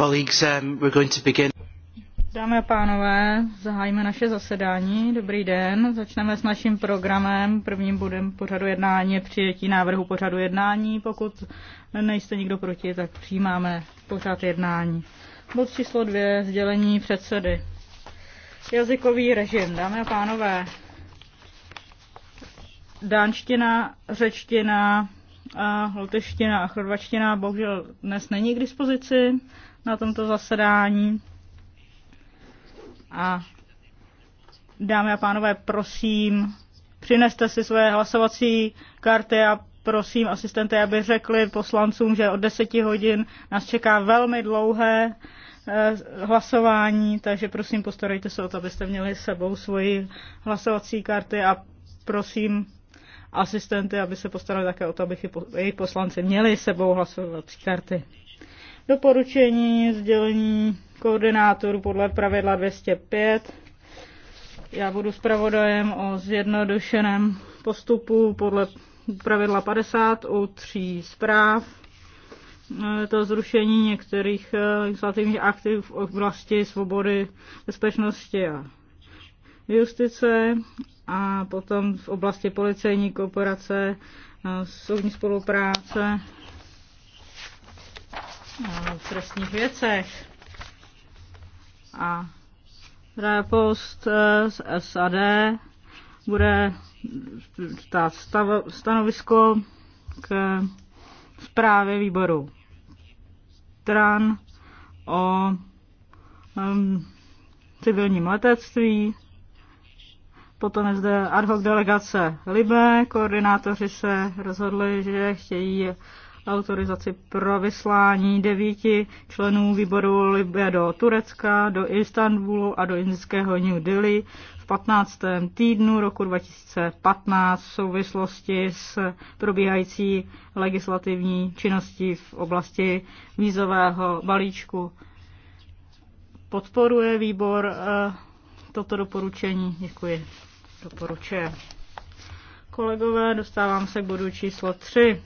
Um, Dámy a pánové, zahájíme naše zasedání. Dobrý den. Začneme s naším programem. Prvním bodem pořadu jednání je přijetí návrhu pořadu jednání. Pokud nejste nikdo proti, tak přijímáme pořad jednání. Bod číslo dvě, sdělení předsedy. Jazykový režim. Dámy a pánové, dánština, řečtina, a a chorvačtina bohužel dnes není k dispozici na tomto zasedání. A dámy a pánové, prosím, přineste si své hlasovací karty a prosím asistenty, aby řekli poslancům, že od 10 hodin nás čeká velmi dlouhé eh, hlasování, takže prosím postarejte se o to, abyste měli s sebou svoji hlasovací karty a prosím asistenty, aby se postarali také o to, aby jejich poslanci měli s sebou hlasovací karty. Doporučení sdělení koordinátorů podle pravidla 205. Já budu zpravodajem o zjednodušeném postupu podle pravidla 50 u tří zpráv. Je to zrušení některých e, legislativních aktiv v oblasti svobody, bezpečnosti a justice a potom v oblasti policejní kooperace, soudní spolupráce v trestních věcech. A Repost eh, z SAD bude stát stanovisko k zprávě výboru TRAN o um, civilním letectví. Potom je zde ad hoc delegace Libe. Koordinátoři se rozhodli, že chtějí autorizaci pro vyslání devíti členů výboru Libye do Turecka, do Istanbulu a do indického New Delhi v 15. týdnu roku 2015 v souvislosti s probíhající legislativní činností v oblasti vízového balíčku. Podporuje výbor eh, toto doporučení? Děkuji. Doporučuje. Kolegové, dostávám se k bodu číslo 3.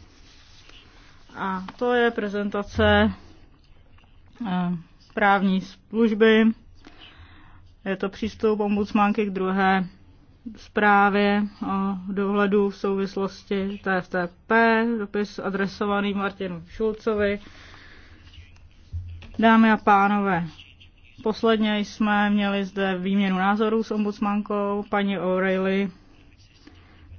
A to je prezentace eh, právní služby. Je to přístup ombudsmanky k druhé zprávě o eh, dohledu v souvislosti TFTP, dopis adresovaný Martinu Šulcovi. Dámy a pánové, posledně jsme měli zde výměnu názorů s ombudsmankou paní O'Reilly.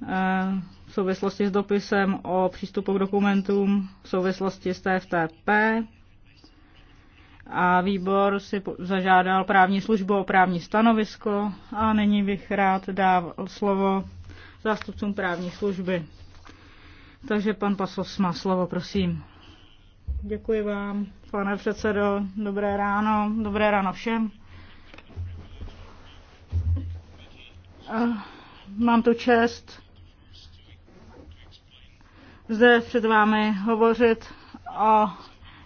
Eh, v souvislosti s dopisem o přístupu k dokumentům v souvislosti s TFTP a výbor si zažádal právní službu o právní stanovisko a nyní bych rád dával slovo zástupcům právní služby. Takže pan Pasos má slovo, prosím. Děkuji vám, pane předsedo. Dobré ráno. Dobré ráno všem. Mám tu čest zde před vámi hovořit a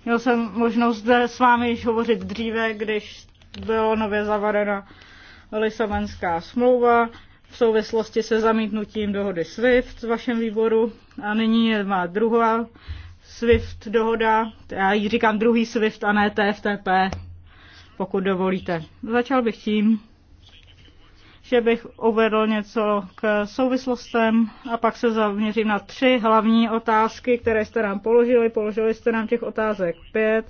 měl jsem možnost zde s vámi již hovořit dříve, když byla nově zavarena Lisabonská smlouva v souvislosti se zamítnutím dohody SWIFT v vašem výboru a nyní je má druhá SWIFT dohoda, já ji říkám druhý SWIFT a ne TFTP, pokud dovolíte. Začal bych tím, že bych uvedl něco k souvislostem a pak se zaměřím na tři hlavní otázky, které jste nám položili. Položili jste nám těch otázek pět,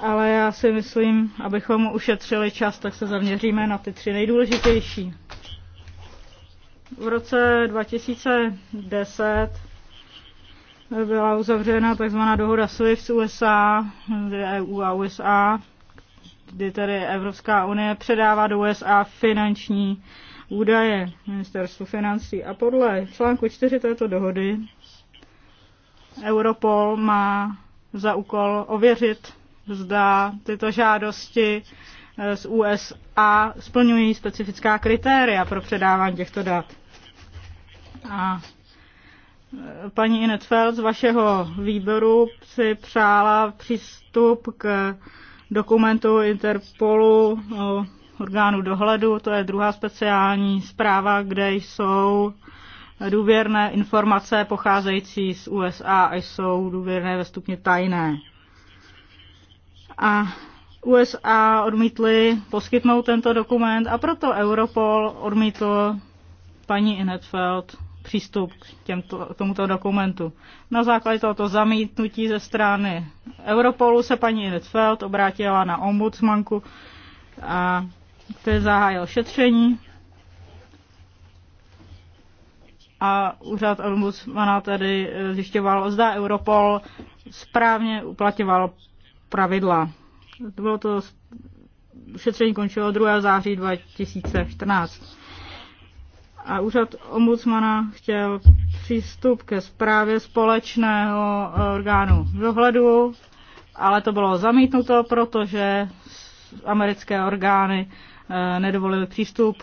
ale já si myslím, abychom ušetřili čas, tak se zaměříme na ty tři nejdůležitější. V roce 2010 byla uzavřena tzv. dohoda SWIFT z USA, EU a e USA, kdy tady Evropská unie předává do USA finanční údaje ministerstvu financí. A podle článku 4 této dohody Europol má za úkol ověřit, zda tyto žádosti eh, z USA splňují specifická kritéria pro předávání těchto dat. A eh, paní Inetfeld z vašeho výboru si přála přístup k dokumentu Interpolu orgánu dohledu, to je druhá speciální zpráva, kde jsou důvěrné informace pocházející z USA a jsou důvěrné ve stupně tajné. A USA odmítli poskytnout tento dokument a proto Europol odmítl paní Inetfeld přístup k těmto, tomuto dokumentu. Na základě tohoto zamítnutí ze strany Europolu se paní Edfeld obrátila na ombudsmanku, a, který zahájil šetření a úřad ombudsmana tedy zjišťoval, zda Europol správně uplatňoval pravidla. Bylo to šetření končilo 2. září 2014. A úřad ombudsmana chtěl přístup ke zprávě společného eh, orgánu dohledu, ale to bylo zamítnuto, protože americké orgány eh, nedovolily přístup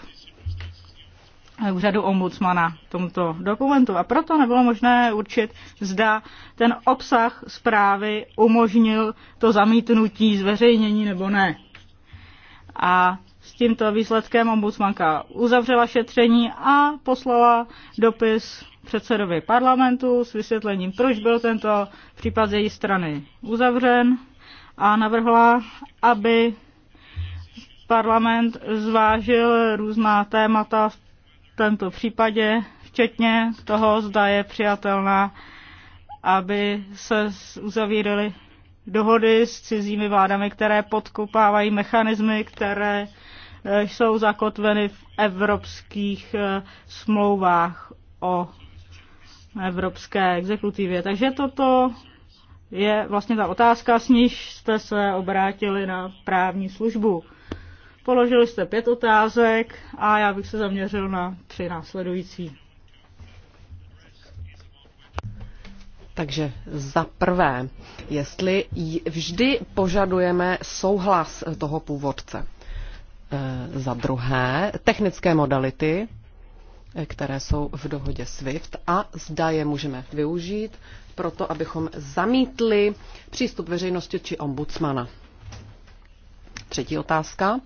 eh, úřadu ombudsmana tomuto dokumentu. A proto nebylo možné určit, zda ten obsah zprávy umožnil to zamítnutí zveřejnění nebo ne. A tímto výsledkem ombudsmanka uzavřela šetření a poslala dopis předsedovi parlamentu s vysvětlením, proč byl tento případ z její strany uzavřen a navrhla, aby parlament zvážil různá témata v tomto případě, včetně toho, zda je přijatelná, aby se uzavíraly dohody s cizími vládami, které podkopávají mechanismy, které jsou zakotveny v evropských eh, smlouvách o evropské exekutivě. Takže toto je vlastně ta otázka, s níž jste se obrátili na právní službu. Položili jste pět otázek a já bych se zaměřil na tři následující. Takže za prvé, jestli vždy požadujeme souhlas toho původce. Eh, za druhé technické modality, eh, které jsou v dohodě SWIFT a zda je můžeme využít to, abychom zamítli přístup veřejnosti či ombudsmana. Třetí otázka.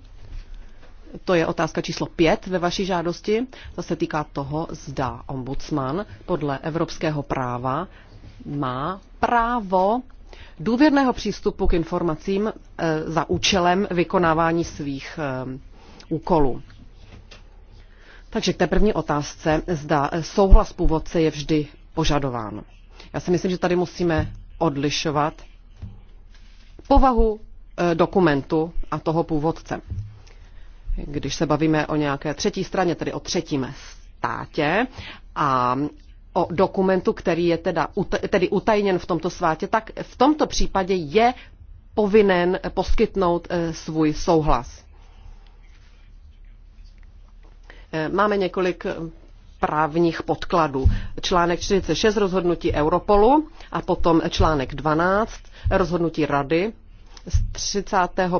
To je otázka číslo pět ve vaší žádosti. To se týká toho, zda ombudsman podle evropského práva má právo důvěrného přístupu k informacím eh, za účelem vykonávání svých eh, úkolů. Takže k té první otázce, zda eh, souhlas původce je vždy požadován. Já si myslím, že tady musíme odlišovat povahu dokumentu a toho původce. Když se bavíme o nějaké třetí straně, tedy o třetím státě a o dokumentu, který je teda, tedy utajněn v tomto svátě, tak v tomto případě je povinen poskytnout eh, svůj souhlas. Eh, máme několik eh, právních podkladů. Článek 46 rozhodnutí Europolu a potom článek 12 rozhodnutí Rady z 31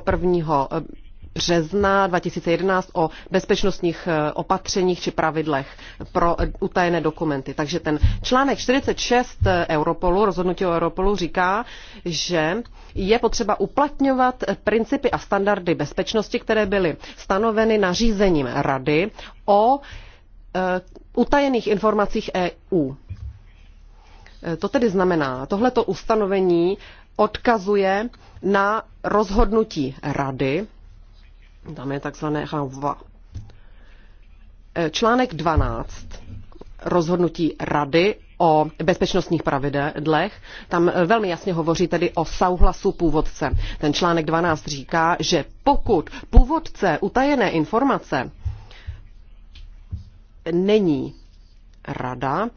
března 2011 o bezpečnostních eh, opatřeních či pravidlech pro eh, utajené dokumenty. Takže ten článek 46 eh, Europolu, rozhodnutí o Europolu, říká, že je potřeba uplatňovat principy a standardy bezpečnosti, které byly stanoveny nařízením Rady o utajených informacích EU. To tedy znamená, tohleto ustanovení odkazuje na rozhodnutí Rady tam je takzvané Havva. Eh, článek 12. Rozhodnutí rady o bezpečnostních pravidlech. Tam eh, velmi jasně hovoří tedy o souhlasu původce. Ten článek 12 říká, že pokud původce utajené informace není rada,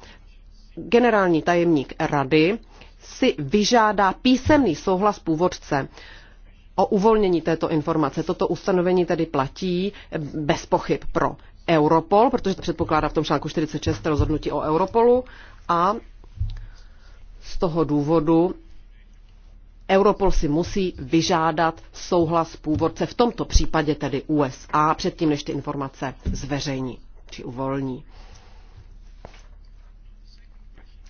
generální tajemník rady si vyžádá písemný souhlas původce o uvolnění této informace. Toto ustanovení tedy platí eh, bez pochyb pro Europol, protože to předpokládá v tom článku 46 rozhodnutí o Europolu a z toho důvodu Europol si musí vyžádat souhlas původce, v tomto případě tedy USA, předtím než ty informace zveřejní či uvolní.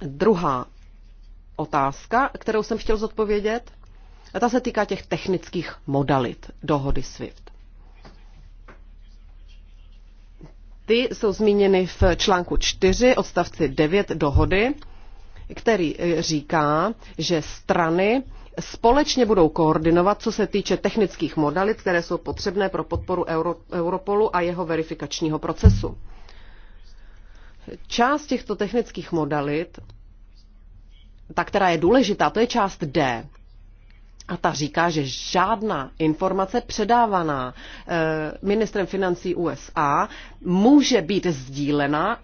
Druhá otázka, kterou jsem chtěl zodpovědět, a ta se týká těch technických modalit dohody SWIFT. Ty jsou zmíněny v článku 4 odstavci 9 dohody, který eh, říká, že strany společně budou koordinovat, co se týče technických modalit, které jsou potřebné pro podporu Euro, Europolu a jeho verifikačního procesu. Část těchto technických modalit, ta, která je důležitá, to je část D. A ta říká, že žádná informace předávaná eh, ministrem financí USA může být sdílena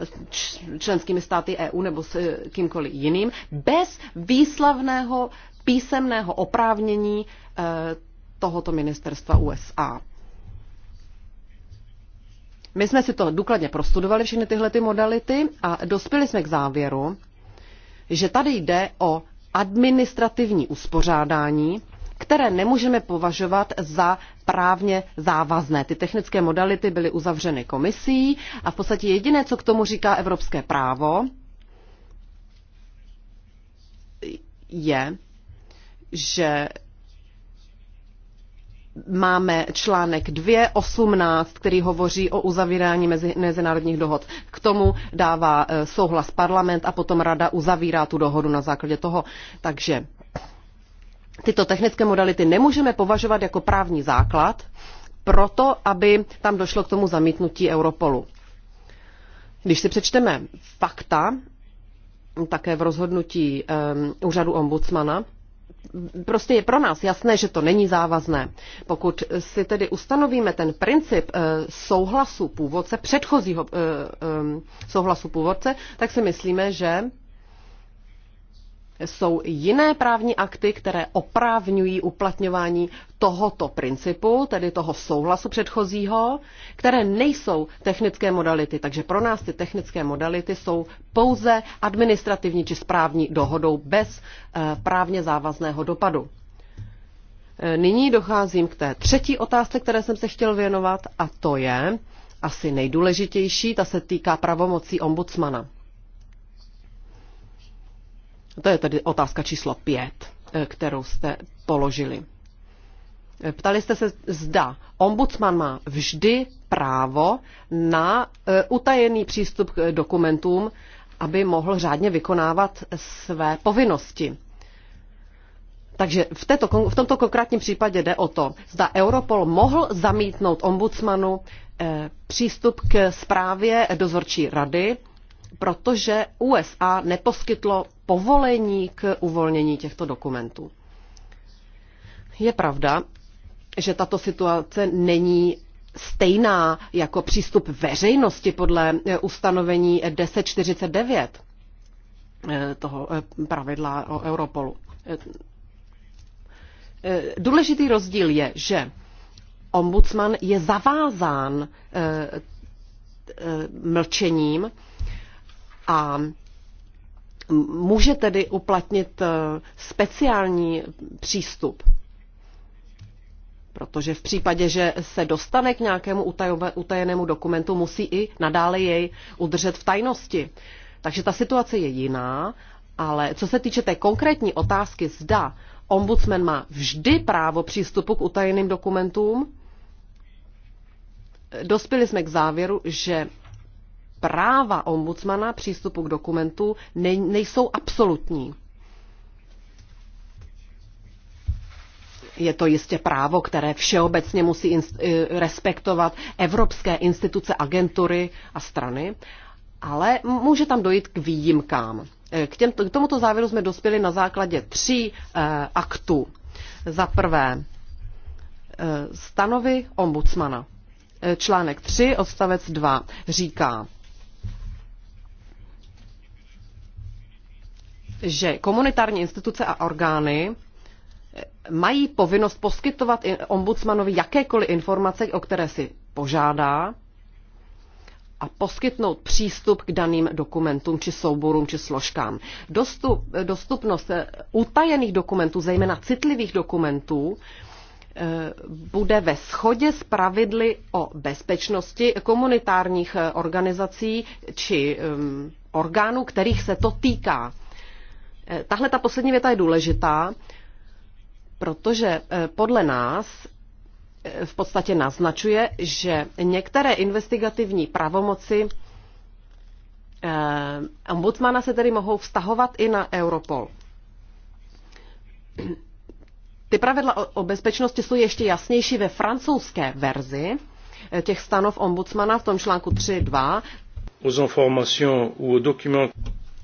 členskými státy EU nebo s eh, kýmkoliv jiným bez výslavného písemného oprávnění eh, tohoto ministerstva USA. My jsme si to důkladně prostudovali, všechny tyhle ty modality, a dospěli jsme k závěru, že tady jde o administrativní uspořádání, které nemůžeme považovat za právně závazné. Ty technické modality byly uzavřeny komisí a v podstatě jediné, co k tomu říká evropské právo, je, že máme článek 2.18, který hovoří o uzavírání mezi, mezinárodních dohod. K tomu dává eh, souhlas parlament a potom rada uzavírá tu dohodu na základě toho. Takže tyto technické modality nemůžeme považovat jako právní základ, pro to, aby tam došlo k tomu zamítnutí Europolu. Když si přečteme fakta, také v rozhodnutí um, úřadu ombudsmana, prostě je pro nás jasné, že to není závazné. Pokud si tedy ustanovíme ten princip eh, souhlasu původce, předchozího eh, ehm, souhlasu původce, tak si myslíme, že jsou jiné právní akty, které oprávňují uplatňování tohoto principu, tedy toho souhlasu předchozího, které nejsou technické modality. Takže pro nás ty technické modality jsou pouze administrativní či správní dohodou bez eh, právně závazného dopadu. Eh, nyní docházím k té třetí otázce, které jsem se chtěl věnovat, a to je asi nejdůležitější, ta se týká pravomocí ombudsmana. To je tedy otázka číslo pět, eh, kterou jste položili. Eh, ptali jste se, zda ombudsman má vždy právo na eh, utajený přístup k dokumentům, aby mohl řádně vykonávat své povinnosti. Takže v, této, v tomto konkrétním případě jde o to, zda Europol mohl zamítnout ombudsmanu přístup k zprávě dozorčí rady, protože USA neposkytlo povolení k uvolnění těchto dokumentů. Je pravda, že tato situace není stejná jako přístup veřejnosti podle eh, ustanovení 1049 eh, toho eh, pravidla o Europolu. Důležitý rozdíl je, že ombudsman je zavázán mlčením a může tedy uplatnit eh, speciální přístup. Protože v případě, že se dostane k nějakému utajenému dokumentu, musí i nadále jej udržet v tajnosti. Takže ta situace je jiná, ale co se týče té konkrétní otázky, zda ombudsman má vždy právo přístupu k utajeným dokumentům, dospěli jsme k závěru, že práva ombudsmana přístupu k dokumentu nejsou absolutní. Je to jistě právo, které všeobecně musí eh, respektovat evropské instituce, agentury a strany, ale může tam dojít k výjimkám. Eh, k, těm, k tomuto závěru jsme dospěli na základě tří eh, aktů. Za prvé, eh, stanovy ombudsmana. Eh, článek 3, odstavec 2 říká, že komunitární instituce a orgány mají povinnost poskytovat ombudsmanovi jakékoliv informace, o které si požádá, a poskytnout přístup k daným dokumentům či souborům či složkám. Dostup, dostupnost eh, utajených dokumentů, zejména citlivých dokumentů, eh, bude ve shodě s pravidly o bezpečnosti komunitárních eh, organizací či ehm, orgánů, kterých se to týká. Eh, tahle ta poslední věta je důležitá, protože eh, podle nás eh, v podstatě naznačuje, že některé investigativní pravomoci ombudsmana se tedy mohou vztahovat i na Europol. Ty pravidla o bezpečnosti jsou ještě jasnější ve francouzské verzi těch stanov ombudsmana v tom článku 3.2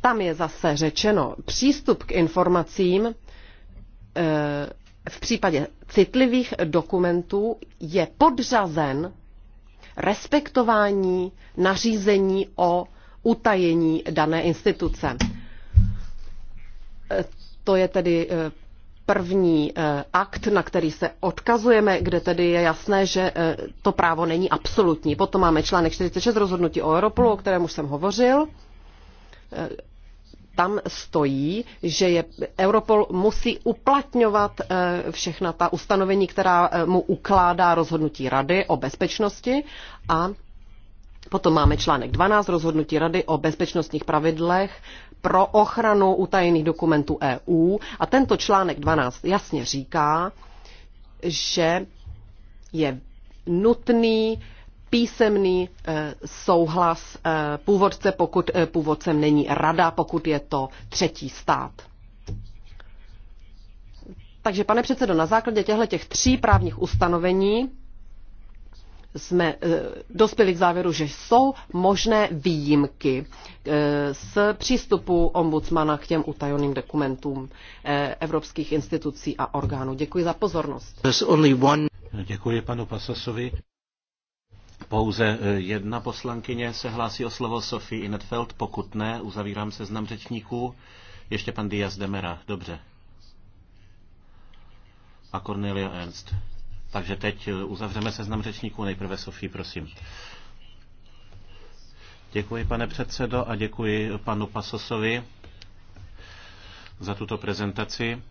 tam je zase řečeno, přístup k informacím e, v případě citlivých dokumentů je podřazen respektování nařízení o utajení dané instituce. E, to je tedy e, první akt, na který se odkazujeme, kde tedy je jasné, že to právo není absolutní. Potom máme článek 46 rozhodnutí o Europolu, o kterém už jsem hovořil, tam stojí, že je, Europol musí uplatňovat eh, všechna ta ustanovení, která eh, mu ukládá rozhodnutí Rady o bezpečnosti a Potom máme článek 12 rozhodnutí Rady o bezpečnostních pravidlech pro ochranu utajených dokumentů EU. A tento článek 12 jasně říká, že je nutný písemný eh, souhlas eh, původce, pokud eh, původcem není rada, pokud je to třetí stát. Takže, pane předsedo, na základě těchto těch tří právních ustanovení jsme dospěli k závěru, že jsou možné výjimky z přístupu ombudsmana k těm utajeným dokumentům evropských institucí a orgánů. Děkuji za pozornost. Děkuji panu Pasasovi. Pouze e, jedna poslankyně se hlásí o slovo Sofie Inetfeld. Pokud ne, uzavírám seznam řečníků. Ještě pan Díaz Demera. Dobře. A Cornelia Ernst. Takže teď e, uzavřeme seznam řečníků. Nejprve Sophie, prosím. Děkuji, pane předsedo, a děkuji panu Pasosovi za tuto prezentaci.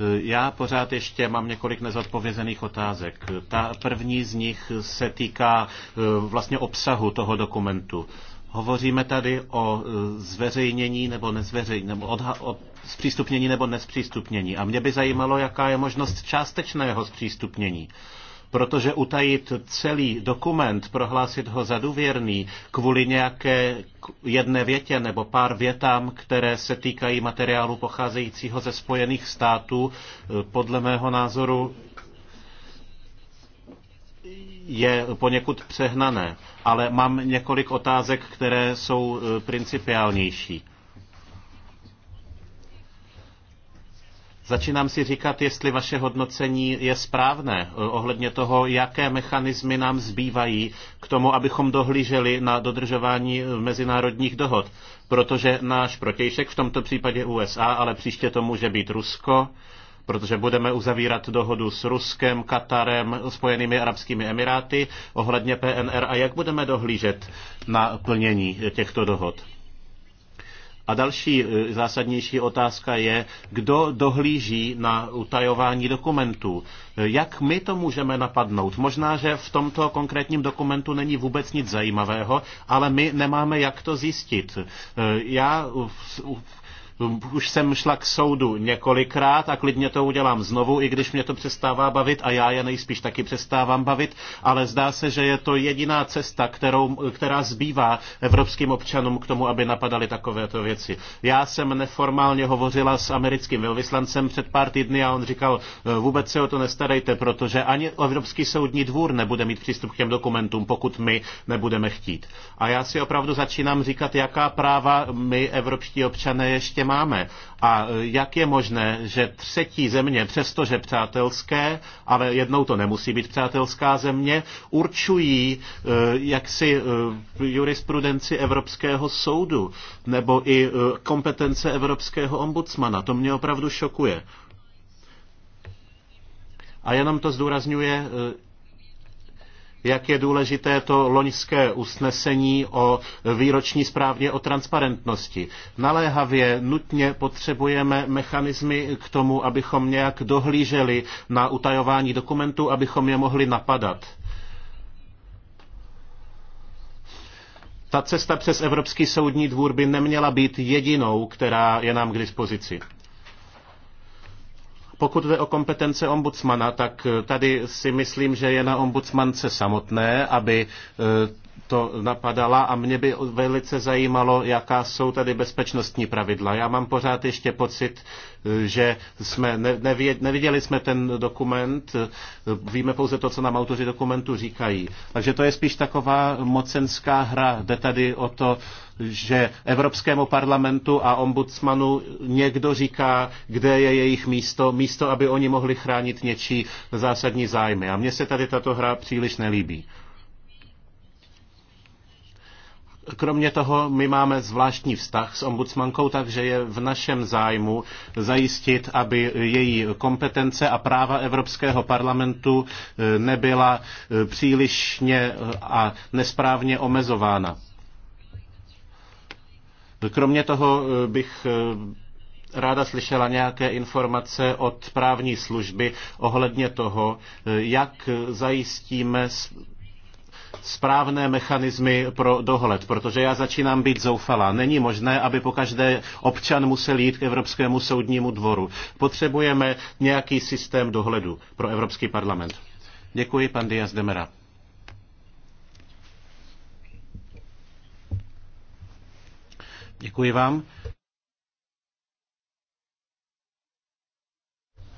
Eh, já pořád ještě mám několik nezodpovězených otázek. Ta první z nich se týká eh, vlastně obsahu toho dokumentu. Hovoříme tady o eh, zveřejnění nebo nezveřejnění, nebo odha- o zpřístupnění nebo nespřístupnění. A mě by zajímalo, jaká je možnost částečného zpřístupnění protože utajit celý dokument, prohlásit ho za důvěrný kvůli nějaké jedné větě nebo pár větám, které se týkají materiálu pocházejícího ze Spojených států, podle mého názoru je poněkud přehnané, ale mám několik otázek, které jsou eh, principiálnější. Začínám si říkat, jestli vaše hodnocení je správné eh, ohledně toho, jaké mechanismy nám zbývají k tomu, abychom dohlíželi na dodržování eh, mezinárodních dohod. Protože náš protějšek, v tomto případě USA, ale příště to může být Rusko, protože budeme uzavírat dohodu s Ruskem, Katarem, Spojenými Arabskými Emiráty ohledně PNR a jak budeme dohlížet na plnění těchto dohod. A další eh, zásadnější otázka je, kdo dohlíží na utajování dokumentů. Eh, jak my to můžeme napadnout? Možná, že v tomto konkrétním dokumentu není vůbec nic zajímavého, ale my nemáme jak to zjistit. Eh, já už jsem šla k soudu několikrát a klidně to udělám znovu, i když mě to přestává bavit a já je nejspíš taky přestávám bavit, ale zdá se, že je to jediná cesta, kterou, která zbývá evropským občanům k tomu, aby napadali takovéto věci. Já jsem neformálně hovořila s americkým velvyslancem před pár týdny a on říkal, e, vůbec se o to nestarejte, protože ani Evropský soudní dvůr nebude mít přístup k těm dokumentům, pokud my nebudeme chtít. A já si opravdu začínám říkat, jaká práva my, evropští občané, ještě máme. A e, jak je možné, že třetí země, přestože přátelské, ale jednou to nemusí být přátelská země, určují e, jaksi e, jurisprudenci Evropského soudu nebo i kompetence Evropského ombudsmana. To mě opravdu šokuje. A jenom to zdůrazňuje, jak je důležité to loňské usnesení o výroční zprávě o transparentnosti. Naléhavě nutně potřebujeme mechanismy k tomu, abychom nějak dohlíželi na utajování dokumentů, abychom je mohli napadat. Ta cesta přes Evropský soudní dvůr by neměla být jedinou, která je nám k dispozici. Pokud jde o kompetence ombudsmana, tak eh, tady si myslím, že je na ombudsmance samotné, aby eh, to napadala a mě by velice zajímalo, jaká jsou tady bezpečnostní pravidla. Já mám pořád ještě pocit, že jsme nevěd, neviděli jsme ten dokument, víme pouze to, co nám autoři dokumentu říkají. Takže to je spíš taková mocenská hra. Jde tady o to, že Evropskému parlamentu a ombudsmanu někdo říká, kde je jejich místo, místo, aby oni mohli chránit něčí zásadní zájmy. A mně se tady tato hra příliš nelíbí. Kromě toho my máme zvláštní vztah s ombudsmankou, takže je v našem zájmu zajistit, aby její kompetence a práva Evropského parlamentu e, nebyla e, přílišně e, a nesprávně omezována. Kromě toho bych ráda slyšela nějaké informace od právní služby ohledně toho, jak zajistíme správné mechanismy pro dohled, protože já začínám být zoufalá. Není možné, aby pokaždé občan musel jít k Evropskému soudnímu dvoru. Potřebujeme nějaký systém dohledu pro Evropský parlament. Děkuji, pan Diaz Demera. Děkuji vám.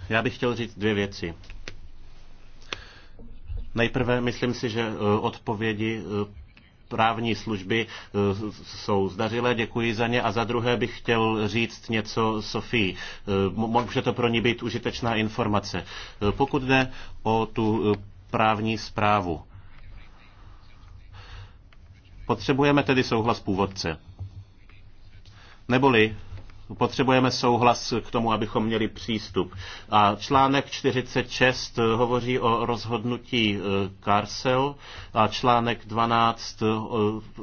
Já bych chtěl říct dvě věci. Nejprve myslím si, že eh, odpovědi eh, právní služby eh, jsou zdařilé, děkuji za ně. A za druhé bych chtěl říct něco Sofii. Může to pro ní být užitečná informace. Pokud jde o tu právní zprávu, potřebujeme tedy souhlas původce. Neboli Potřebujeme souhlas k tomu, abychom měli přístup. A článek 46 eh, hovoří o rozhodnutí Karsel. Eh, a článek 12 eh,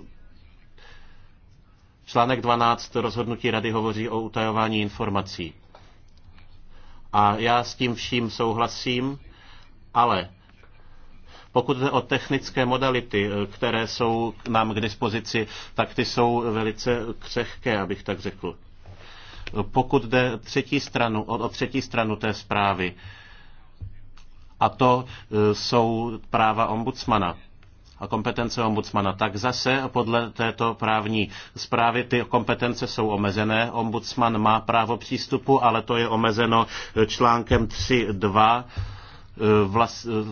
Článek 12 rozhodnutí rady hovoří o utajování informací. A já s tím vším souhlasím, ale pokud jde o technické modality, které jsou nám k dispozici, tak ty jsou velice křehké, abych tak řekl. Pokud jde třetí stranu, o třetí stranu té zprávy, a to e, jsou práva ombudsmana a kompetence ombudsmana, tak zase podle této právní zprávy ty kompetence jsou omezené. Ombudsman má právo přístupu, ale to je omezeno e, článkem 3.2 e,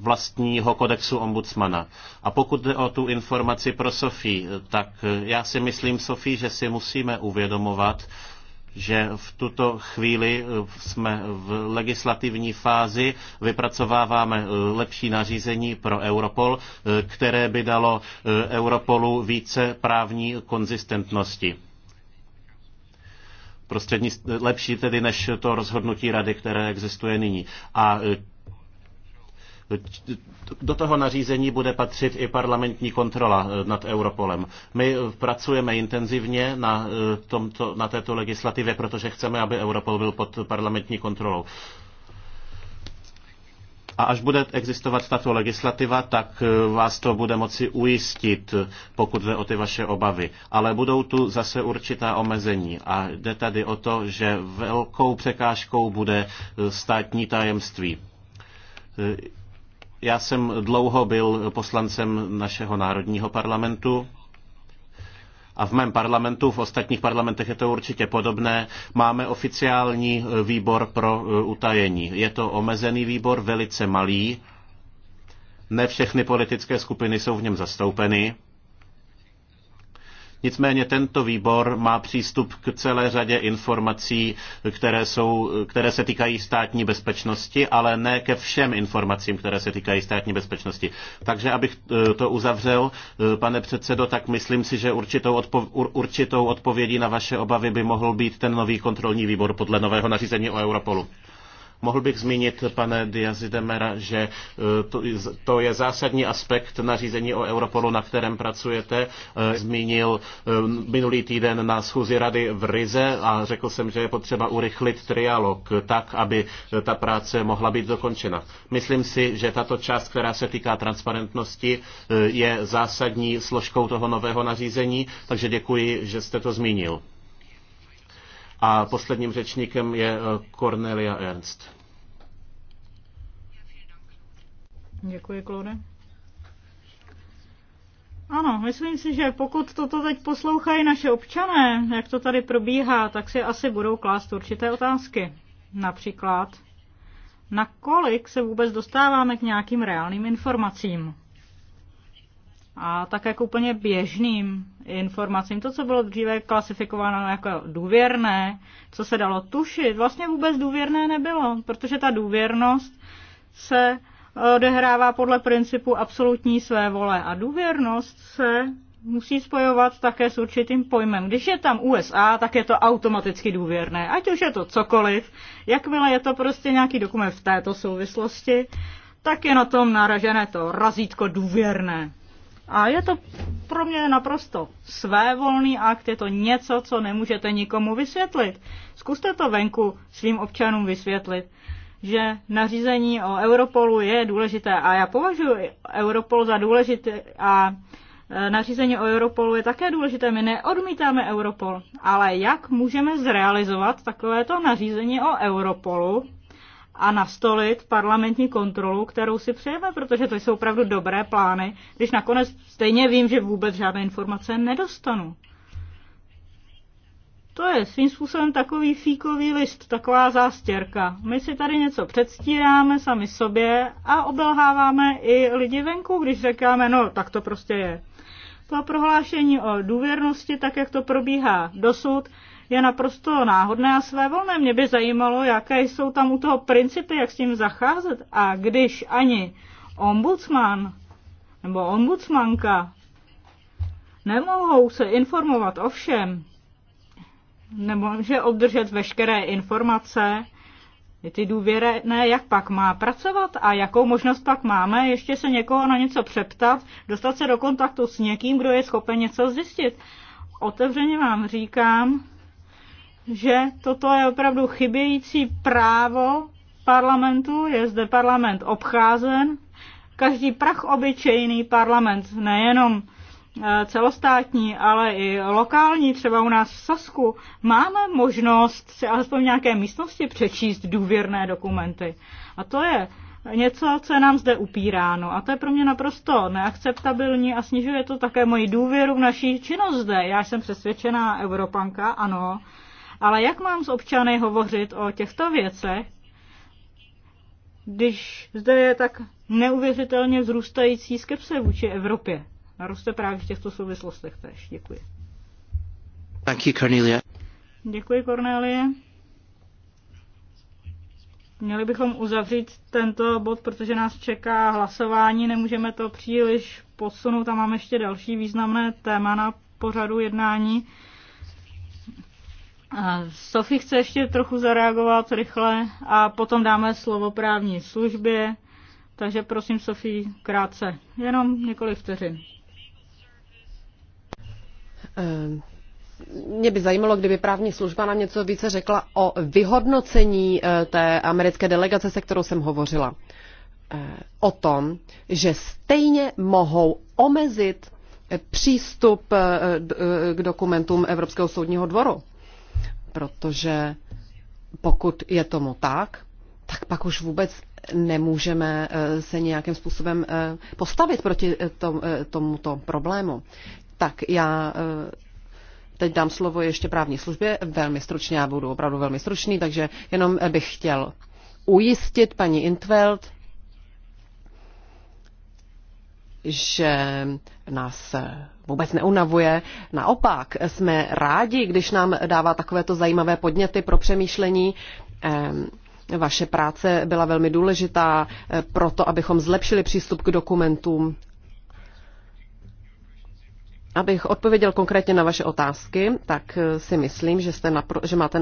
vlastního kodexu ombudsmana. A pokud jde o tu informaci pro Sofii, tak já si myslím, Sofii, že si musíme uvědomovat, že v tuto chvíli eh, jsme v legislativní fázi, vypracováváme eh, lepší nařízení pro Europol, eh, které by dalo Europolu více právní konzistentnosti. Prostřední, lepší tedy než to rozhodnutí rady, které existuje nyní. A do toho nařízení bude patřit i parlamentní kontrola eh, nad Europolem. My eh, pracujeme intenzivně na, eh, tomto, na této legislativě, protože chceme, aby Europol byl pod parlamentní kontrolou. A až bude existovat tato legislativa, tak vás to bude moci ujistit, pokud jde o ty vaše obavy. Ale budou tu zase určitá omezení. A jde tady o to, že velkou překážkou bude státní tajemství já jsem dlouho byl poslancem našeho národního parlamentu a v mém parlamentu, v ostatních parlamentech je to určitě podobné, máme oficiální výbor pro eh, utajení. Je to omezený výbor, velice malý, ne všechny politické skupiny jsou v něm zastoupeny Nicméně tento výbor má přístup k celé řadě informací, které, jsou, které se týkají státní bezpečnosti, ale ne ke všem informacím, které se týkají státní bezpečnosti. Takže abych e, to uzavřel, e, pane předsedo, tak myslím si, že určitou, odpo, určitou odpovědí na vaše obavy by mohl být ten nový kontrolní výbor podle nového nařízení o Europolu. Mohl bych zmínit, pane Diazidemera, že e, to, to je zásadní aspekt nařízení o Europolu, na kterém pracujete. E, zmínil e, minulý týden na schůzi rady v Rize a řekl jsem, že je potřeba urychlit trialog tak, aby ta práce mohla být dokončena. Myslím si, že tato část, která se týká transparentnosti, je zásadní složkou toho nového nařízení, takže děkuji, že jste to zmínil. A posledním řečníkem je eh, Cornelia Ernst. Děkuji, Klode. Ano, myslím si, že pokud toto teď poslouchají naše občané, jak to tady probíhá, tak si asi budou klást určité otázky. Například, nakolik se vůbec dostáváme k nějakým reálným informacím a také jako úplně běžným informacím. To, co bylo dříve klasifikováno jako důvěrné, co se dalo tušit, vlastně vůbec důvěrné nebylo, protože ta důvěrnost se odehrává podle principu absolutní své vole a důvěrnost se musí spojovat také s určitým pojmem. Když je tam USA, tak je to automaticky důvěrné, ať už je to cokoliv, jakmile je to prostě nějaký dokument v této souvislosti, tak je na tom naražené to razítko důvěrné. A je to pro mě naprosto svévolný akt, je to něco, co nemůžete nikomu vysvětlit. Zkuste to venku svým občanům vysvětlit, že nařízení o Europolu je důležité a já považuji Europol za důležité a e, nařízení o Europolu je také důležité. My neodmítáme Europol, ale jak můžeme zrealizovat takovéto nařízení o Europolu, a nastolit parlamentní kontrolu, kterou si přejeme, protože to jsou opravdu dobré plány, když nakonec stejně vím, že vůbec žádné informace nedostanu. To je svým způsobem takový fíkový list, taková zástěrka. My si tady něco předstíráme sami sobě a obelháváme i lidi venku, když říkáme, no tak to prostě je. To prohlášení o důvěrnosti, tak jak to probíhá dosud, je naprosto náhodné a své volné. Mě by zajímalo, jaké jsou tam u toho principy, jak s tím zacházet. A když ani ombudsman nebo ombudsmanka nemohou se informovat o všem, nebo že obdržet veškeré informace, je ty důvěrné, jak pak má pracovat a jakou možnost pak máme ještě se někoho na něco přeptat, dostat se do kontaktu s někým, kdo je schopen něco zjistit. Otevřeně vám říkám, že toto je opravdu chybějící právo parlamentu, je zde parlament obcházen, každý prach obyčejný parlament, nejenom eh, celostátní, ale i lokální, třeba u nás v Sasku, máme možnost si alespoň v nějaké místnosti přečíst důvěrné dokumenty. A to je něco, co je nám zde upíráno. A to je pro mě naprosto neakceptabilní a snižuje to také moji důvěru v naší činnost zde. Já jsem přesvědčená Evropanka, ano, ale jak mám s občany hovořit o těchto věcech, když zde je tak neuvěřitelně vzrůstající skepse vůči Evropě? Naroste právě v těchto souvislostech tež. Děkuji. Thank you, Cornelia. Děkuji, Cornelie. Měli bychom uzavřít tento bod, protože nás čeká hlasování, nemůžeme to příliš posunout a máme ještě další významné téma na pořadu jednání. Sofie chce ještě trochu zareagovat rychle a potom dáme slovo právní službě. Takže prosím, Sofie, krátce, jenom několik vteřin. Eh, mě by zajímalo, kdyby právní služba nám něco více řekla o vyhodnocení eh, té americké delegace, se kterou jsem hovořila. Eh, o tom, že stejně mohou omezit přístup k dokumentům Evropského soudního dvoru protože pokud je tomu tak, tak pak už vůbec nemůžeme eh, se nějakým způsobem eh, postavit proti eh, tomuto problému. Tak já teď dám slovo ještě právní službě. Velmi stručně, já budu opravdu velmi stručný, takže jenom bych chtěl ujistit paní Intveld, že nás vůbec neunavuje. Naopak, jsme rádi, když nám dává takovéto zajímavé podněty pro přemýšlení. Vaše práce byla velmi důležitá eh, pro to, abychom zlepšili přístup k dokumentům. Abych odpověděl konkrétně na vaše otázky, tak eh, si myslím, že, jste napr- že máte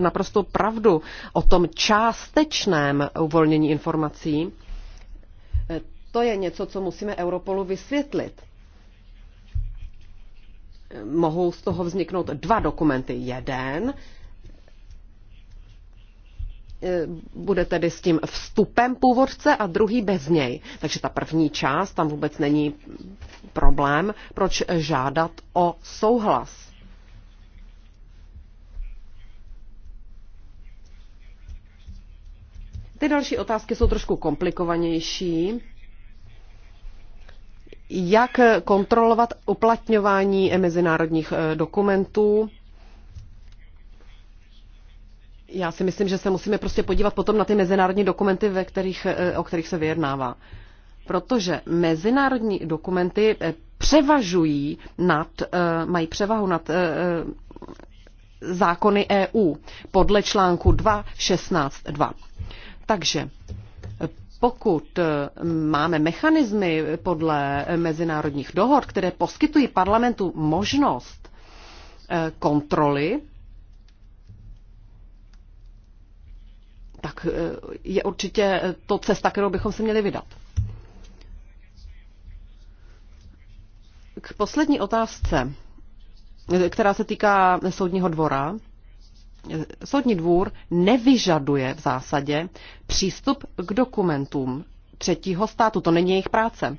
naprosto pravdu o tom částečném uvolnění informací to je něco, co musíme Europolu vysvětlit. Mohou z toho vzniknout dva dokumenty. Jeden e, bude tedy s tím vstupem původce a druhý bez něj. Takže ta první část, tam vůbec není problém, proč žádat o souhlas. Ty další otázky jsou trošku komplikovanější jak kontrolovat uplatňování mezinárodních eh, dokumentů. Já si myslím, že se musíme prostě podívat potom na ty mezinárodní dokumenty, ve kterých, eh, o kterých se vyjednává. Protože mezinárodní dokumenty eh, převažují nad, mají převahu nad zákony EU podle článku 2.16.2. Takže pokud eh, máme mechanismy podle mezinárodních dohod, které poskytují parlamentu možnost eh, kontroly, tak eh, je určitě to cesta, kterou bychom se měli vydat. K poslední otázce, která se týká soudního dvora soudní dvůr nevyžaduje v zásadě přístup k dokumentům třetího státu. To není jejich práce.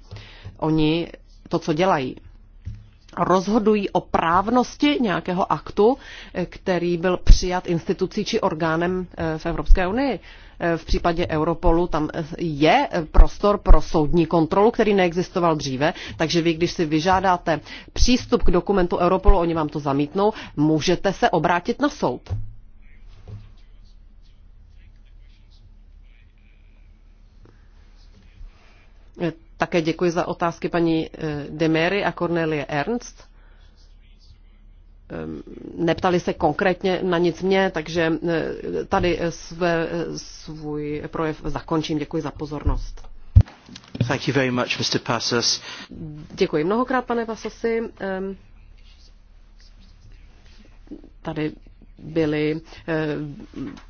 Oni to, co dělají, rozhodují o právnosti nějakého aktu, který byl přijat institucí či orgánem eh, v Evropské unii. Eh, v případě Europolu tam eh, je prostor pro soudní kontrolu, který neexistoval dříve, takže vy, když si vyžádáte přístup k dokumentu Europolu, oni vám to zamítnou, můžete se obrátit na soud. Také děkuji za otázky paní eh, Demery a Cornelie Ernst. Ehm, neptali se konkrétně na nic mě, takže eh, tady své, eh, svůj projev zakončím. Děkuji za pozornost. Thank you very much, Mr. Passos. Děkuji mnohokrát, pane Passosi. Ehm, tady byly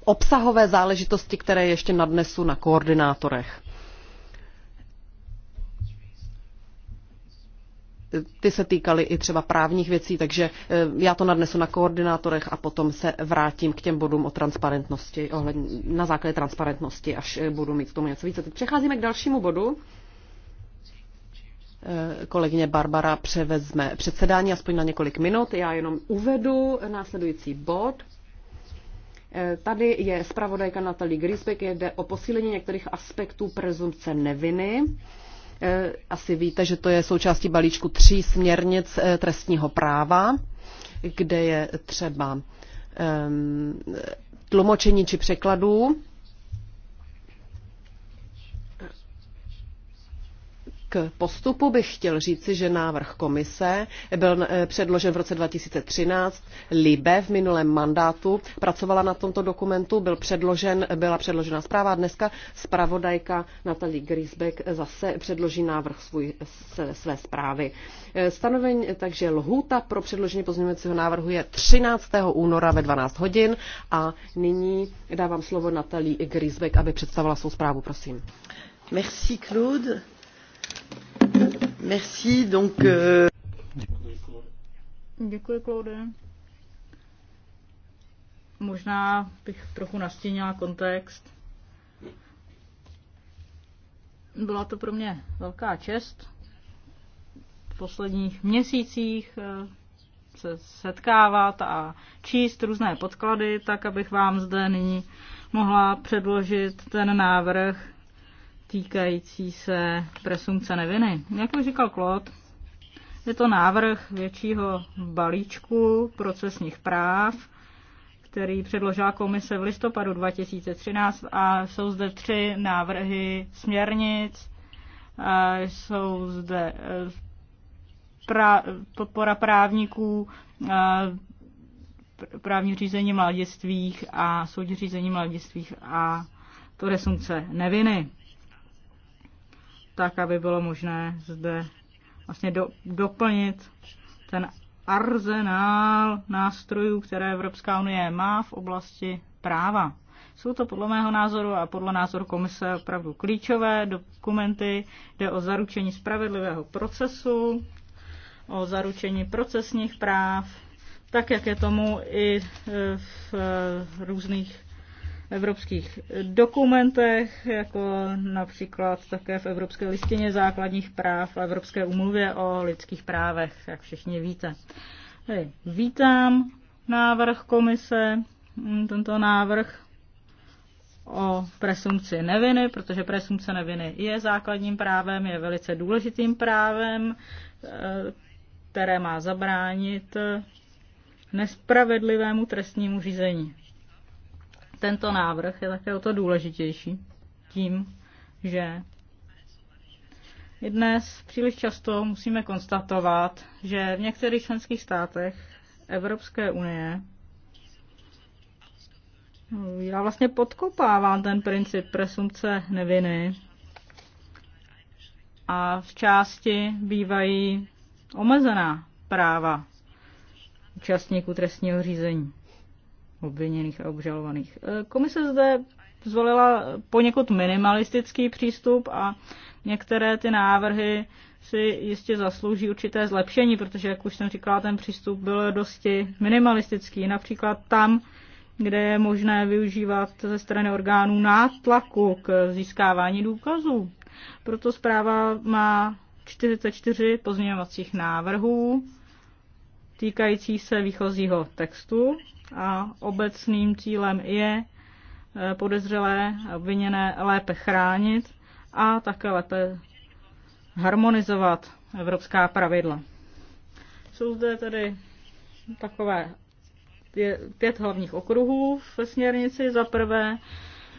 obsahové záležitosti, které ještě nadnesu na koordinátorech. ty se týkaly i třeba právních věcí, takže eh, já to nadnesu na koordinátorech a potom se vrátím k těm bodům o transparentnosti, ohledně, na základě transparentnosti, až eh, budu mít k tomu něco více. Teď přecházíme k dalšímu bodu. Eh, kolegyně Barbara převezme předsedání aspoň na několik minut. Já jenom uvedu následující bod. Tady je zpravodajka Natalie Grisbeck, jde o posílení některých aspektů prezumce neviny. Eh, asi víte, že to je součástí balíčku tří směrnic eh, trestního práva, kde je třeba ehm, tlumočení či překladů K postupu bych chtěl říci, že návrh komise byl eh, předložen v roce 2013. Libe v minulém mandátu pracovala na tomto dokumentu, byl předložen, byla předložena zpráva dneska zpravodajka Natalie Grisbeck zase předloží návrh svůj, své zprávy. Eh, stanovení, takže lhůta pro předložení pozměňovacího návrhu je 13. února ve 12 hodin a nyní dávám slovo Natalie Grisbeck, aby představila svou zprávu, prosím. Merci Claude. Merci, donc... Euh... Děkuji, Claude. Možná bych trochu nastínila kontext. Byla to pro mě velká čest. V posledních měsících eh, se setkávat a číst různé podklady, tak abych vám zde nyní mohla předložit ten návrh týkající se presumce neviny. Jak už říkal Klot, je to návrh většího balíčku procesních práv, který předložila komise v listopadu 2013 a jsou zde tři návrhy směrnic, a jsou zde eh, pra, podpora právníků, eh, právní řízení mladistvých a soudní řízení mladistvých a to resumce neviny tak aby bylo možné zde vlastně do, doplnit ten arzenál nástrojů, které Evropská unie má v oblasti práva. Jsou to podle mého názoru a podle názoru komise opravdu klíčové dokumenty. Jde o zaručení spravedlivého procesu, o zaručení procesních práv, tak jak je tomu i v různých evropských dokumentech, jako například také v Evropské listině základních práv a Evropské umluvě o lidských právech, jak všichni víte. Hej. vítám návrh komise, tento návrh o presumci neviny, protože presumce neviny je základním právem, je velice důležitým právem, eh, které má zabránit nespravedlivému trestnímu řízení tento návrh je také o to důležitější tím, že dnes příliš často musíme konstatovat, že v některých členských státech Evropské unie já vlastně podkopávám ten princip presumce neviny a v části bývají omezená práva účastníků trestního řízení obviněných a obžalovaných. E, komise zde zvolila poněkud minimalistický přístup a některé ty návrhy si jistě zaslouží určité zlepšení, protože, jak už jsem říkala, ten přístup byl dosti minimalistický. Například tam, kde je možné využívat ze strany orgánů nátlaku k získávání důkazů. Proto zpráva má 44 pozměňovacích návrhů týkajících se výchozího textu a obecným cílem je eh, podezřelé a obviněné lépe chránit a také lépe harmonizovat evropská pravidla. Jsou zde tedy takové pět hlavních okruhů ve směrnici. Za prvé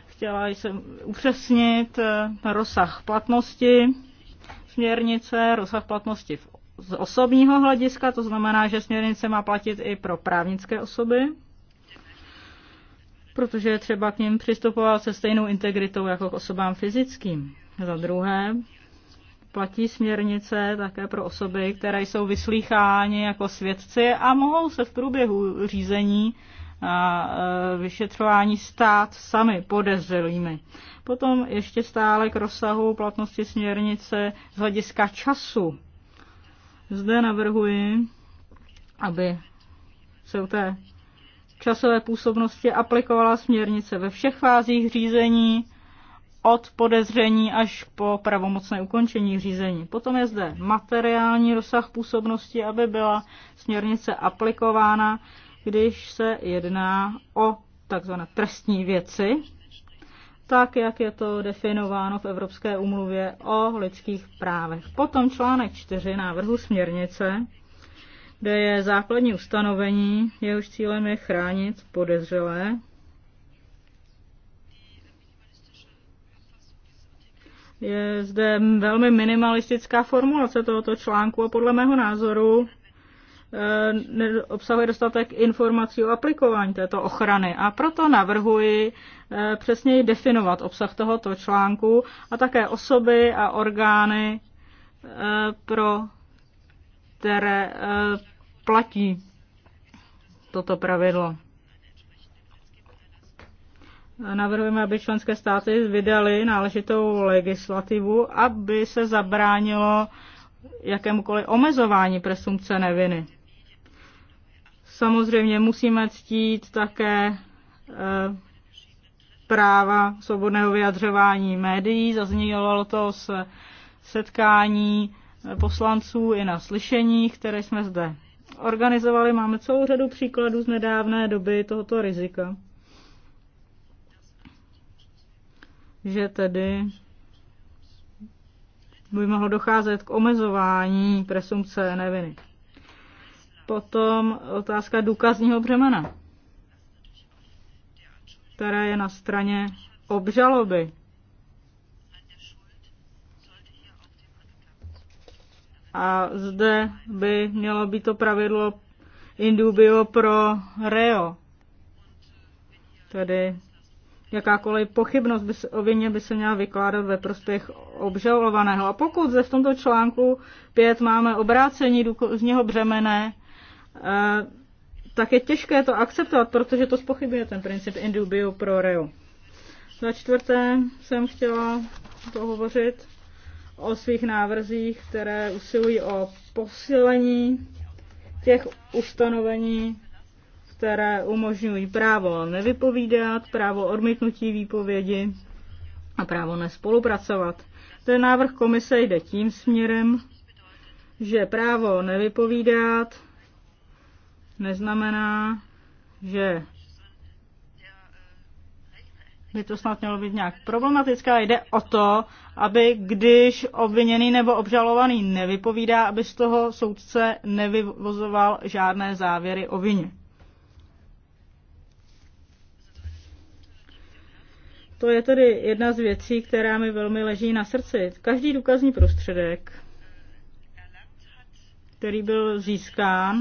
chtěla jsem upřesnit eh, rozsah platnosti směrnice, rozsah platnosti v z osobního hlediska, to znamená, že směrnice má platit i pro právnické osoby, protože je třeba k ním přistupovat se stejnou integritou jako k osobám fyzickým. Za druhé, platí směrnice také pro osoby, které jsou vyslýcháni jako svědci a mohou se v průběhu řízení a e, vyšetřování stát sami podezřelými. Potom ještě stále k rozsahu platnosti směrnice z hlediska času zde navrhuji, aby se u té časové působnosti aplikovala směrnice ve všech fázích řízení, od podezření až po pravomocné ukončení řízení. Potom je zde materiální rozsah působnosti, aby byla směrnice aplikována, když se jedná o takzvané trestní věci, tak, jak je to definováno v Evropské umluvě o lidských právech. Potom článek 4 návrhu směrnice, kde je základní ustanovení, jehož cílem je chránit podezřelé je zde velmi minimalistická formulace tohoto článku a podle mého názoru Eh, obsahuje dostatek informací o aplikování této ochrany a proto navrhuji eh, přesněji definovat obsah tohoto článku a také osoby a orgány, eh, pro které platí toto pravidlo. Navrhujeme, aby členské státy vydaly náležitou legislativu, aby se zabránilo jakémukoliv omezování presumpce neviny. Samozřejmě musíme ctít také eh, práva svobodného vyjadřování médií. zaznívalo to s setkání eh, poslanců i na slyšení, které jsme zde organizovali. Máme celou řadu příkladů z nedávné doby tohoto rizika. Že tedy by mohlo docházet k omezování presumce neviny. Potom otázka důkazního břemena, která je na straně obžaloby. A zde by mělo být to pravidlo indubio pro reo. Tedy jakákoliv pochybnost by se, o vině by se měla vykládat ve prospěch obžalovaného. A pokud zde v tomto článku 5 máme obrácení z něho břemene, tak je těžké to akceptovat, protože to spochybuje ten princip indubio pro reu. Za čtvrté jsem chtěla pohovořit o svých návrzích, které usilují o posílení těch ustanovení, které umožňují právo nevypovídat, právo odmítnutí výpovědi a právo nespolupracovat. Ten návrh komise jde tím směrem, že právo nevypovídat neznamená, že by to snad mělo být nějak problematické. Jde o to, aby když obviněný nebo obžalovaný nevypovídá, aby z toho soudce nevyvozoval žádné závěry o vině. To je tedy jedna z věcí, která mi velmi leží na srdci. Každý důkazní prostředek, který byl získán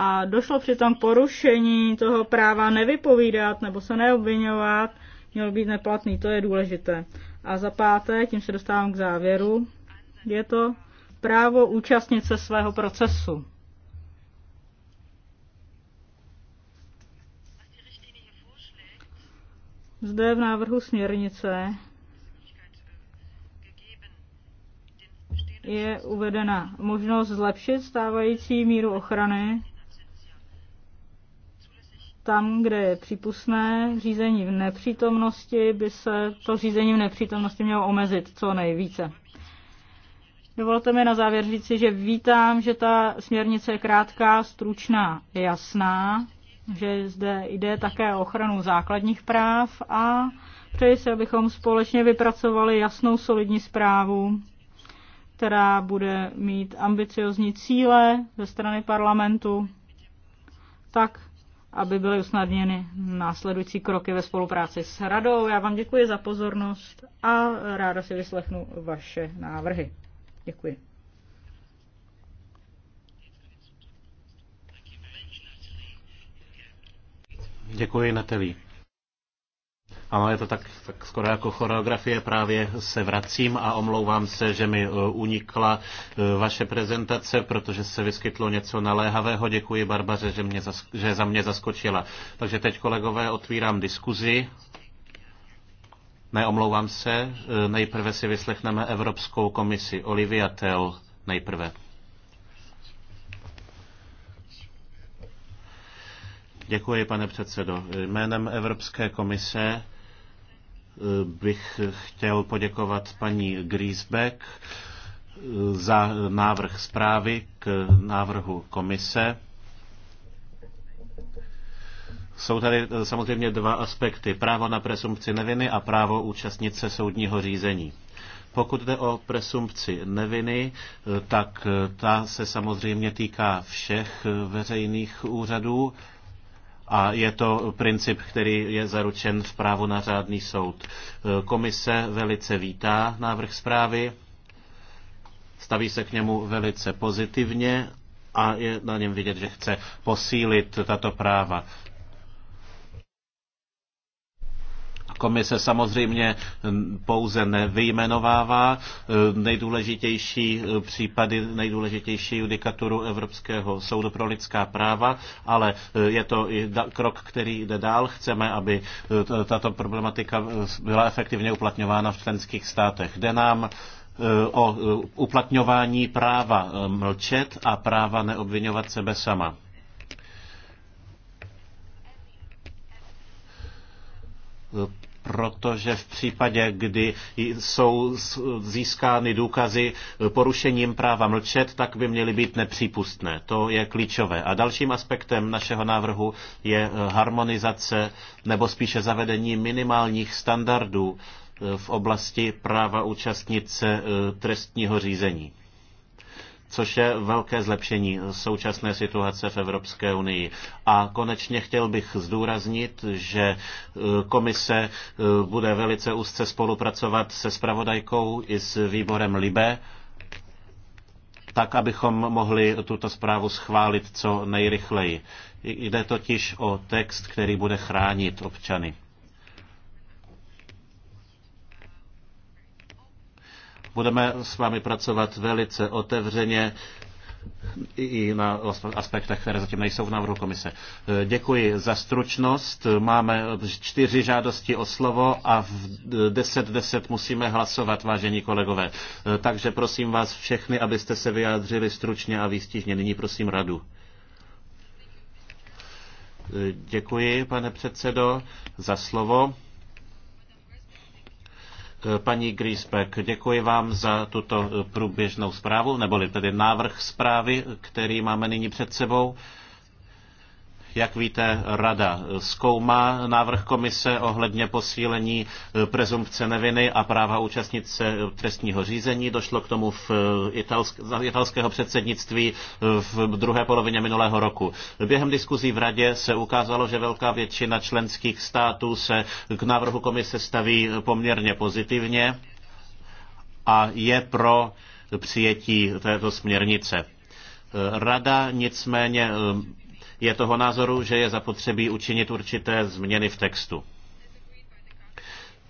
a došlo přitom porušení toho práva nevypovídat nebo se neobvinovat, mělo být neplatný, to je důležité. A za páté, tím se dostávám k závěru, je to právo účastnit se svého procesu. Zde v návrhu směrnice je uvedena možnost zlepšit stávající míru ochrany tam, kde je přípustné řízení v nepřítomnosti, by se to řízení v nepřítomnosti mělo omezit co nejvíce. Dovolte mi na závěr říci, že vítám, že ta směrnice je krátká, stručná, jasná, že zde jde také o ochranu základních práv a přeji se, abychom společně vypracovali jasnou solidní zprávu, která bude mít ambiciozní cíle ze strany parlamentu, tak, aby byly usnadněny následující kroky ve spolupráci s radou. Já vám děkuji za pozornost a ráda si vyslechnu vaše návrhy. Děkuji. Děkuji, Natalie. Ano, je to tak, tak skoro jako choreografie. Právě se vracím a omlouvám se, že mi e, unikla e, vaše prezentace, protože se vyskytlo něco naléhavého. Děkuji Barbaře, že, mě že za mě zaskočila. Takže teď, kolegové, otvírám diskuzi. Neomlouvám se. E, nejprve si vyslechneme Evropskou komisi. Olivia Tell nejprve. Děkuji, pane předsedo. Jménem Evropské komise bych chtěl poděkovat paní Griesbeck eh, za návrh zprávy k návrhu komise. Jsou tady eh, samozřejmě dva aspekty. Právo na presumpci neviny a právo účastnit se soudního řízení. Pokud jde o presumpci neviny, eh, tak ta se samozřejmě týká všech veřejných úřadů a je to princip, který je zaručen v právu na řádný soud. Komise velice vítá návrh zprávy, staví se k němu velice pozitivně a je na něm vidět, že chce posílit tato práva. Komise samozřejmě pouze nevyjmenovává eh, nejdůležitější eh, případy, nejdůležitější judikaturu Evropského soudu pro lidská práva, ale eh, je to i krok, který jde dál. Chceme, aby tato problematika byla efektivně uplatňována v členských státech. Jde nám o uplatňování práva mlčet a práva neobvinovat sebe sama protože v případě, kdy jsou získány důkazy porušením práva mlčet, tak by měly být nepřípustné. To je klíčové. A dalším aspektem našeho návrhu je eh, harmonizace nebo spíše zavedení minimálních standardů eh, v oblasti práva účastnice eh, trestního řízení což je velké zlepšení současné situace v Evropské unii. A konečně chtěl bych zdůraznit, že e, komise e, bude velice úzce spolupracovat se spravodajkou i s výborem LIBE, tak, abychom mohli tuto zprávu schválit co nejrychleji. Jde totiž o text, který bude chránit občany. Budeme s vámi pracovat velice otevřeně i na aspektech, které zatím nejsou v návrhu komise. Děkuji za stručnost. Máme čtyři žádosti o slovo a v 10.10 10 musíme hlasovat, vážení kolegové. Takže prosím vás všechny, abyste se vyjádřili stručně a výstižně. Nyní prosím radu. Děkuji, pane předsedo, za slovo. Paní Griesbeck, děkuji vám za tuto průběžnou zprávu, neboli tedy návrh zprávy, který máme nyní před sebou. Jak víte, Rada zkoumá návrh komise ohledně posílení eh, prezumpce neviny a práva účastnit se eh, trestního řízení. Došlo k tomu v eh, italsk- italského předsednictví v druhé polovině minulého roku. Během diskuzí v Radě se ukázalo, že velká většina členských států se k návrhu komise staví poměrně pozitivně a je pro přijetí této směrnice. Rada nicméně je toho názoru, že je zapotřebí učinit určité změny v textu.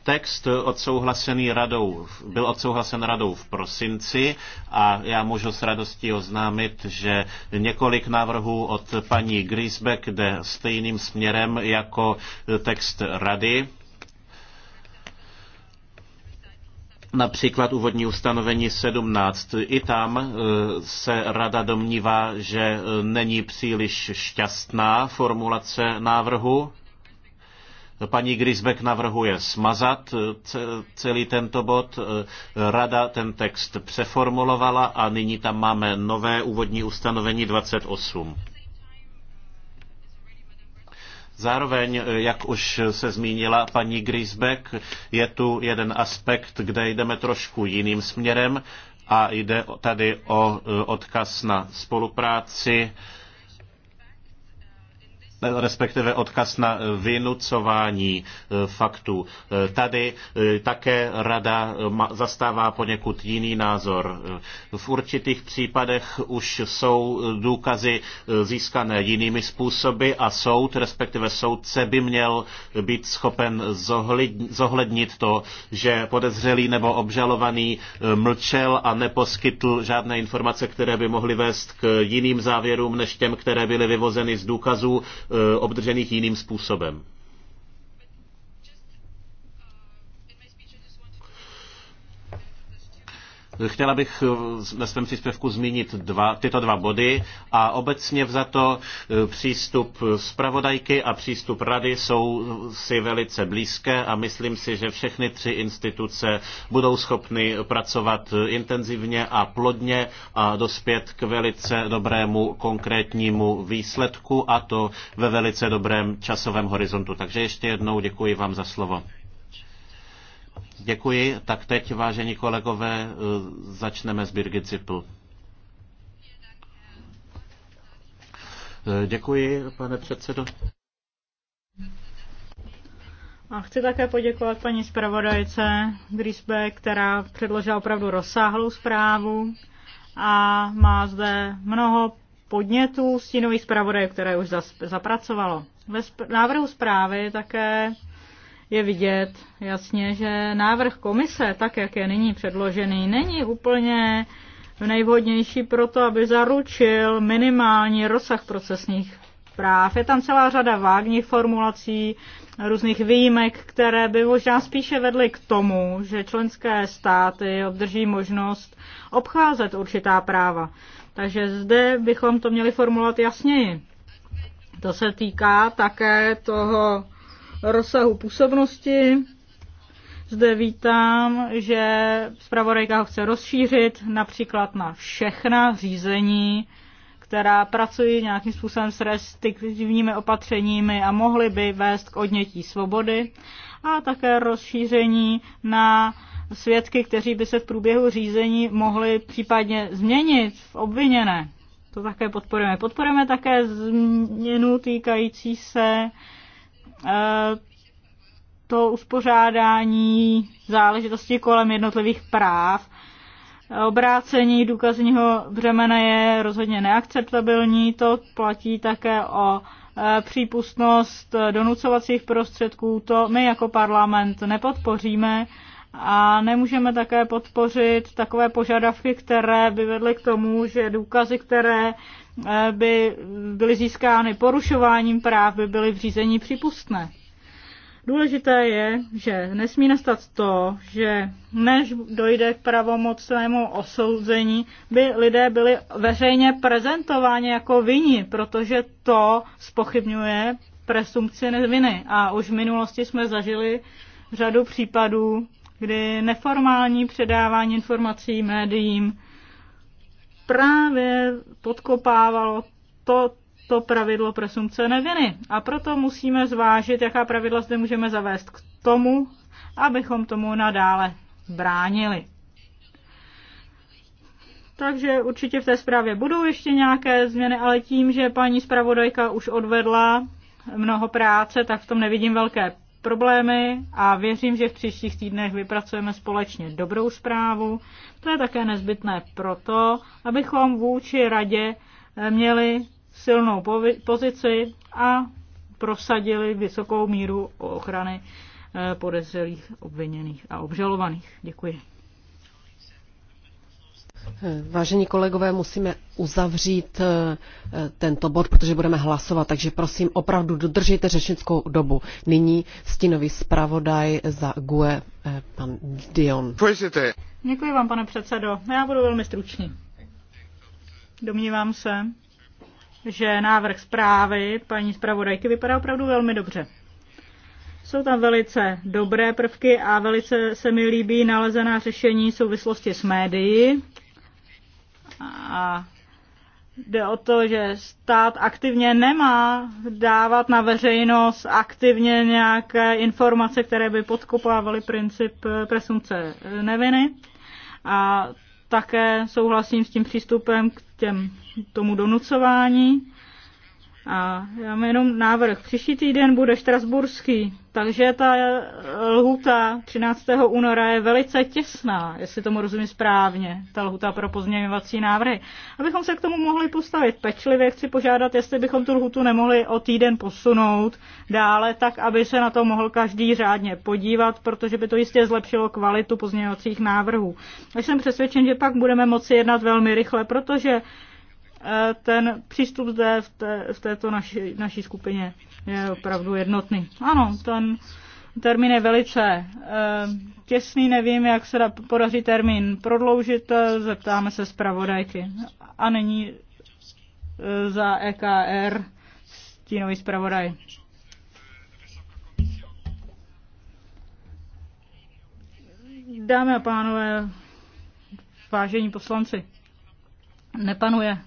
Text odsouhlasený radou, byl odsouhlasen radou v prosinci a já můžu s radostí oznámit, že několik návrhů od paní Griesbeck jde stejným směrem jako text rady Například úvodní ustanovení 17. I tam e, se rada domnívá, že e, není příliš šťastná formulace návrhu. Paní Grisbeck navrhuje smazat e, celý tento bod. Rada ten text přeformulovala a nyní tam máme nové úvodní ustanovení 28. Zároveň, eh, jak už se zmínila paní Grisbeck, je tu jeden aspekt, kde jdeme trošku jiným směrem a jde tady o eh, odkaz na spolupráci respektive odkaz na vynucování e, faktů. E, tady e, také rada zastává poněkud jiný názor. V určitých případech už jsou důkazy získané jinými způsoby a soud, respektive soudce by měl být schopen zohlednit to, že podezřelý nebo obžalovaný mlčel a neposkytl žádné informace, které by mohly vést k jiným závěrům než těm, které byly vyvozeny z důkazů Eh, obdržených jiným způsobem. Chtěla bych eh, ve svém příspěvku zmínit dva, tyto dva body a obecně vzato eh, přístup zpravodajky a přístup rady jsou eh, si velice blízké a myslím si, že všechny tři instituce budou schopny pracovat intenzivně a plodně a dospět k velice dobrému konkrétnímu výsledku a to ve velice dobrém časovém horizontu. Takže ještě jednou děkuji vám za slovo. Děkuji. Tak teď, vážení kolegové, eh, začneme s Birgit Zippel. Eh, děkuji, pane předsedo. A chci také poděkovat paní zpravodajce Grisbe, která předložila opravdu rozsáhlou zprávu a má zde mnoho podnětů stínových zpravodajů, které už zapracovalo. Ve návrhu zprávy také je vidět jasně, že návrh komise, tak jak je nyní předložený, není úplně nejvhodnější pro to, aby zaručil minimální rozsah procesních práv. Je tam celá řada vágních formulací, různých výjimek, které by možná spíše vedly k tomu, že členské státy obdrží možnost obcházet určitá práva. Takže zde bychom to měli formulovat jasněji. To se týká také toho rozsahu působnosti. Zde vítám, že zpravodajka ho chce rozšířit například na všechna řízení, která pracují nějakým způsobem s restriktivními opatřeními a mohly by vést k odnětí svobody a také rozšíření na svědky, kteří by se v průběhu řízení mohli případně změnit v obviněné. To také podporujeme. Podporujeme také změnu týkající se Eh, to uspořádání záležitosti kolem jednotlivých práv. Obrácení důkazního břemena je rozhodně neakceptabilní, to platí také o eh, přípustnost donucovacích prostředků, to my jako parlament nepodpoříme a nemůžeme také podpořit takové požadavky, které by vedly k tomu, že důkazy, které Eh, by byly získány porušováním práv, by byly v řízení připustné. Důležité je, že nesmí nastat to, že než dojde k pravomocnému osouzení, by lidé byli veřejně prezentováni jako viní, protože to spochybňuje presumpci neviny. A už v minulosti jsme zažili řadu případů, kdy neformální předávání informací médiím právě podkopávalo to, to pravidlo presumce neviny. A proto musíme zvážit, jaká pravidla zde můžeme zavést k tomu, abychom tomu nadále bránili. Takže určitě v té zprávě budou ještě nějaké změny, ale tím, že paní zpravodajka už odvedla mnoho práce, tak v tom nevidím velké problémy a věřím, že v příštích týdnech vypracujeme společně dobrou zprávu. To je také nezbytné proto, abychom vůči radě eh, měli silnou pozici a prosadili vysokou míru ochrany eh, podezřelých, obviněných a obžalovaných. Děkuji. Vážení kolegové, musíme uzavřít eh, tento bod, protože budeme hlasovat, takže prosím, opravdu dodržejte řečnickou dobu. Nyní stínový zpravodaj za GUE, eh, pan Dion. Děkuji vám, pane předsedo. Já budu velmi stručný. Domnívám se, že návrh zprávy paní zpravodajky vypadá opravdu velmi dobře. Jsou tam velice dobré prvky a velice se mi líbí nalezená řešení v souvislosti s médií, a jde o to, že stát aktivně nemá dávat na veřejnost aktivně nějaké informace, které by podkopávaly princip eh, presumce eh, neviny. A také souhlasím s tím přístupem k těm, tomu donucování. A já mám jenom návrh. Příští týden bude štrasburský, takže ta eh, lhuta 13. února je velice těsná, jestli tomu rozumím správně, ta lhuta pro pozměňovací návrhy. Abychom se k tomu mohli postavit pečlivě, chci požádat, jestli bychom tu lhutu nemohli o týden posunout dále, tak aby se na to mohl každý řádně podívat, protože by to jistě zlepšilo kvalitu pozměňovacích návrhů. A jsem přesvědčen, že pak budeme moci jednat velmi rychle, protože Eh, ten přístup zde v, té, v této naši, naší skupině je opravdu jednotný. Ano, ten termín je velice eh, těsný, nevím, jak se podaří termín prodloužit, eh, zeptáme se zpravodajky. A není za EKR stínový zpravodaj. Dámy a pánové, vážení poslanci, nepanuje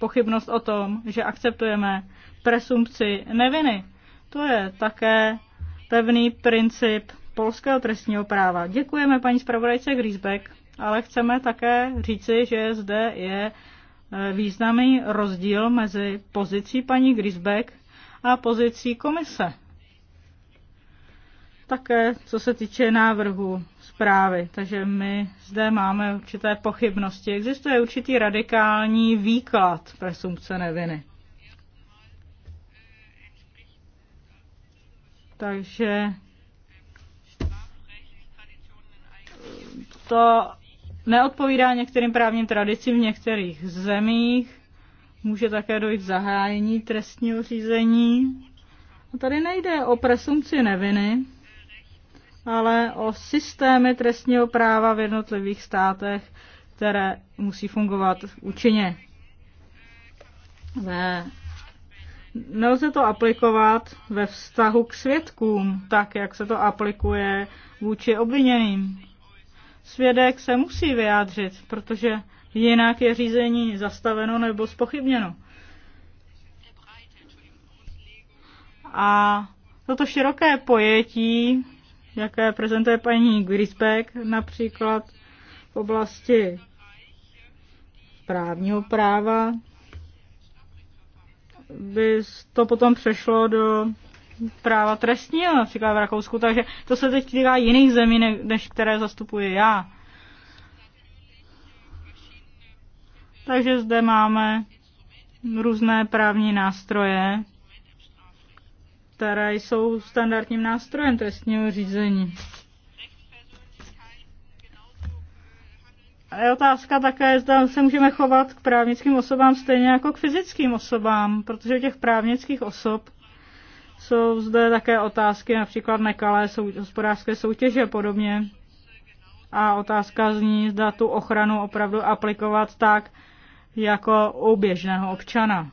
pochybnost o tom, že akceptujeme presumpci neviny. To je také pevný princip polského trestního práva. Děkujeme paní zpravodajce Griesbeck, ale chceme také říci, že zde je e, významný rozdíl mezi pozicí paní Griesbeck a pozicí komise také co se týče návrhu zprávy. Takže my zde máme určité pochybnosti. Existuje určitý radikální výklad presumpce neviny. Takže to neodpovídá některým právním tradicím v některých zemích. Může také dojít zahájení trestního řízení. A tady nejde o presumci neviny, ale o systémy trestního práva v jednotlivých státech, které musí fungovat účinně. Ne. Nelze to aplikovat ve vztahu k svědkům, tak jak se to aplikuje vůči obviněným. Svědek se musí vyjádřit, protože jinak je řízení zastaveno nebo spochybněno. A toto široké pojetí jaké prezentuje paní Grisbeck, například v oblasti právního práva, by to potom přešlo do práva trestního, například v Rakousku, takže to se teď týká jiných zemí, než které zastupuji já. Takže zde máme různé právní nástroje, které jsou standardním nástrojem trestního řízení. A je otázka také, zda se můžeme chovat k právnickým osobám stejně jako k fyzickým osobám, protože u těch právnických osob jsou zde také otázky například nekalé sou, hospodářské soutěže a podobně. A otázka zní, zda tu ochranu opravdu aplikovat tak, jako u běžného občana.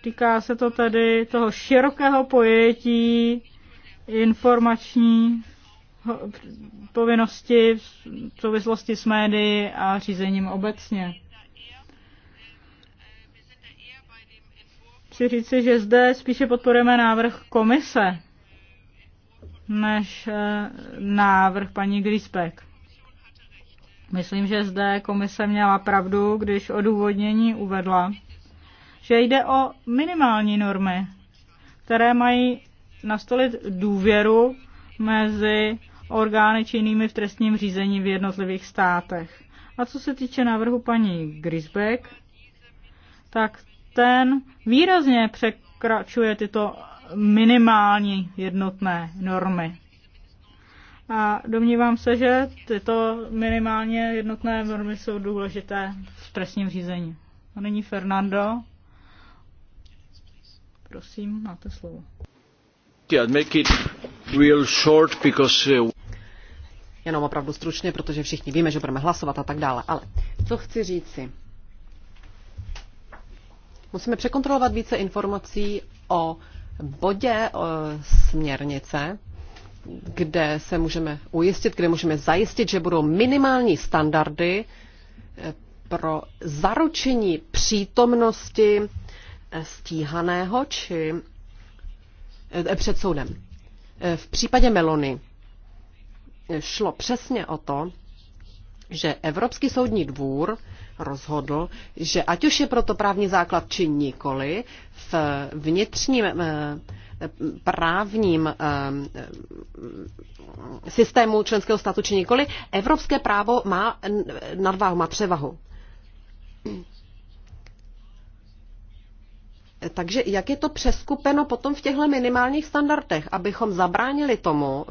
Týká se to tedy toho širokého pojetí informační povinnosti v souvislosti s médií a řízením obecně. Chci říci, že zde spíše podporujeme návrh komise než eh, návrh paní Grispek. Myslím, že zde komise měla pravdu, když odůvodnění uvedla, že jde o minimální normy, které mají nastolit důvěru mezi orgány činnými v trestním řízení v jednotlivých státech. A co se týče návrhu paní Grisbeck, tak ten výrazně překračuje tyto minimální jednotné normy. A domnívám se, že tyto minimálně jednotné normy jsou důležité v trestním řízení. A nyní Fernando. Prosím, máte slovo. Uh, Jenom opravdu stručně, protože všichni víme, že budeme hlasovat a tak dále. Ale co chci říci? Musíme překontrolovat více informací o bodě o směrnice, kde se můžeme ujistit, kde můžeme zajistit, že budou minimální standardy eh, pro zaručení přítomnosti stíhaného či eh, před soudem. Eh, v případě Melony eh, šlo přesně o to, že Evropský soudní dvůr rozhodl, že ať už je proto právní základ či nikoli, v vnitřním právním systému členského státu či nikoli, evropské právo má nadváhu, má převahu. Takže jak je to přeskupeno potom v těchto minimálních standardech, abychom zabránili tomu,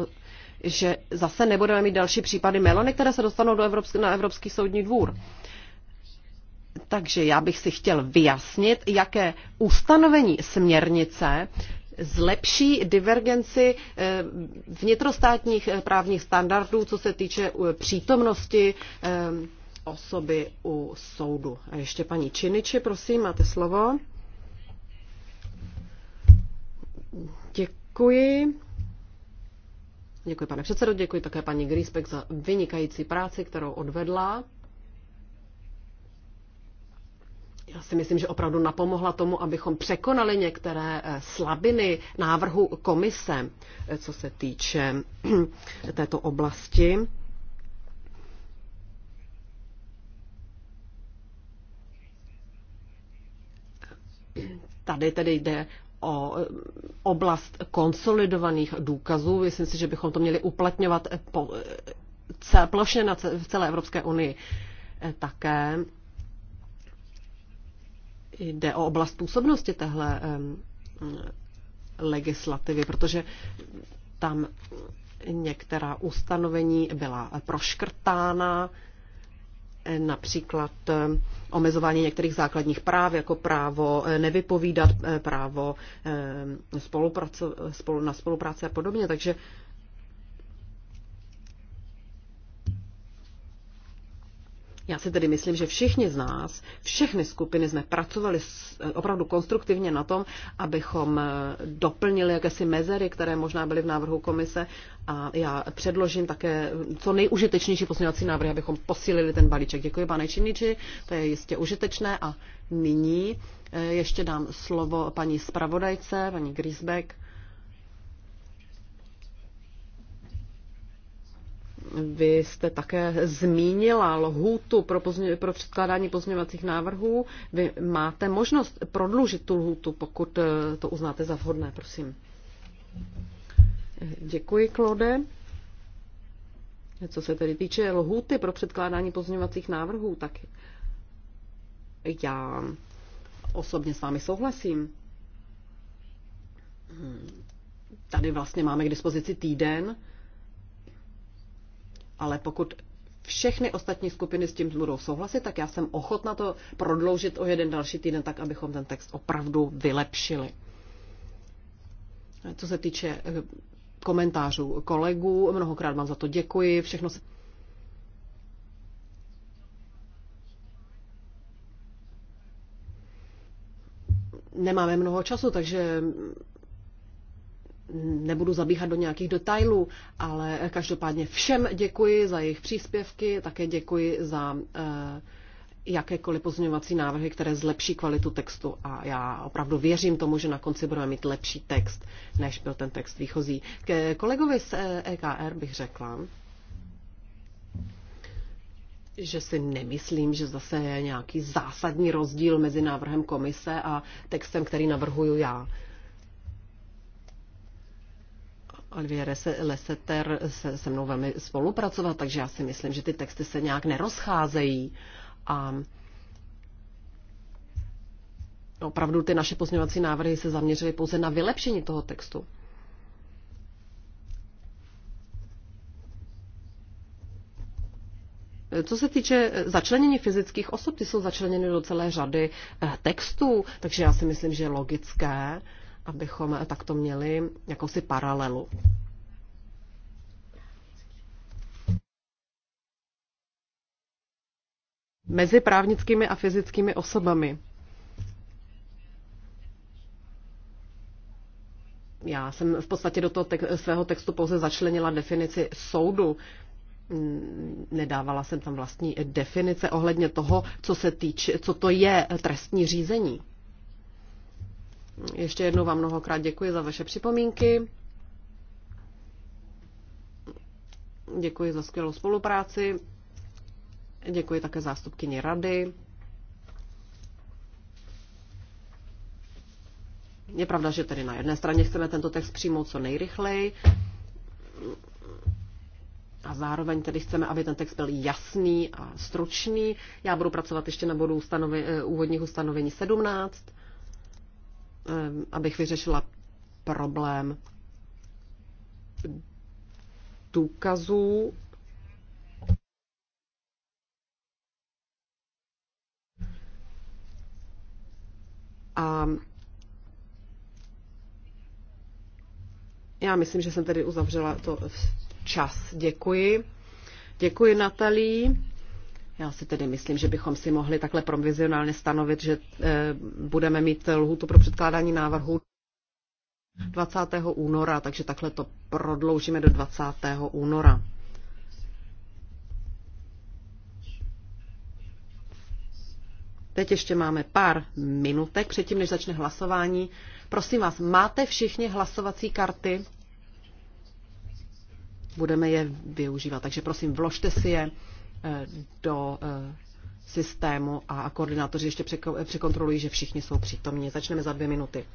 že zase nebudeme mít další případy melony, které se dostanou do Evropsk- na Evropský soudní dvůr. Takže já bych si chtěl vyjasnit, jaké ustanovení směrnice zlepší divergenci eh, vnitrostátních eh, právních standardů, co se týče eh, přítomnosti osoby u soudu. A ještě paní Činiči, prosím, máte slovo. Děkuji. Děkuji, pane předsedo, děkuji také paní Grispek za vynikající práci, kterou odvedla. Já si myslím, že opravdu napomohla tomu, abychom překonali některé eh, slabiny návrhu komise, eh, co se týče eh, této oblasti. Tady tedy jde o oblast konsolidovaných důkazů. Myslím si, že bychom to měli uplatňovat po, cel, plošně na, v celé Evropské unii e, také. Jde o oblast působnosti téhle legislativy, protože tam některá ustanovení byla proškrtána, například eh, omezování některých základních práv, jako právo eh, nevypovídat, eh, právo spolu, na spolupráci a podobně. Takže Já si tedy myslím, že všichni z nás, všechny skupiny jsme pracovali eh, opravdu konstruktivně na tom, abychom eh, doplnili jakési mezery, které možná byly v návrhu komise a já předložím také eh, co nejužitečnější pozměňovací návrhy, abychom posílili ten balíček. Děkuji, pane Činiči, to je jistě užitečné a nyní ještě dám slovo paní zpravodajce, paní Griesbeck Vy jste také zmínila lhůtu pro, pozně, pro předkládání pozměňovacích návrhů. Vy máte možnost prodloužit tu lhůtu, pokud eh, to uznáte za vhodné, prosím. Děkuji, Klode. Co se tedy týče lhůty pro předkládání pozměňovacích návrhů, tak já osobně s vámi souhlasím. Hm, tady vlastně máme k dispozici týden ale pokud všechny ostatní skupiny s tím budou souhlasit, tak já jsem ochotna to prodloužit o jeden další týden, tak abychom ten text opravdu vylepšili. Co se týče eh, komentářů kolegů, mnohokrát vám za to děkuji, všechno se... Nemáme mnoho času, takže nebudu zabíhat do nějakých detailů, ale každopádně všem děkuji za jejich příspěvky, také děkuji za eh, jakékoliv pozměňovací návrhy, které zlepší kvalitu textu a já opravdu věřím tomu, že na konci budeme mít lepší text, než byl ten text výchozí. K kolegovi z EKR eh, e bych řekla, že si nemyslím, že zase je nějaký zásadní rozdíl mezi návrhem komise a textem, který navrhuju já. Olivier Leseter se, se mnou velmi spolupracoval, takže já si myslím, že ty texty se nějak nerozcházejí a opravdu ty naše pozměňovací návrhy se zaměřily pouze na vylepšení toho textu. Co se týče eh, začlenění fyzických osob, ty jsou začleněny do celé řady eh, textů, takže já si myslím, že je logické, abychom takto měli jakousi paralelu. Mezi právnickými a fyzickými osobami. Já jsem v podstatě do toho te- svého textu pouze začlenila definici soudu. Nedávala jsem tam vlastní definice ohledně toho, co se týče, co to je trestní řízení. Ještě jednou vám mnohokrát děkuji za vaše připomínky. Děkuji za skvělou spolupráci. Děkuji také zástupkyni rady. Je pravda, že tedy na jedné straně chceme tento text přijmout co nejrychleji a zároveň tedy chceme, aby ten text byl jasný a stručný. Já budu pracovat ještě na bodu ustanovi, eh, úvodních ustanovení 17 Ehm, abych vyřešila problém důkazů A já myslím, že jsem tedy uzavřela to čas. Děkuji. Děkuji, Natalí. Já si tedy myslím, že bychom si mohli takhle provizionálně stanovit, že eh, budeme mít lhůtu pro předkládání návrhu 20. února, takže takhle to prodloužíme do 20. února. Teď ještě máme pár minutek předtím, než začne hlasování. Prosím vás, máte všichni hlasovací karty? Budeme je využívat, takže prosím, vložte si je. Eh, do eh, systému a koordinátoři ještě překontrolují, že všichni jsou přítomní. Začneme za dvě minuty.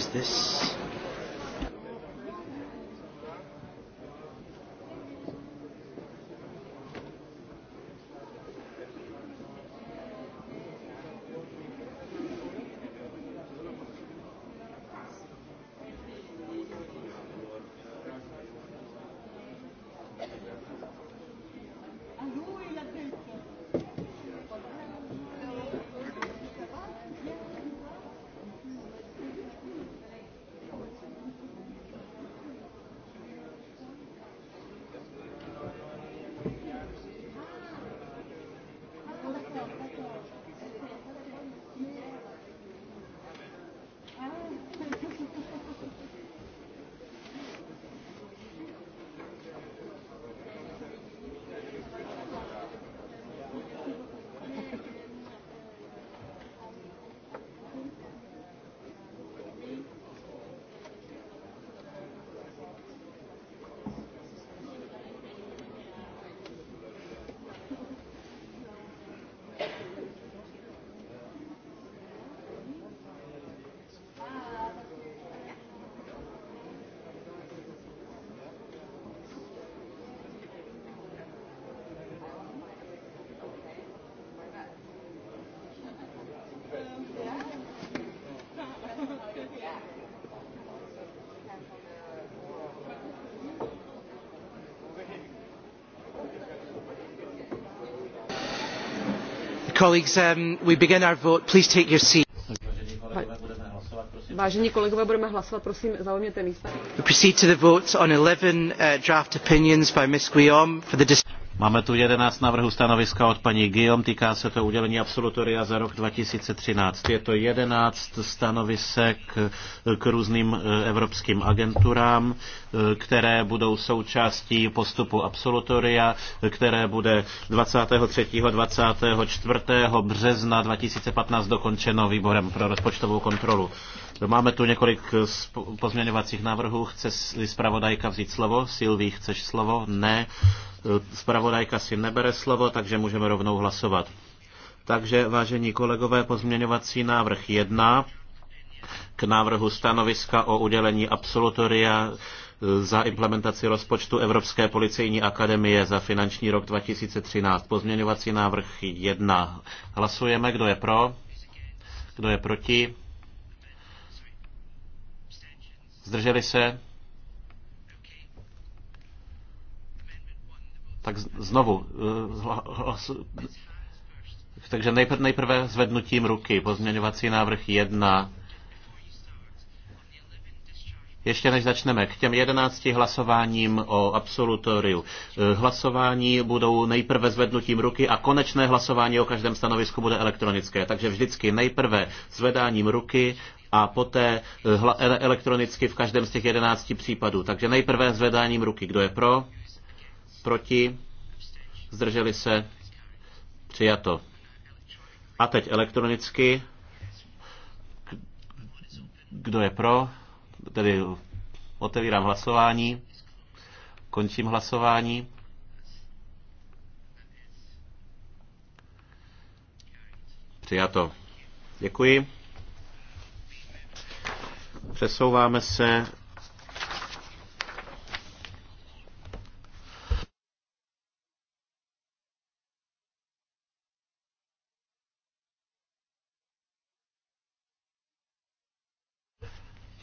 zde this. colleagues, um, we begin our vote. Please take your seat. Vážení kolegové, budeme hlasovat, prosím, zaujměte místa. We proceed to the vote on 11 uh, draft opinions by Ms. Guillaume for the Máme tu 11 návrhů stanoviska od paní Guillaume, týká se to udělení absolutoria za rok 2013. Je to 11 stanovisek k různým eh, evropským agenturám, eh, které budou součástí postupu absolutoria, eh, které bude 23. 24. března 2015 dokončeno výborem pro rozpočtovou kontrolu. Máme tu několik pozměňovacích návrhů. Chce zpravodajka vzít slovo? Silví, chceš slovo? Ne. Spravodajka si nebere slovo, takže můžeme rovnou hlasovat. Takže, vážení kolegové, pozměňovací návrh 1 k návrhu stanoviska o udělení absolutoria za implementaci rozpočtu Evropské policejní akademie za finanční rok 2013. Pozměňovací návrh 1. Hlasujeme, kdo je pro, kdo je proti. Zdrželi se? Tak znovu. Eh, takže nejprve, nejprve zvednutím ruky. Pozměňovací návrh 1. Ještě než začneme, k těm jedenácti hlasováním o absolutoriu. Eh, hlasování budou nejprve zvednutím ruky a konečné hlasování o každém stanovisku bude elektronické. Takže vždycky nejprve zvedáním ruky a poté eh, elektronicky v každém z těch jedenácti případů. Takže nejprve zvedáním ruky. Kdo je pro? Proti? Zdrželi se? Přijato. A teď elektronicky. Kdo je pro? Tedy otevírám hlasování. Končím hlasování. Přijato. Děkuji. Přesouváme se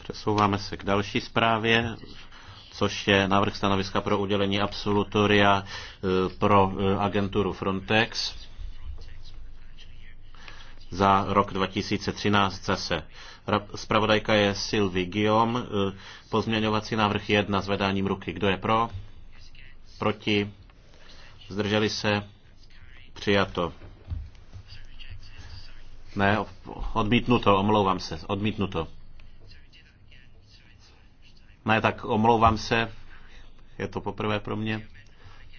Přesouváme se k další zprávě, což je návrh stanoviska pro udělení absolutoria e, pro e, agenturu Frontex za rok 2013 zase. Spravodajka je Sylvie Guillaume. E, pozměňovací návrh 1 s vedáním ruky. Kdo je pro? Proti? Zdrželi se? Přijato. Ne, odmítnuto, omlouvám se, odmítnuto. Ne, tak omlouvám se, je to poprvé pro mě.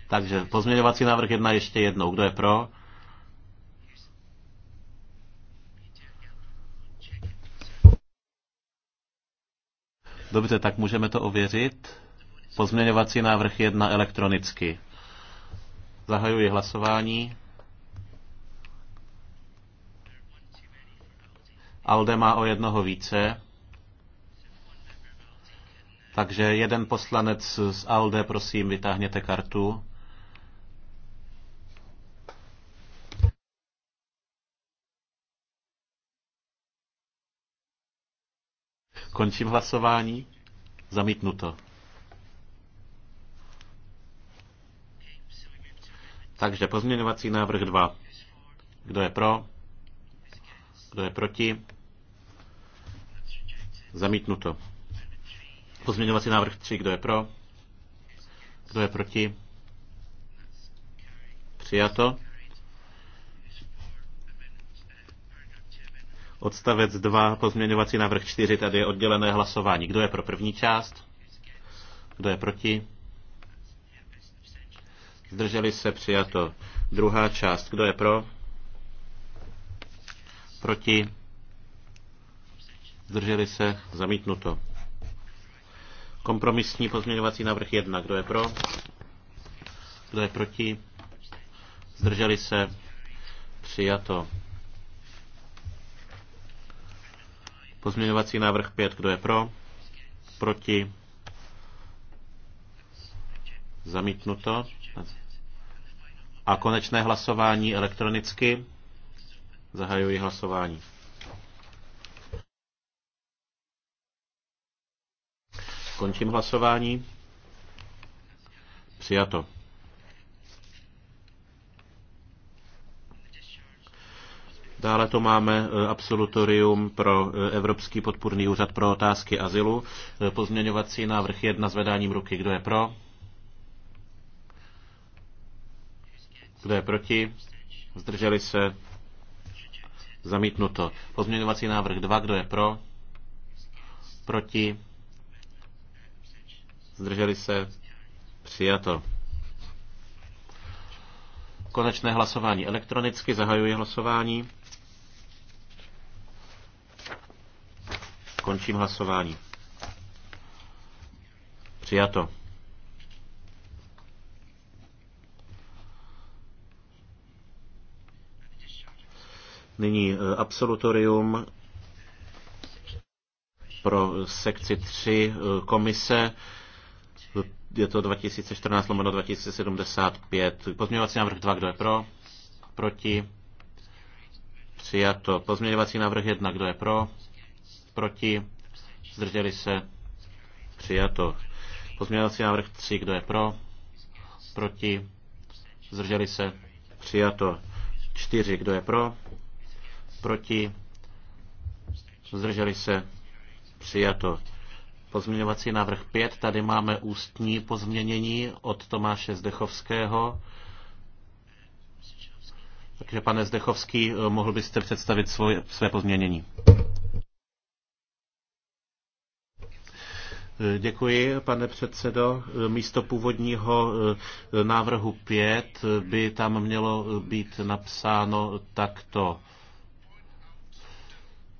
Takže pozměňovací návrh jedna ještě jednou. Kdo je pro? Dobře, tak můžeme to ověřit. Pozměňovací návrh jedna elektronicky. Zahajuji hlasování. Alde má o jednoho více. Takže jeden poslanec z ALDE, prosím, vytáhněte kartu. Končím hlasování. Zamítnuto. Takže pozměňovací návrh 2. Kdo je pro? Kdo je proti? Zamítnuto. Pozměňovací návrh 3, kdo je pro? Kdo je proti? Přijato. Odstavec 2, pozměňovací návrh 4, tady je oddělené hlasování. Kdo je pro první část? Kdo je proti? Zdrželi se přijato. Druhá část. Kdo je pro? Proti? Zdrželi se zamítnuto. Kompromisní pozměňovací návrh 1. Kdo je pro? Kdo je proti? Zdrželi se? Přijato. Pozměňovací návrh 5. Kdo je pro? Proti? Zamítnuto. A konečné hlasování elektronicky. Zahajuji hlasování. Končím hlasování. Přijato. Dále to máme e, absolutorium pro e, Evropský podpůrný úřad pro otázky azylu. E, pozměňovací návrh s zvedáním ruky. Kdo je pro? Kdo je proti? Zdrželi se? Zamítnuto. Pozměňovací návrh 2. Kdo je pro? Proti? Zdrželi se? Přijato. Konečné hlasování elektronicky. Zahajuji hlasování. Končím hlasování. Přijato. Nyní e, absolutorium pro sekci 3 e, komise je to 2014 lomeno 2075. Pozměňovací návrh 2, kdo je pro? Proti? Přijato. Pozměňovací návrh 1, kdo je pro? Proti? Zdrželi se? Přijato. Pozměňovací návrh 3, kdo je pro? Proti? Zdrželi se? Přijato. 4, kdo je pro? Proti? Zdrželi se? Přijato. Pozměňovací návrh 5, tady máme ústní pozměnění od Tomáše Zdechovského. Takže pane Zdechovský, mohl byste představit svoje, své pozměnění. Děkuji, pane předsedo. Místo původního eh, návrhu 5 by tam mělo být napsáno takto.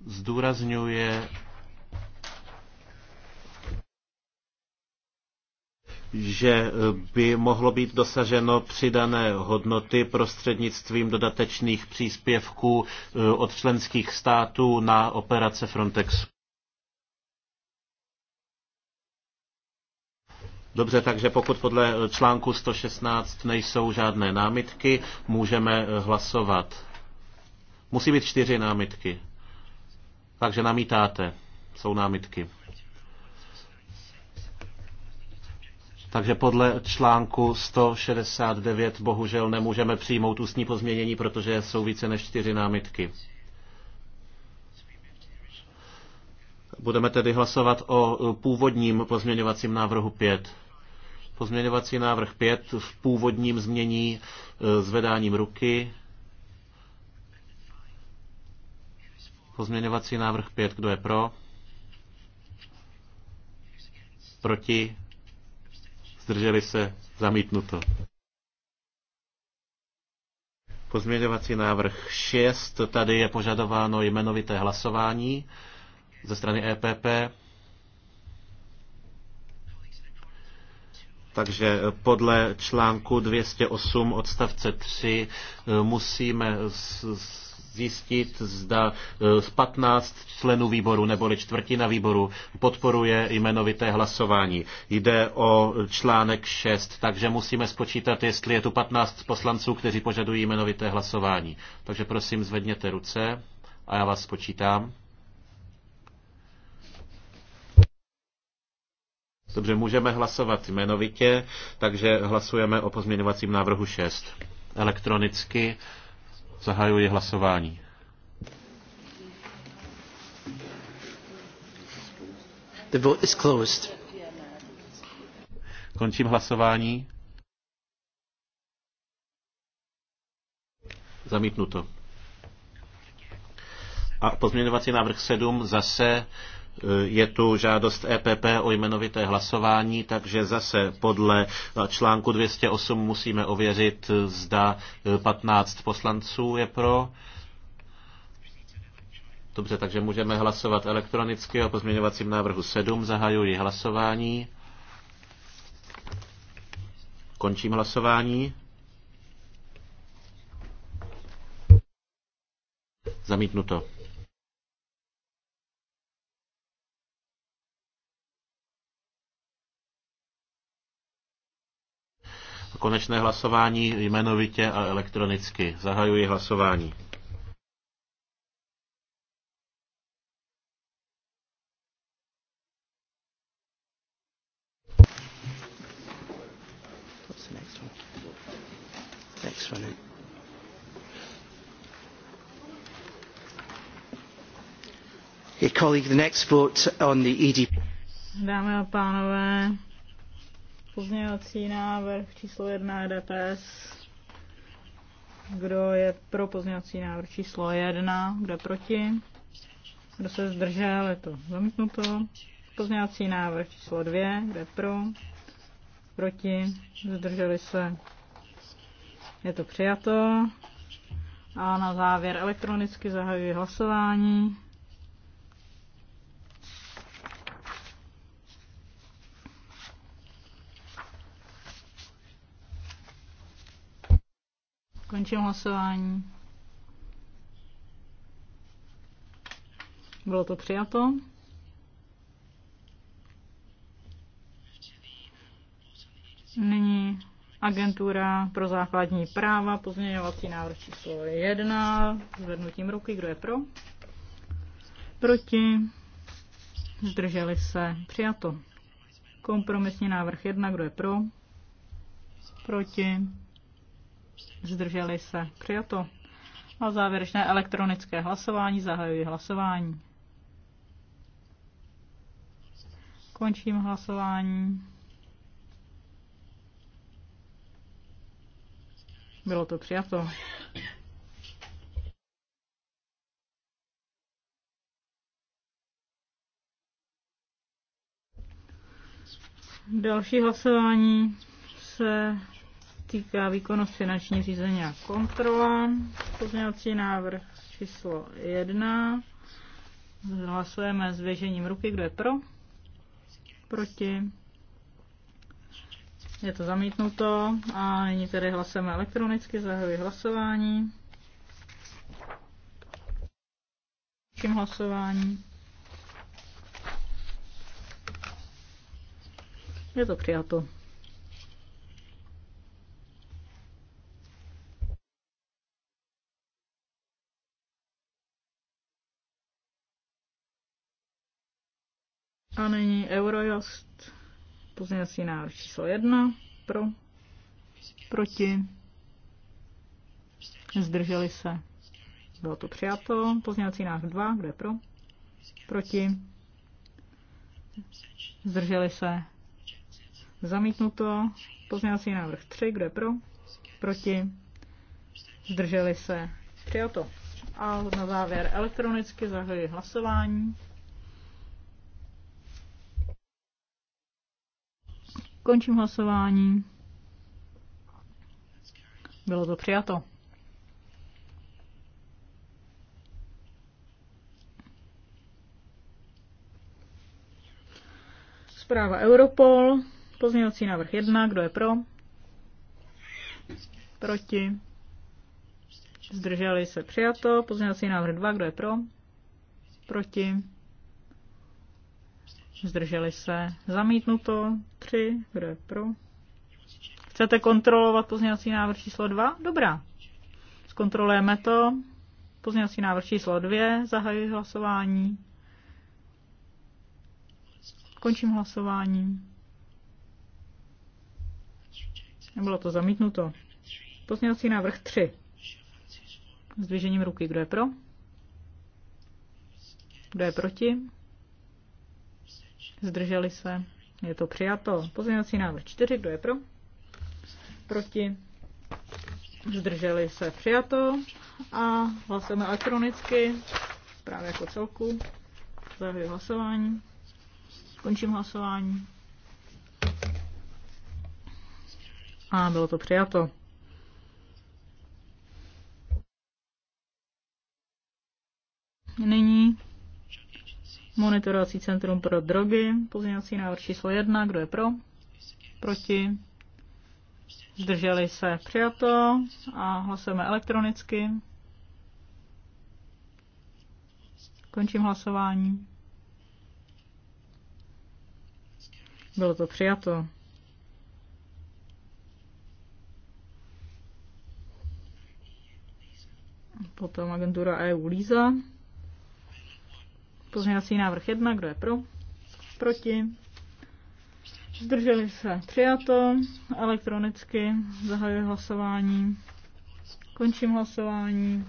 Zdůrazňuje že eh, by mohlo být dosaženo přidané hodnoty prostřednictvím dodatečných příspěvků eh, od členských států na operace Frontexu. Dobře, takže pokud podle eh, článku 116 nejsou žádné námitky, můžeme hlasovat. Musí být čtyři námitky. Takže namítáte. Jsou námitky. Takže podle článku 169 bohužel nemůžeme přijmout ústní pozměnění, protože jsou více než čtyři námitky. Budeme tedy hlasovat o původním pozměňovacím návrhu 5. Pozměňovací návrh 5 v původním změní zvedáním e, ruky. Pozměňovací návrh 5, kdo je pro? Proti? zdrželi se, zamítnuto. Pozměňovací návrh 6, tady je požadováno jmenovité hlasování ze strany EPP. Takže podle článku 208 odstavce 3 musíme zjistit, zda e, z 15 členů výboru nebo čtvrtina výboru podporuje jmenovité hlasování. Jde o článek 6, takže musíme spočítat, jestli je tu 15 poslanců, kteří požadují jmenovité hlasování. Takže prosím, zvedněte ruce a já vás spočítám. Dobře, můžeme hlasovat jmenovitě, takže hlasujeme o pozměňovacím návrhu 6 elektronicky. Zahajuji hlasování. The vote is closed. Končím hlasování. Zamítnuto. A pozměňovací návrh 7 zase Eh, je tu žádost EPP o jmenovité hlasování, takže zase podle eh, článku 208 musíme ověřit, eh, zda 15 poslanců je pro. Dobře, takže můžeme hlasovat elektronicky o pozměňovacím návrhu 7. Zahajuji hlasování. Končím hlasování. Zamítnuto. Konečné hlasování jmenovitě a elektronicky. Zahajuji hlasování. Dámy a pánové, Pozměňovací návrh číslo 1 e DPS. Kdo je pro pozměňovací návrh číslo 1? Kdo je proti? Kdo se zdržel? Je to zamítnuto. Pozměňovací návrh číslo 2. Kdo je pro? Proti? Zdrželi se? Je to přijato. A na závěr elektronicky zahajuji hlasování. Končím hlasování. Bylo to přijato. Nyní agentura pro základní práva, pozměňovací návrh číslo 1, zvednutím ruky, kdo je pro? Proti? Zdrželi se? Přijato. Kompromisní návrh 1, kdo je pro? Proti? zdrželi se, přijato. A závěrečné elektronické hlasování, zahajuji hlasování. Končím hlasování. Bylo to přijato. Další hlasování se týká výkonnost finanční řízení a kontrola. Pozměňovací návrh číslo 1. Hlasujeme s věžením ruky, kdo je pro, proti. Je to zamítnuto a nyní tedy hlasujeme elektronicky, zahajuji hlasování. Čím hlasování? Je to přijato. A nyní Eurojust, pozměňovací návrh číslo 1, pro, proti, zdrželi se. Bylo to přijato. Pozměňovací návrh 2, kdo je pro, proti, zdrželi se. Zamítnuto. Pozměňovací návrh 3, kdo je pro, proti, zdrželi se. Přijato. A na závěr elektronicky zahajuji hlasování. Končím hlasování. Bylo to přijato. Zpráva Europol, pozměňovací návrh 1, kdo je pro? Proti? Zdrželi se přijato. Pozměňovací návrh 2, kdo je pro? Proti? Zdrželi se. Zamítnuto. Tři. Kdo je pro? Chcete kontrolovat pozměňovací návrh číslo 2? Dobrá. Zkontrolujeme to. Pozměňovací návrh číslo 2. Zahajuji hlasování. Končím hlasování. nebylo to zamítnuto. Pozměňovací návrh 3. Zdvižením ruky. Kdo je pro? Kdo je proti? zdrželi se, je to přijato. Pozměňovací návrh 4, kdo je pro? Proti, zdrželi se, přijato. A hlasujeme elektronicky, právě jako celku. Zahajuji hlasování. Končím hlasování. A bylo to přijato. Nyní Monitorovací centrum pro drogy, pozměňovací návrh číslo 1, kdo je pro? Proti? Zdrželi se přijato a hlasujeme elektronicky. Končím hlasování. Bylo to přijato. Potom agentura EU Líza. Pozměňovací návrh 1, kdo je pro? Proti? Zdrželi se přijato. Elektronicky zahajuji hlasování. Končím hlasování.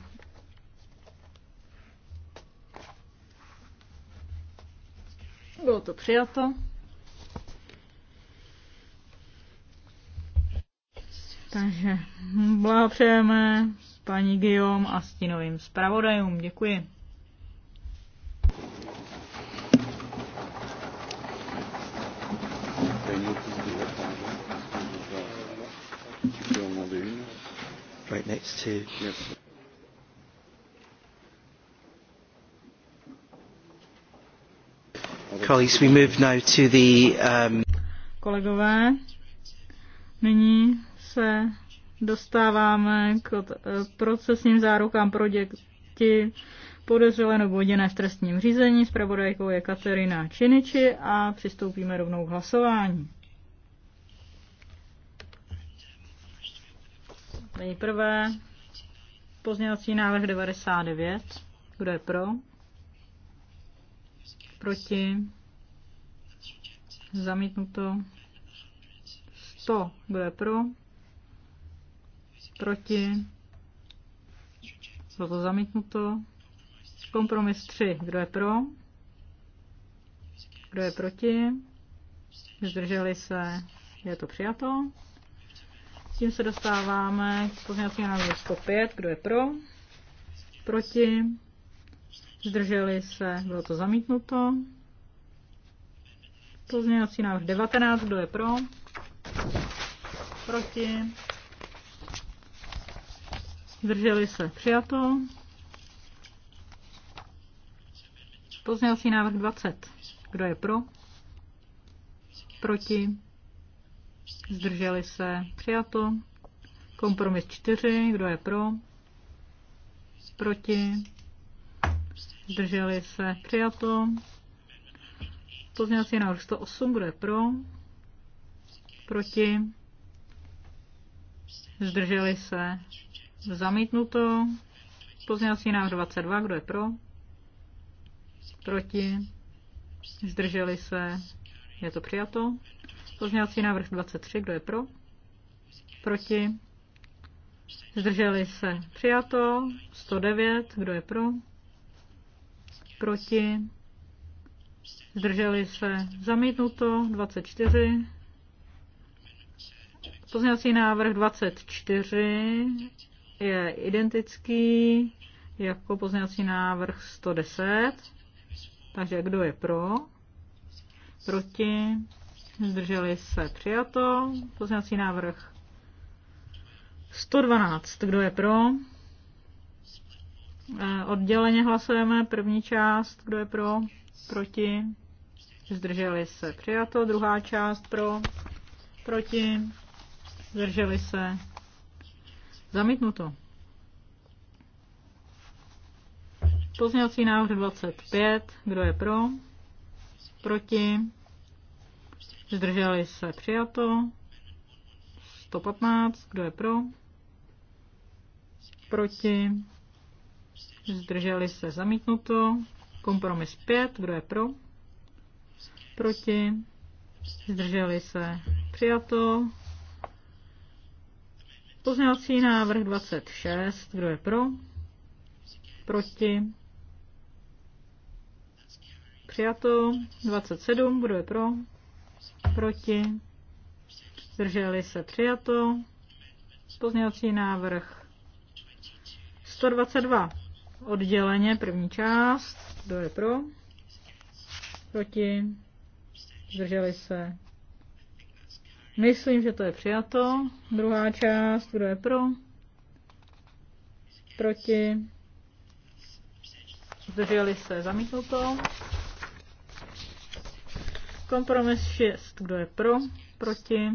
Bylo to přijato. Takže blahopřejeme paní Guillaume a stínovým zpravodajům. Děkuji. right to. Yes. Colleagues, we move now to the, um... Kolegové, nyní se dostáváme k eh, procesním zárukám pro děti podezřelé nebo v trestním řízení. Spravodajkou je Katerina Činiči a přistoupíme rovnou k hlasování. Nejprve pozměňovací návrh 99. Kdo je pro? Proti? Zamítnuto. 100. Kdo je pro? Proti? Bylo to zamítnuto. Kompromis 3. Kdo je pro? Kdo je proti? Zdrželi se. Je to přijato. S tím se dostáváme k pozměňovacímu návrhu 105. Kdo je pro? Proti? Zdrželi se? Bylo to zamítnuto. Pozměňovací návrh 19. Kdo je pro? Proti? Zdrželi se? Přijato. Pozměňovací návrh 20. Kdo je pro? Proti? Zdrželi se. Přijato. Kompromis 4. Kdo je pro? Proti? Zdrželi se. Přijato. Pozměňovací návrh 108. Kdo je pro? Proti? Zdrželi se. Zamítnuto. Pozměňovací návrh 22. Kdo je pro? Proti? Zdrželi se. Je to přijato. Pozměňovací návrh 23, kdo je pro? Proti? Zdrželi se. Přijato. 109, kdo je pro? Proti? Zdrželi se. Zamítnuto. 24. Pozměňovací návrh 24 je identický jako pozměňovací návrh 110. Takže kdo je pro? Proti? Zdrželi se přijato. Poznací návrh 112. Kdo je pro? E, odděleně hlasujeme. První část. Kdo je pro? Proti? Zdrželi se přijato. Druhá část pro? Proti? Zdrželi se. Zamítnuto. Pozměňovací návrh 25. Kdo je pro? Proti? Zdrželi se přijato. 115. Kdo je pro? Proti. Zdrželi se zamítnuto. Kompromis 5. Kdo je pro? Proti. Zdrželi se přijato. Pozměňovací návrh 26. Kdo je pro? Proti? Přijato. 27. Kdo je pro? proti, zdrželi se přijato. Pozměňovací návrh 122 odděleně, první část, kdo je pro, proti, zdrželi se. Myslím, že to je přijato. Druhá část, kdo je pro, proti, zdrželi se, to. Kompromis 6. Kdo je pro? Proti?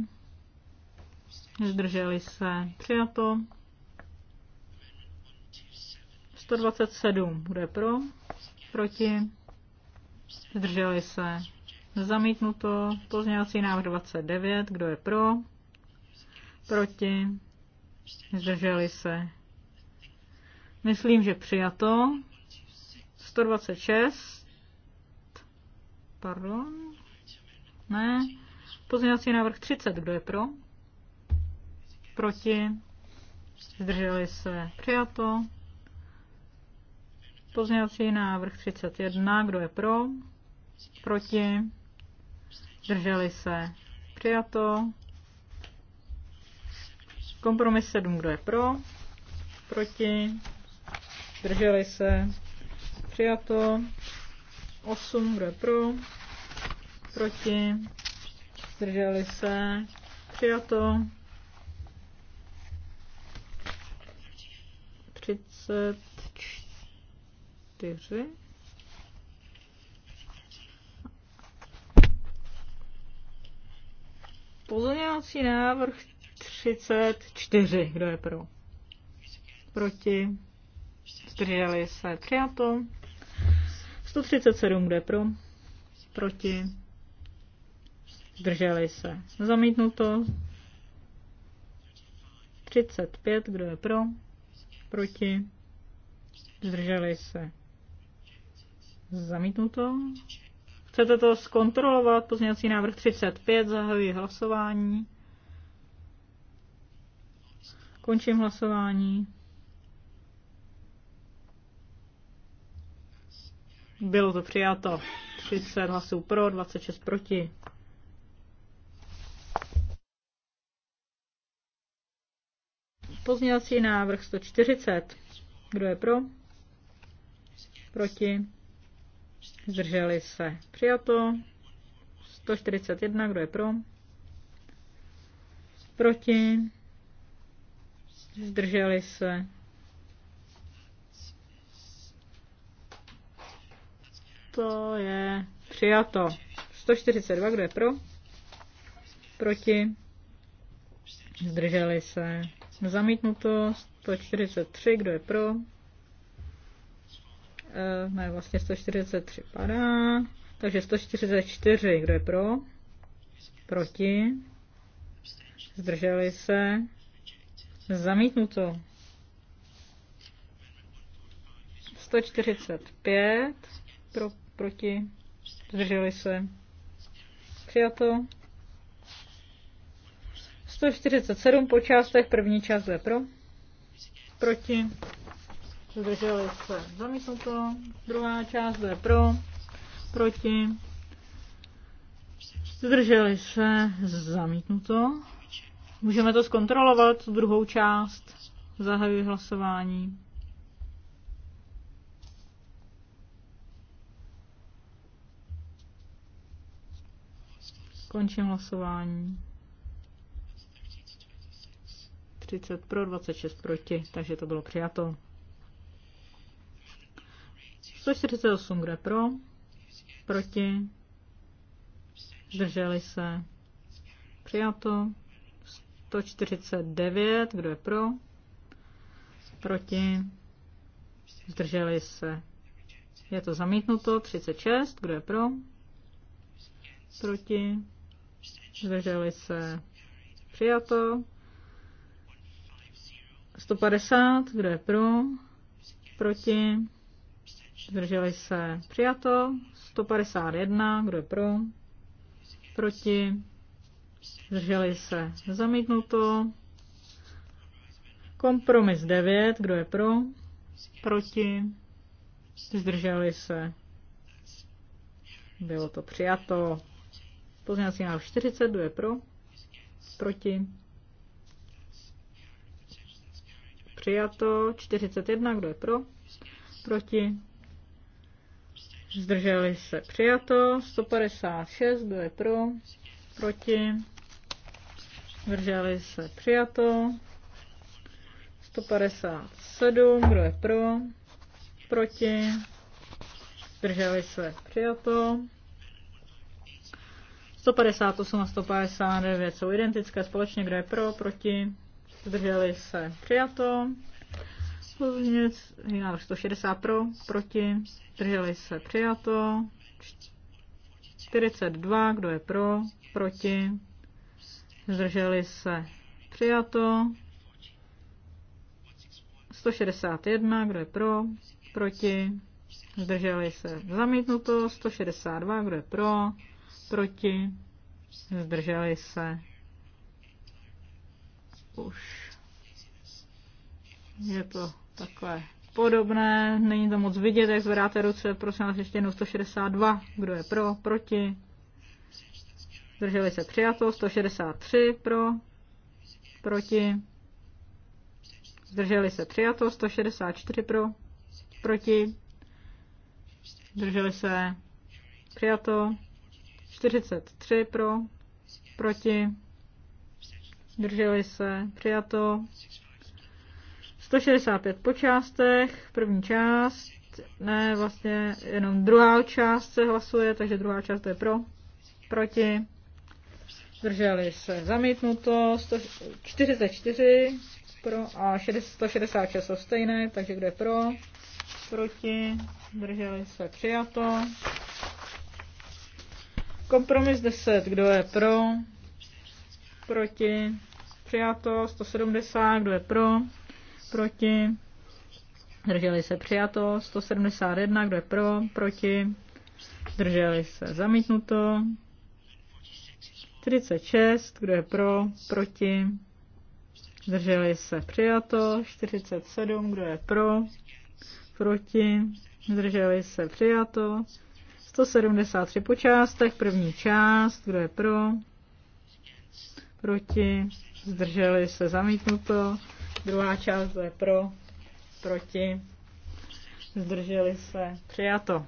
Zdrželi se. Přijato. 127. Kdo je pro? Proti? Zdrželi se. Zamítnuto. Pozměňovací návrh 29. Kdo je pro? Proti? Zdrželi se. Myslím, že přijato. 126. Pardon. Ne. Pozměňovací návrh 30. Kdo je pro? Proti? Zdrželi se? Přijato. Pozměňovací návrh 31. Kdo je pro? Proti? Zdrželi se? Přijato. Kompromis 7. Kdo je pro? Proti? Zdrželi se? Přijato. 8. Kdo je pro? proti, zdrželi se, přijato. 34. Pozměňovací návrh 34. Kdo je pro? Proti? Zdrželi se. Přijato. 137. Kdo je pro? Proti? Zdrželi se. Zamítnuto. 35, kdo je pro? Proti? Zdrželi se. Zamítnuto. Chcete to zkontrolovat? Pozměňovací návrh 35, zahajuji hlasování. Končím hlasování. Bylo to přijato. 30 hlasů pro, 26 proti. Pozměňovací návrh 140. Kdo je pro? Proti? Zdrželi se. Přijato. 141. Kdo je pro? Proti? Zdrželi se. To je přijato. 142. Kdo je pro? Proti? Zdrželi se. Zamítnuto 143, kdo je pro? E, ne, vlastně 143 padá. Takže 144, kdo je pro? Proti? Zdrželi se? Zamítnuto. 145 pro, proti, zdrželi se. Přijato. 147 po částech, první část je pro, proti, zdrželi se zamítnuto, druhá část je pro, proti, zdrželi se zamítnuto. Můžeme to zkontrolovat, druhou část, zahajuji hlasování. Končím hlasování. 30 pro, 26 proti, takže to bylo přijato. 148 kde pro, proti, zdrželi se, přijato. 149, kdo je pro, proti, zdrželi se. Je to zamítnuto, 36, kdo je pro, proti, zdrželi se, přijato, 150, kdo je pro? Proti? Zdrželi se. Přijato. 151, kdo je pro? Proti? Zdrželi se. Zamítnuto. Kompromis 9, kdo je pro? Proti? Zdrželi se. Bylo to přijato. Pozměňovací návrh 40, kdo je pro? Proti? Přijato 41, kdo je pro? Proti? Zdrželi se. Přijato 156, kdo je pro? Proti? Zdrželi se. Přijato 157, kdo je pro? Proti? Zdrželi se. Přijato 158 a 159 jsou identické společně, kdo je pro, proti, zdrželi se přijato. Pozměnit. návrh 160 pro, proti, zdrželi se přijato. 42, kdo je pro, proti, zdrželi se přijato. 161, kdo je pro, proti, zdrželi se zamítnuto. 162, kdo je pro, proti, zdrželi se už je to takové podobné, není to moc vidět, jak zvedáte ruce, prosím vás ještě jednou 162, kdo je pro, proti, zdrželi se přijato, 163 pro, proti, zdrželi se přijato, 164 pro, proti, zdrželi se přijato, 43 pro, proti, drželi se, přijato. 165 po částech, první část, ne, vlastně jenom druhá část se hlasuje, takže druhá část je pro, proti, drželi se, zamítnuto, 144 pro a 166 jsou stejné, takže kde pro, proti, drželi se, přijato. Kompromis 10, kdo je pro, proti, přijato, 170, kdo je pro, proti, Drželi se přijato, 171, kdo je pro, proti, Drželi se zamítnuto, 36 kdo je pro, proti, Drželi se přijato, 47, kdo je pro, proti, Drželi se přijato, 173 po částech, první část, kdo je pro, proti, zdrželi se zamítnuto, druhá část je pro, proti, zdrželi se přijato.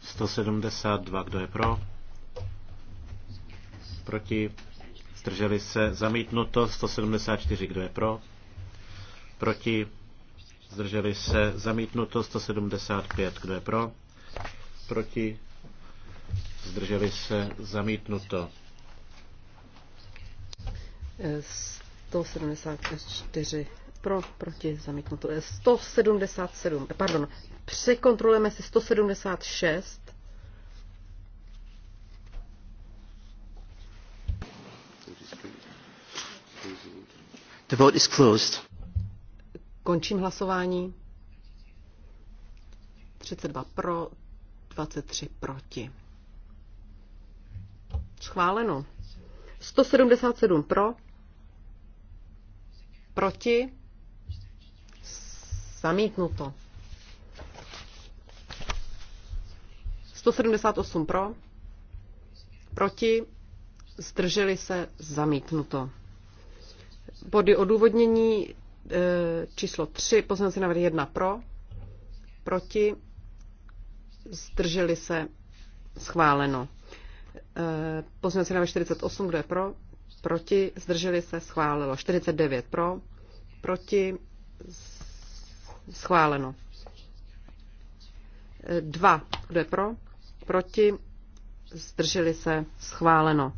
172, kdo je pro? Proti, zdrželi se zamítnuto, 174, kdo je pro? Proti, zdrželi se zamítnuto, 175, kdo je pro? Proti, zdrželi se zamítnuto. 174 pro, proti, zamítnutou. 177, eh, eh, pardon, překontrolujeme si 176. The vote is closed. Končím hlasování. 32 pro, 23 proti. Schváleno. 177 pro, Proti? Zamítnuto. 178 pro. Proti? Zdrželi se? Zamítnuto. Body odůvodnění e, číslo 3, poslanci návrh 1 pro, proti, zdrželi se, schváleno. E, poslanci návrh 48, kdo je pro, proti, zdrželi se, schválilo. 49 pro, proti, schváleno. 2, kdo je pro, proti, zdrželi se, schváleno.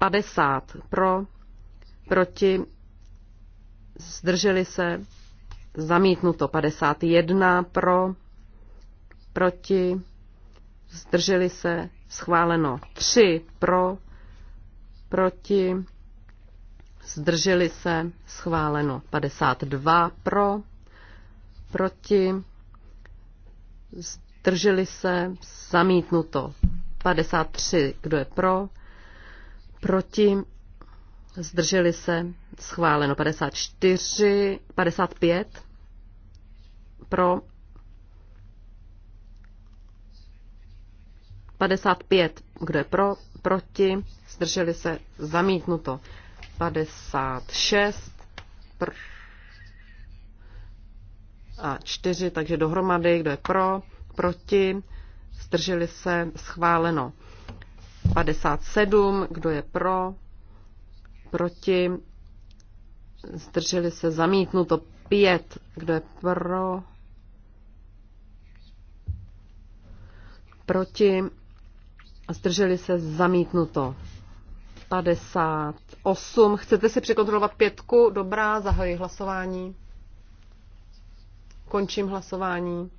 50 pro, proti, zdrželi se, zamítnuto. 51 pro, proti, zdrželi se, schváleno. 3 pro, proti, zdrželi se, schváleno 52 pro, proti, zdrželi se, zamítnuto 53, kdo je pro, proti, zdrželi se, schváleno 54, 55 pro, 55. Kdo je pro? Proti? Zdrželi se? Zamítnuto. 56. Pr- a 4, takže dohromady, kdo je pro, proti, zdrželi se, schváleno. 57, kdo je pro, proti, zdrželi se, zamítnuto. 5, kdo je pro, proti, Zdrželi se zamítnuto. 58. Chcete si překontrolovat pětku? Dobrá, zahajuji hlasování. Končím hlasování.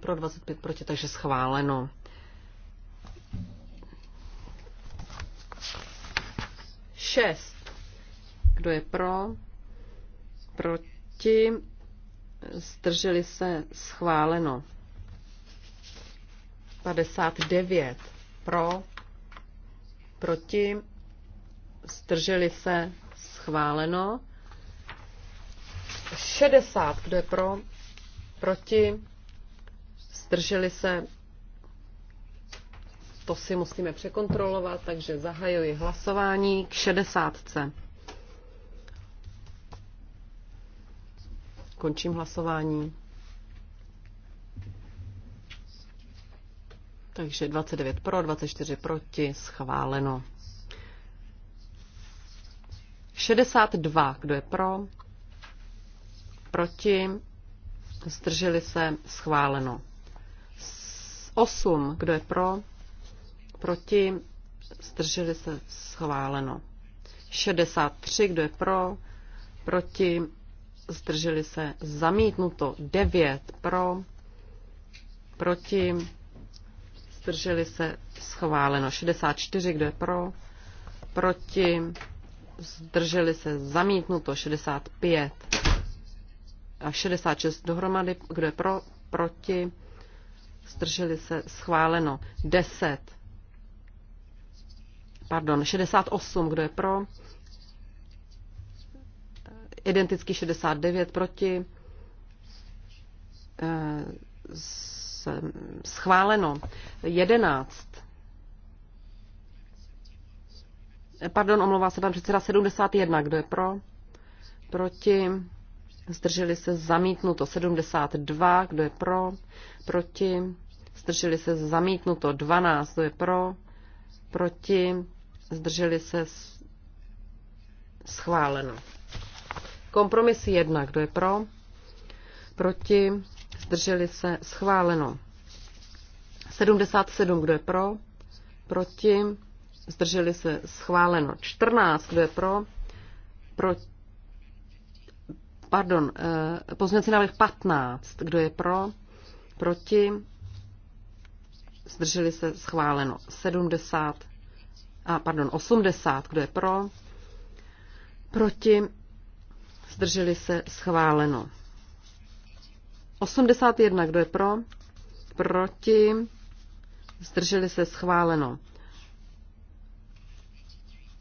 pro, 25 proti, takže schváleno. Šest. Kdo je pro? Proti? proti, zdrželi se schváleno. 59 pro, proti, zdrželi se schváleno. 60, kdo je pro, proti, zdrželi se, to si musíme překontrolovat, takže zahajuji hlasování k 60. Končím hlasování. Takže 29 pro, 24 proti, schváleno. 62, kdo je pro, proti, zdrželi se, schváleno. 8, kdo je pro, proti, zdrželi se, schváleno. 63, kdo je pro, proti, zdrželi se zamítnuto 9 pro, proti, zdrželi se schváleno 64, kdo je pro, proti, zdrželi se zamítnuto 65 a 66 dohromady, kdo je pro, proti, zdrželi se schváleno 10, pardon, 68, kdo je pro, identicky 69 proti. Eh, schváleno 11. Pardon, omlouvá se pan předseda 71. Kdo je pro? Proti. Zdrželi se zamítnuto 72. Kdo je pro? Proti. Zdrželi se zamítnuto 12. Kdo je pro? Proti. Zdrželi se schváleno. Kompromis jedna, Kdo je pro? Proti? Zdrželi se? Schváleno. 77. Kdo je pro? Proti? Zdrželi se? Schváleno. 14. Kdo je pro? Proti? Pardon, eh, pozměnci návrh 15. Kdo je pro? Proti? Zdrželi se? Schváleno. 70. A pardon, 80. Kdo je pro? Proti? zdrželi se, schváleno. 81, kdo je pro, proti, zdrželi se, schváleno.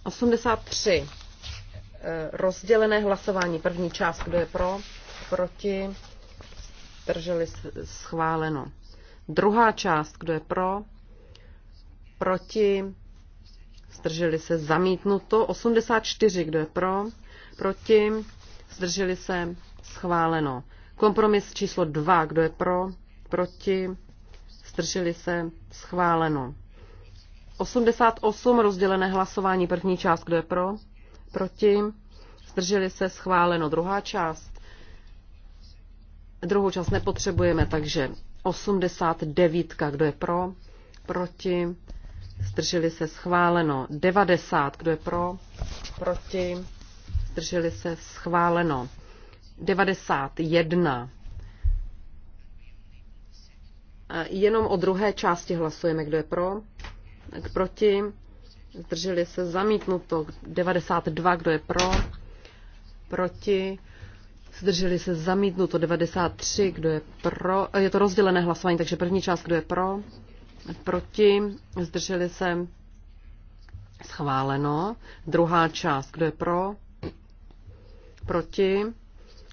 83, eh, rozdělené hlasování, první část, kdo je pro, proti, zdrželi se, schváleno. Druhá část, kdo je pro, proti, zdrželi se zamítnuto, 84, kdo je pro, proti, zdrželi se, schváleno. Kompromis číslo 2, kdo je pro, proti, zdrželi se, schváleno. 88 rozdělené hlasování, první část, kdo je pro, proti, zdrželi se, schváleno. Druhá část, druhou část nepotřebujeme, takže 89, kdo je pro, proti, zdrželi se, schváleno. 90, kdo je pro, proti, zdrželi se schváleno. 91. Jenom o druhé části hlasujeme, kdo je pro, k proti, zdrželi se zamítnuto. 92, kdo je pro, proti, zdrželi se zamítnuto. 93, kdo je pro, je to rozdělené hlasování, takže první část, kdo je pro, proti, zdrželi se schváleno. Druhá část, kdo je pro, proti,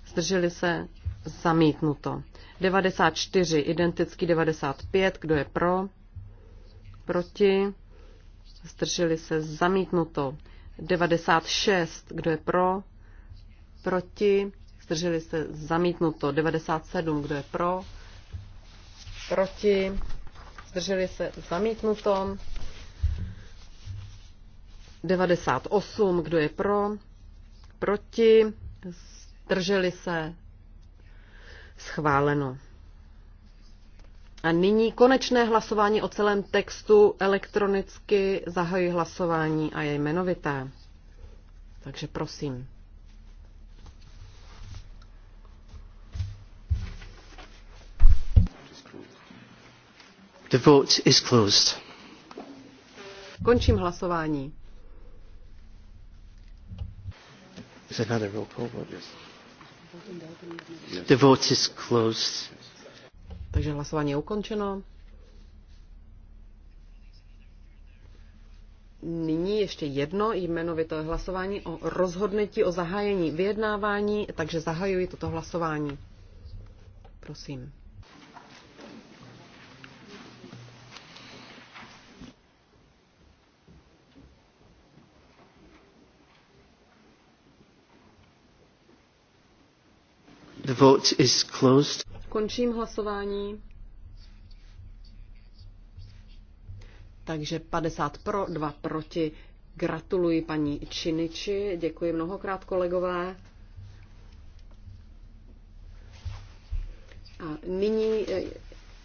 zdrželi se, zamítnuto. 94, identický 95, kdo je pro, proti, zdrželi se, zamítnuto. 96, kdo je pro, proti, zdrželi se, zamítnuto. 97, kdo je pro, proti, zdrželi se, zamítnuto. 98, kdo je pro, proti, zdrželi se, schváleno. A nyní konečné hlasování o celém textu elektronicky zahají hlasování a je jmenovité. Takže prosím. The vote is closed. Končím hlasování. is another roll call The vote is closed. Takže hlasování je ukončeno. Nyní ještě jedno jmenovité hlasování o rozhodnutí o zahájení vyjednávání, takže zahajuji toto hlasování. Prosím. The vote is closed. Končím hlasování. Takže 50 pro, 2 proti. Gratuluji paní Činiči, děkuji mnohokrát kolegové. A nyní eh,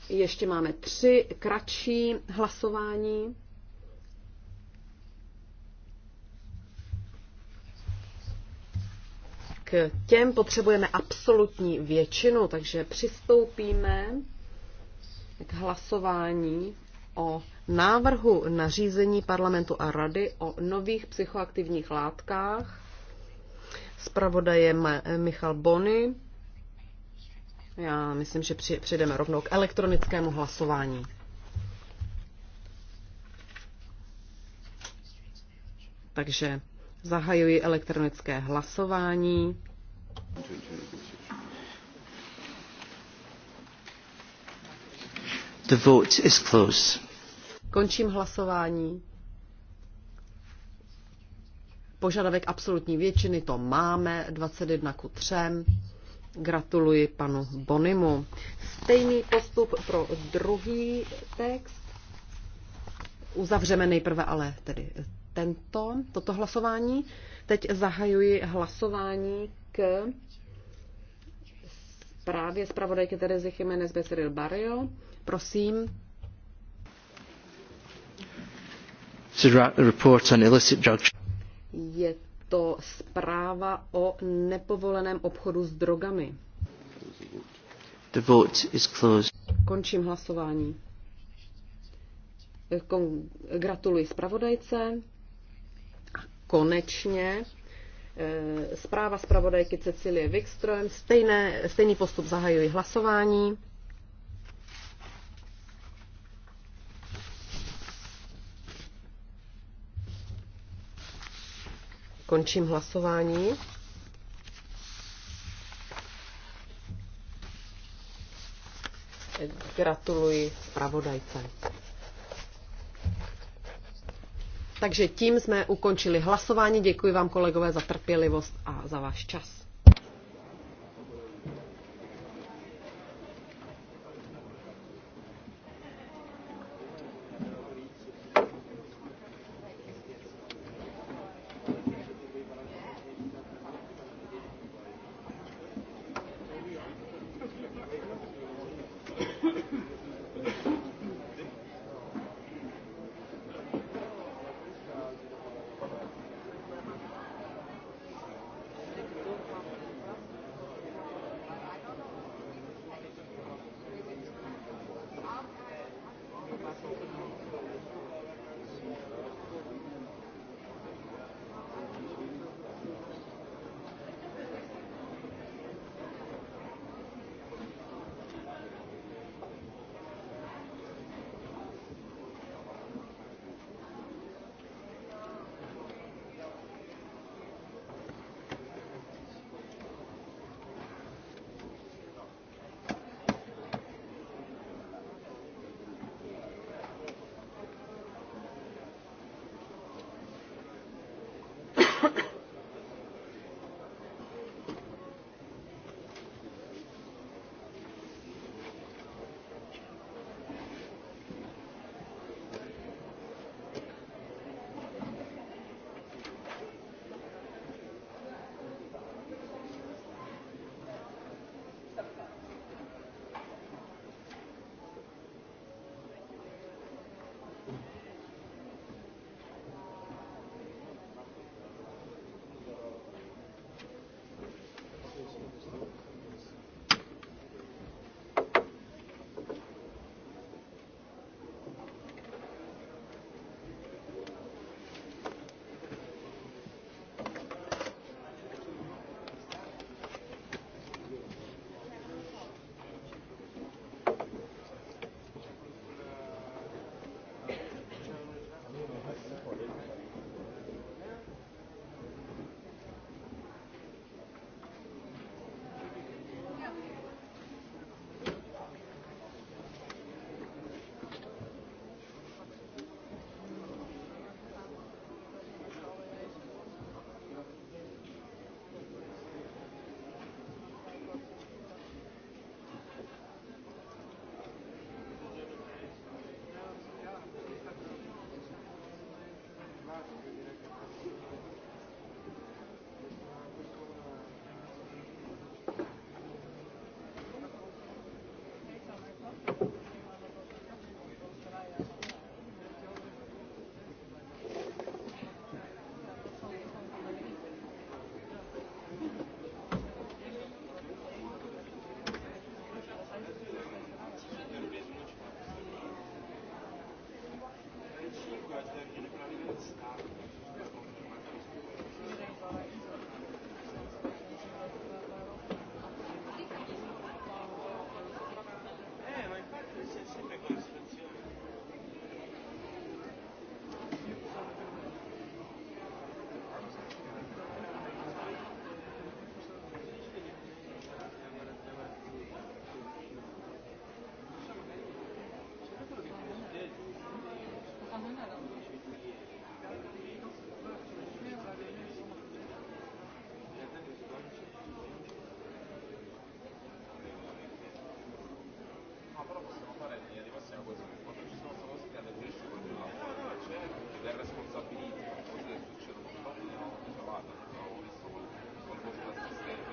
ještě máme tři kratší hlasování. těm potřebujeme absolutní většinu, takže přistoupíme k hlasování o návrhu nařízení parlamentu a rady o nových psychoaktivních látkách. Spravodajem Michal Bony. Já myslím, že přejdeme rovnou k elektronickému hlasování. Takže Zahajuji elektronické hlasování. The vote is closed. Končím hlasování. Požadavek absolutní většiny to máme, 21 ku 3. Gratuluji panu Bonimu. Stejný postup pro druhý text. Uzavřeme nejprve ale tedy tento, toto hlasování. Teď zahajuji hlasování k právě zpravodajky Terezy Jiménez Becerril Barrio. Prosím. Je to zpráva o nepovoleném obchodu s drogami. The vote is closed. Končím hlasování. Gratuluji zpravodajce konečně eh, zpráva zpravodajky Cecilie Wikström. Stejné, stejný postup zahajuji hlasování. Končím hlasování. Gratuluji zpravodajce. Takže tím jsme ukončili hlasování. Děkuji vám kolegové za trpělivost a za váš čas. responsabilità, così succedono, non ho trovato, ho visto qualcosa da sostenere.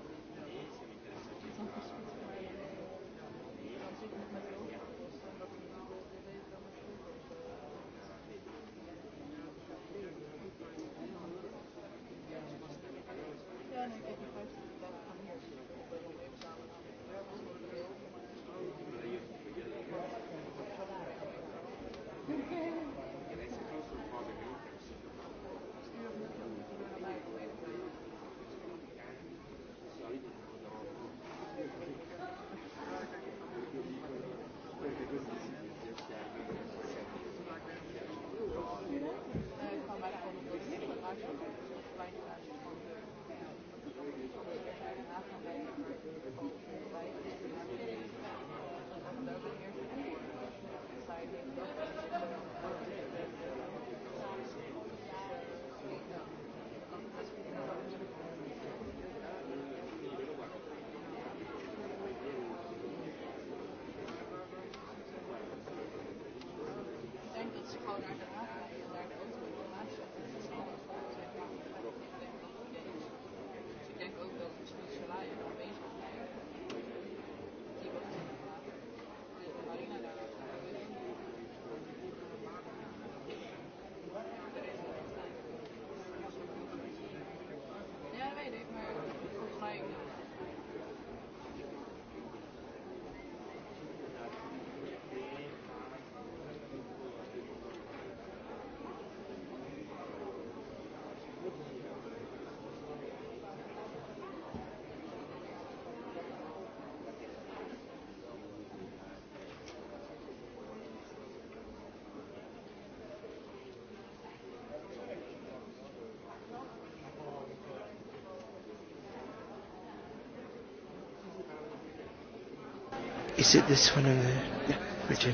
Is it this one? Yeah, which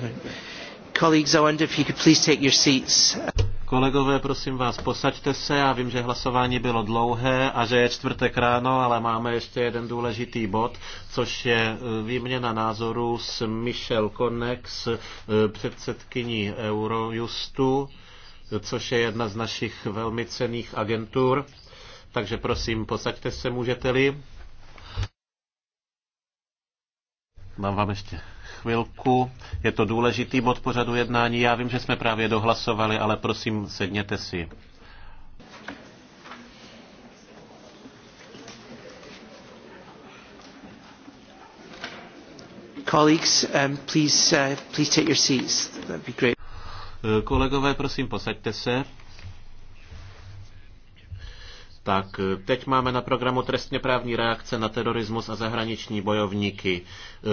Colleagues, I wonder if you could please take your seats. Kolegové, prosím vás, posaďte se. Já vím, že hlasování bylo dlouhé a že je čtvrtek ráno, ale máme ještě jeden důležitý bod, což je e, výměna názoru s Michel Connex, e, předsedkyní Eurojustu, což je jedna z našich velmi cených agentur. Takže prosím, posaďte se, můžete-li. dám vám ještě chvilku. Je to důležitý bod pořadu jednání. Já vím, že jsme právě dohlasovali, ale prosím, sedněte si. Colleagues, um, please, uh, please take your seats. That'd be great. Kolegové, prosím, posaďte se. Tak eh, teď máme na programu trestně právní reakce na terorismus a zahraniční bojovníky.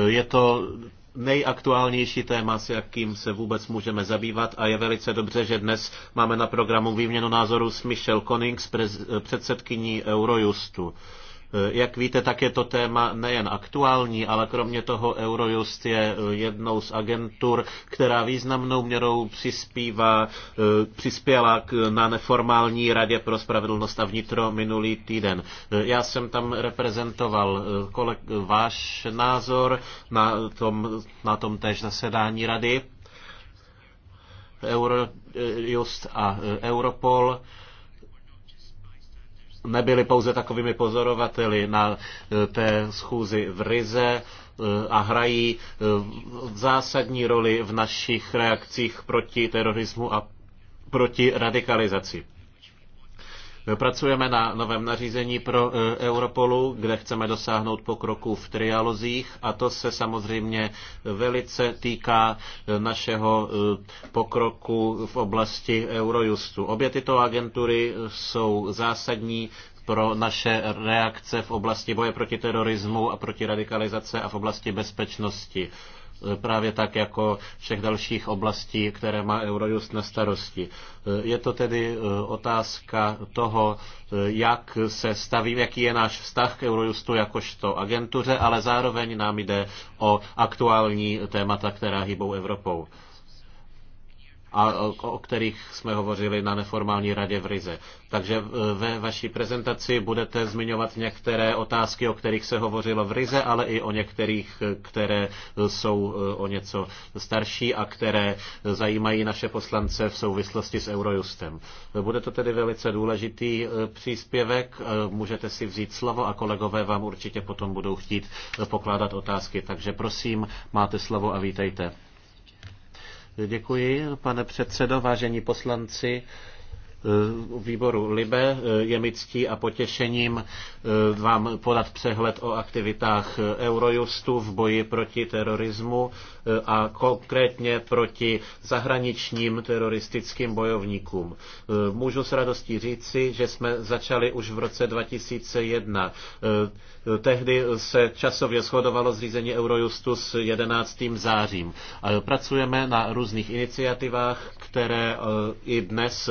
Eh, je to nejaktuálnější téma, s jakým se vůbec můžeme zabývat a je velice dobře, že dnes máme na programu výměnu názorů s Michelle Konings, eh, předsedkyní Eurojustu. Eh, jak víte, tak je to téma nejen aktuální, ale kromě toho Eurojust je eh, jednou z agentur, která významnou měrou přispívá, eh, přispěla na neformální radě pro spravedlnost a vnitro minulý týden. Já jsem tam reprezentoval kolek, váš názor na tom, na tom též zasedání rady. Eurojust a Europol nebyli pouze takovými pozorovateli na e, té schůzi v Rize e, a hrají e, zásadní roli v našich reakcích proti terorismu a proti radikalizaci. Pracujeme na novém nařízení pro e, Europolu, kde chceme dosáhnout pokroku v trialozích a to se samozřejmě velice týká e, našeho e, pokroku v oblasti Eurojustu. Obě tyto agentury jsou zásadní pro naše reakce v oblasti boje proti terorismu a proti radikalizace a v oblasti bezpečnosti právě tak jako všech dalších oblastí, které má Eurojust na starosti. Je to tedy e, otázka toho, e, jak se staví, jaký je náš vztah k Eurojustu jakožto agentuře, ale zároveň nám jde o aktuální témata, která hýbou Evropou a o, o kterých jsme hovořili na neformální radě v Rize. Takže e, ve vaší prezentaci budete zmiňovat některé otázky, o kterých se hovořilo v Rize, ale i o některých, e, které e, jsou o něco starší a které zajímají naše poslance v souvislosti s Eurojustem. Bude to tedy velice důležitý příspěvek, můžete si vzít slovo a kolegové vám určitě potom budou chtít pokládat otázky. Takže prosím, máte slovo a vítejte. Děkuji, pane předsedo, vážení poslanci eh, výboru Libe. Eh, je mi ctí a potěšením eh, vám podat přehled o aktivitách Eurojustu v boji proti terorismu Eh, a konkrétně proti zahraničním teroristickým bojovníkům. Eh, můžu s radostí říci, že jsme začali už v roce 2001. Eh, tehdy se časově shodovalo zřízení Eurojustu s 11. zářím. Pracujeme na různých iniciativách, které i dnes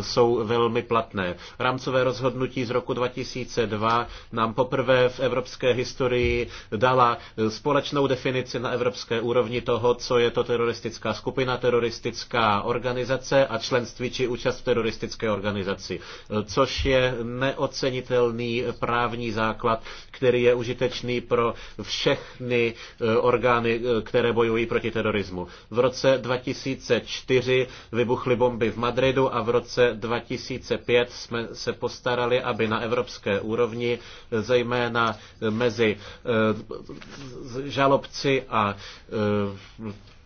jsou velmi platné. Rámcové rozhodnutí z roku 2002 nám poprvé v evropské historii dala společnou definici na evropské úrovni úrovni toho, co je to teroristická skupina, teroristická organizace a členství či účast v teroristické organizaci, což je neocenitelný právní základ, který je užitečný pro všechny eh, orgány, eh, které bojují proti terorismu. V roce 2004 vybuchly bomby v Madridu a v roce 2005 jsme se postarali, aby na evropské úrovni, eh, zejména mezi žalobci a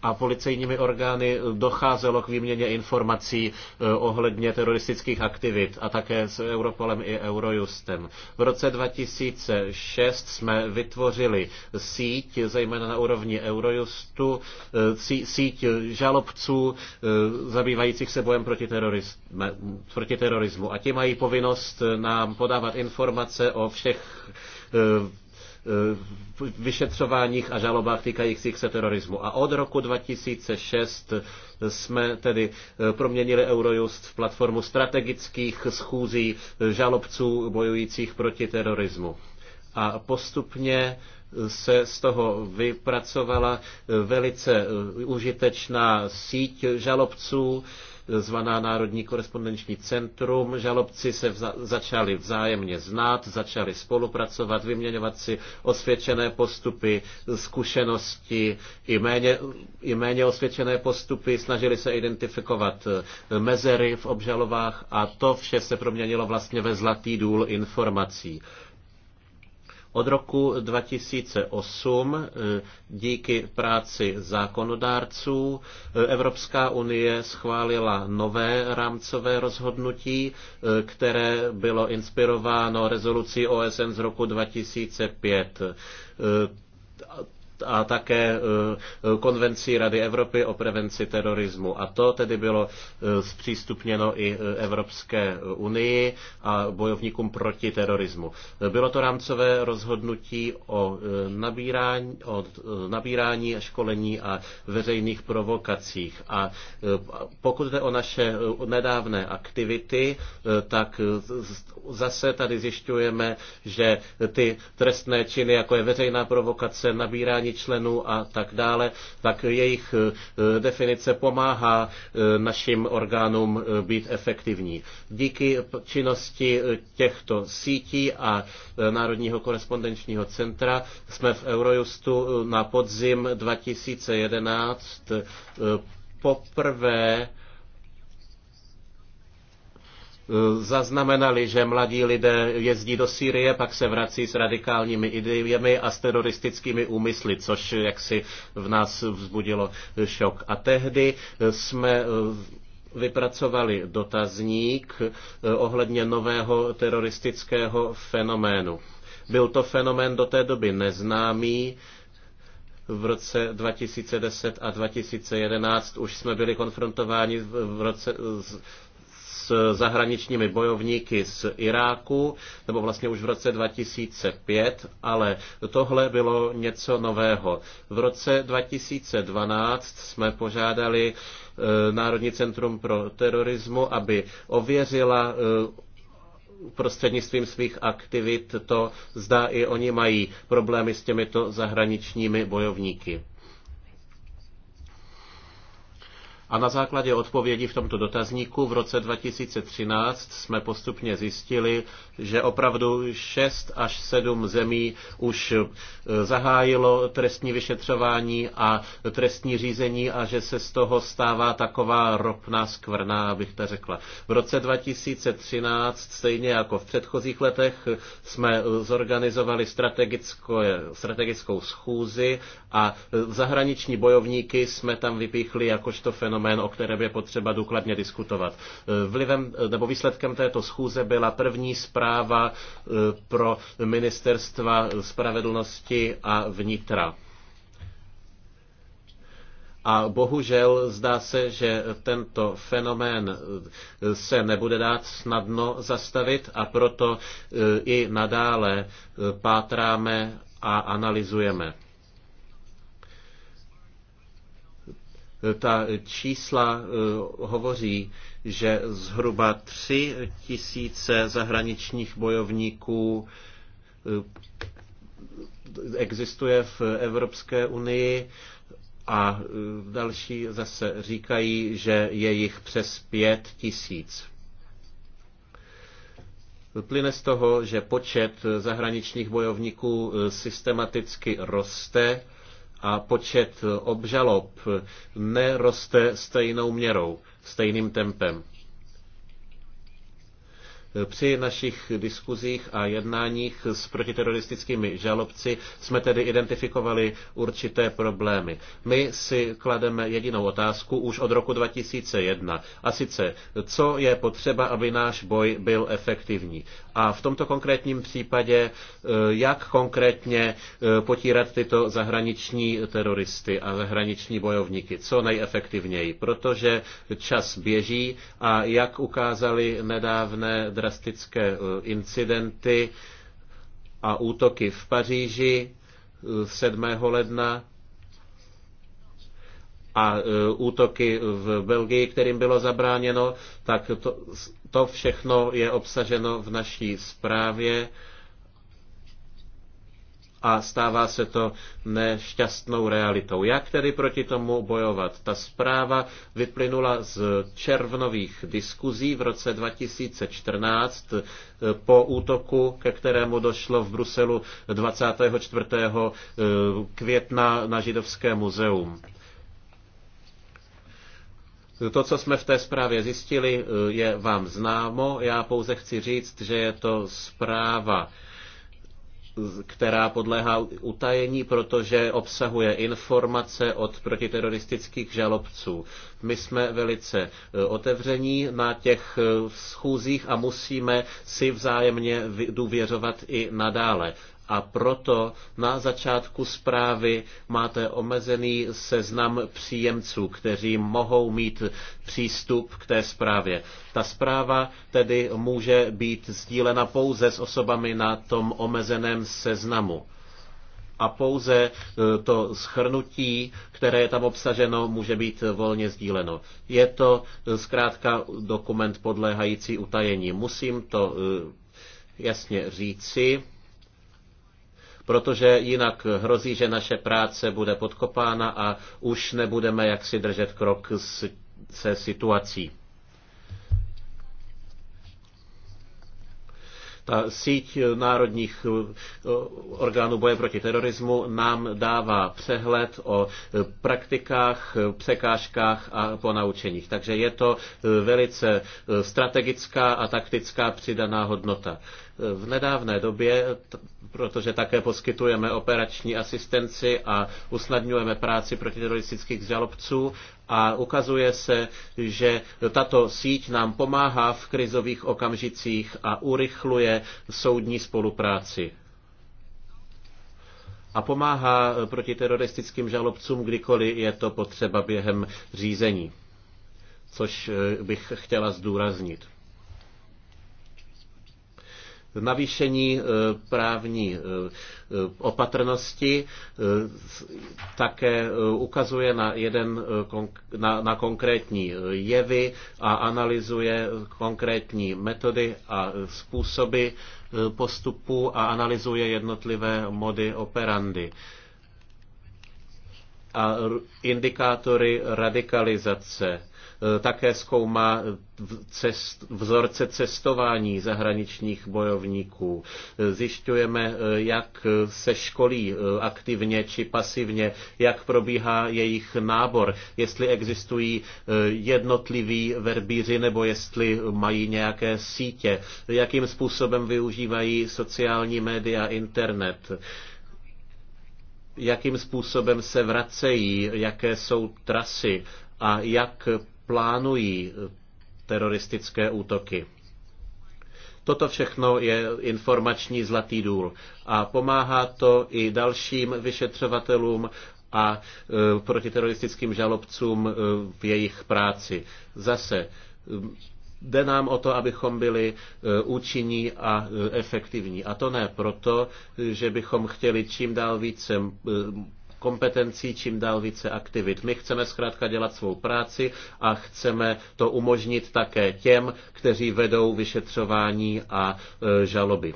a policejními orgány docházelo k výměně informací eh, ohledně teroristických aktivit a také s Europolem i Eurojustem. V roce 2006 jsme vytvořili síť, zejména na úrovni Eurojustu, eh, síť žalobců eh, zabývajících se bojem proti, proti terorismu. A ti mají povinnost nám podávat informace o všech Eh, vyšetřováních a žalobách týkajících se terorismu. A od roku 2006 jsme tedy eh, proměnili Eurojust v platformu strategických schůzí eh, žalobců bojujících proti terorismu. A postupně se z toho vypracovala velice užitečná síť žalobců, zvaná Národní korespondenční centrum. Žalobci se vza- začali vzájemně znát, začali spolupracovat, vyměňovat si osvědčené postupy, zkušenosti, i méně, i méně osvědčené postupy, snažili se identifikovat eh, mezery v obžalovách a to vše se proměnilo vlastně ve zlatý důl informací. Od roku 2008 eh, díky práci zákonodárců eh, Evropská unie schválila nové rámcové rozhodnutí, eh, které bylo inspirováno rezolucí OSN z roku 2005 a také e, e, konvencí Rady Evropy o prevenci terorismu. A to tedy bylo e, zpřístupněno i Evropské unii a bojovníkům proti terorismu. Bylo to rámcové rozhodnutí o nabírání, o nabírání školení a veřejných provokacích. A pokud jde o naše nedávné aktivity, tak zase tady zjišťujeme, že ty trestné činy, jako je veřejná provokace, nabírání členů a tak dále, tak jejich eh, definice pomáhá eh, našim orgánům eh, být efektivní. Díky činnosti těchto sítí a Národního korespondenčního centra jsme v Eurojustu na podzim 2011 poprvé Eh, zaznamenali, že mladí lidé jezdí do Sýrie, pak se vrací s radikálními ideemi a s teroristickými úmysly, což jaksi v nás vzbudilo šok. A tehdy eh, jsme eh, vypracovali dotazník ohledně nového teroristického fenoménu. Byl to fenomén do té doby neznámý, v roce 2010 a 2011 už jsme byli konfrontováni v roce, s zahraničními bojovníky z Iráku, nebo vlastně už v roce 2005, ale tohle bylo něco nového. V roce 2012 jsme požádali e, Národní centrum pro terorismu, aby ověřila e, prostřednictvím svých aktivit to, zda i oni mají problémy s těmito zahraničními bojovníky. A na základě odpovědi v tomto dotazníku v roce 2013 jsme postupně zjistili, že opravdu 6 až 7 zemí už e, zahájilo trestní vyšetřování a trestní řízení a že se z toho stává taková ropná skvrná, abych to řekla. V roce 2013, stejně jako v předchozích letech, jsme e, zorganizovali strategickou schůzi a e, zahraniční bojovníky jsme tam vypíchli jakožto fenomen fenomén, o kterém je potřeba důkladně diskutovat. Vlivem nebo výsledkem této schůze byla první zpráva eh, pro ministerstva spravedlnosti a vnitra. A bohužel zdá se, že tento fenomén eh, se nebude dát snadno zastavit a proto eh, i nadále pátráme a analyzujeme. Ta čísla eh, hovoří, že zhruba tři tisíce zahraničních bojovníků eh, existuje v Evropské unii a eh, další zase říkají, že je jich přes pět tisíc. Plyne z toho, že počet zahraničních bojovníků systematicky roste a počet obžalob neroste stejnou měrou, stejným tempem. Při našich diskuzích a jednáních s protiteroristickými žalobci jsme tedy identifikovali určité problémy. My si klademe jedinou otázku už od roku 2001 a sice, co je potřeba, aby náš boj byl efektivní. A v tomto konkrétním případě, e, jak konkrétně e, potírat tyto zahraniční teroristy a zahraniční bojovníky co nejefektivněji, protože čas běží a jak ukázali nedávné drastické eh, incidenty a útoky v Paříži 7. Eh, ledna a eh, útoky v Belgii, kterým bylo zabráněno, tak to, to všechno je obsaženo v naší zprávě a stává se to nešťastnou realitou. Jak tedy proti tomu bojovat? Ta zpráva vyplynula z červnových diskuzí v roce 2014 eh, po útoku, ke kterému došlo v Bruselu 24. Eh, května na židovské muzeum. To, co jsme v té zprávě zjistili, eh, je vám známo. Já pouze chci říct, že je to zpráva která podléhá utajení, protože obsahuje informace od protiteroristických žalobců. My jsme velice e, otevření na těch e, schůzích a musíme si vzájemně důvěřovat i nadále a proto na začátku zprávy máte omezený seznam příjemců, kteří mohou mít přístup k té zprávě. Ta zpráva tedy může být sdílena pouze s osobami na tom omezeném seznamu a pouze e, to schrnutí, které je tam obsaženo, může být volně sdíleno. Je to e, zkrátka dokument podléhající utajení. Musím to e, jasně říci protože jinak hrozí, že naše práce bude podkopána a už nebudeme jaksi držet krok s, se situací. ta síť národních eh, orgánů boje proti terorismu nám dává přehled o eh, praktikách, eh, překážkách a ponaučeních. Takže je to velice strategická a taktická přidaná hodnota. V nedávné době, protože také poskytujeme operační asistenci a usnadňujeme práci protiteroristických žalobců a ukazuje se, že tato síť nám pomáhá v krizových okamžicích a urychluje soudní spolupráci a pomáhá protiteroristickým žalobcům, kdykoliv je to potřeba během řízení. Což eh, bych chtěla zdůraznit navýšení eh, právní eh, eh, opatrnosti také ukazuje na, jeden, na, na konkrétní jevy a analyzuje konkrétní metody a způsoby postupu a analyzuje jednotlivé mody operandy a indikátory radikalizace Eh, také zkoumá cest, vzorce cestování zahraničních bojovníků. Eh, zjišťujeme, eh, jak se školí aktivně či pasivně, jak probíhá jejich nábor, jestli existují jednotliví verbíři nebo jestli mají nějaké sítě, jakým způsobem využívají sociální média, internet jakým způsobem se vracejí, jaké jsou trasy a jak plánují eh, teroristické útoky. Toto všechno je informační zlatý důl a pomáhá to i dalším vyšetřovatelům a e, protiteroristickým žalobcům e, v jejich práci. Zase jde nám o to, abychom byli účinní a efektivní. A to ne proto, že bychom chtěli čím dál více kompetencí, čím dál více aktivit. My chceme zkrátka dělat svou práci a chceme to umožnit také těm, kteří vedou vyšetřování a e, žaloby.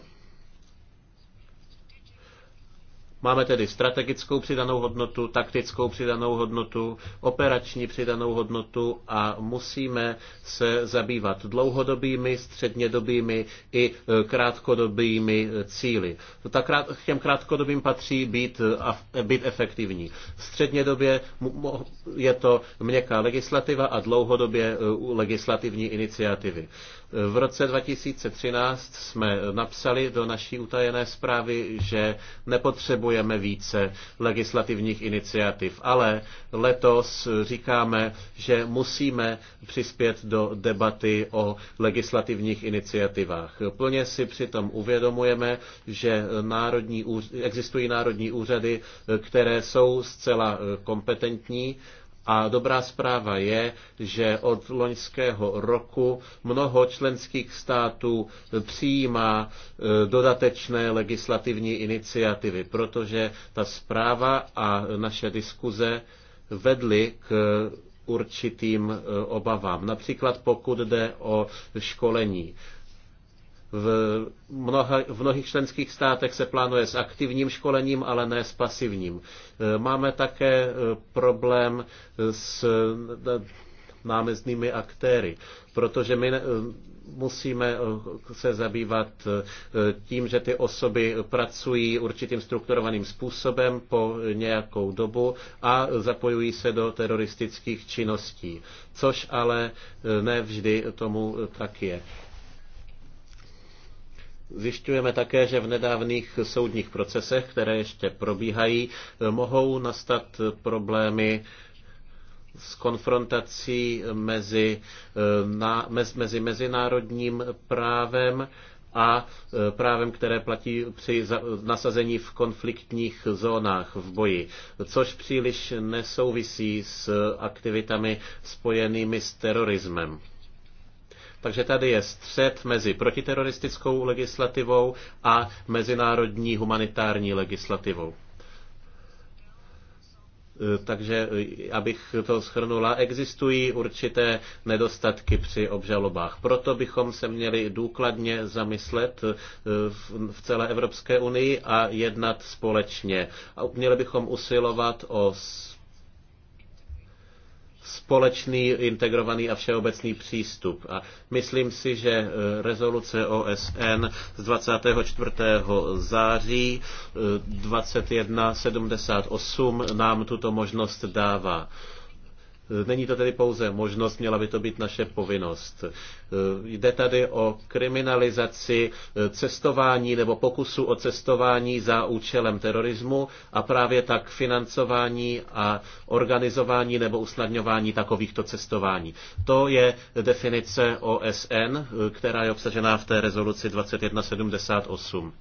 Máme tedy strategickou přidanou hodnotu, taktickou přidanou hodnotu, operační přidanou hodnotu a musíme se zabývat dlouhodobými, střednědobými i e, krátkodobými e, cíly. k těm krátkodobým patří být, e, být efektivní. V střednědobě je to měkká legislativa a dlouhodobě legislativní iniciativy. V roce 2013 jsme napsali do naší utajené zprávy, že nepotřebujeme více legislativních iniciativ, ale letos říkáme, že musíme přispět do debaty o legislativních iniciativách. Plně si přitom uvědomujeme, že národní, existují národní úřady, které jsou zcela kompetentní a dobrá zpráva je, že od loňského roku mnoho členských států přijímá e, dodatečné legislativní iniciativy, protože ta zpráva a naše diskuze vedly k určitým e, obavám. Například pokud jde o školení. V, mnoha, v mnohých členských státech se plánuje s aktivním školením, ale ne s pasivním. E, máme také e, problém s e, námeznými aktéry, protože my musíme se zabývat tím, že ty osoby pracují určitým strukturovaným způsobem po nějakou dobu a zapojují se do teroristických činností, což ale nevždy tomu tak je. Zjišťujeme také, že v nedávných soudních procesech, které ještě probíhají, mohou nastat problémy s konfrontací mezi, na, mez, mezi mezinárodním právem a eh, právem, které platí při nasazení v konfliktních zónách v boji, což příliš nesouvisí s aktivitami spojenými s terorismem. Takže tady je střed mezi protiteroristickou legislativou a mezinárodní humanitární legislativou. E, takže, e, abych to schrnula, existují určité nedostatky při obžalobách. Proto bychom se měli důkladně zamyslet e, v celé Evropské unii a jednat společně. A měli bychom usilovat o společný, integrovaný a všeobecný přístup. A myslím si, že e, rezoluce OSN z 24. září 2178 e, nám tuto možnost dává. Není to tedy pouze možnost, měla by to být naše povinnost. Eh, jde tady o kriminalizaci eh, cestování nebo pokusu o cestování za účelem terorismu a právě tak financování a organizování nebo usnadňování takovýchto cestování. To je definice OSN, eh, která je obsažená v té rezoluci 2178.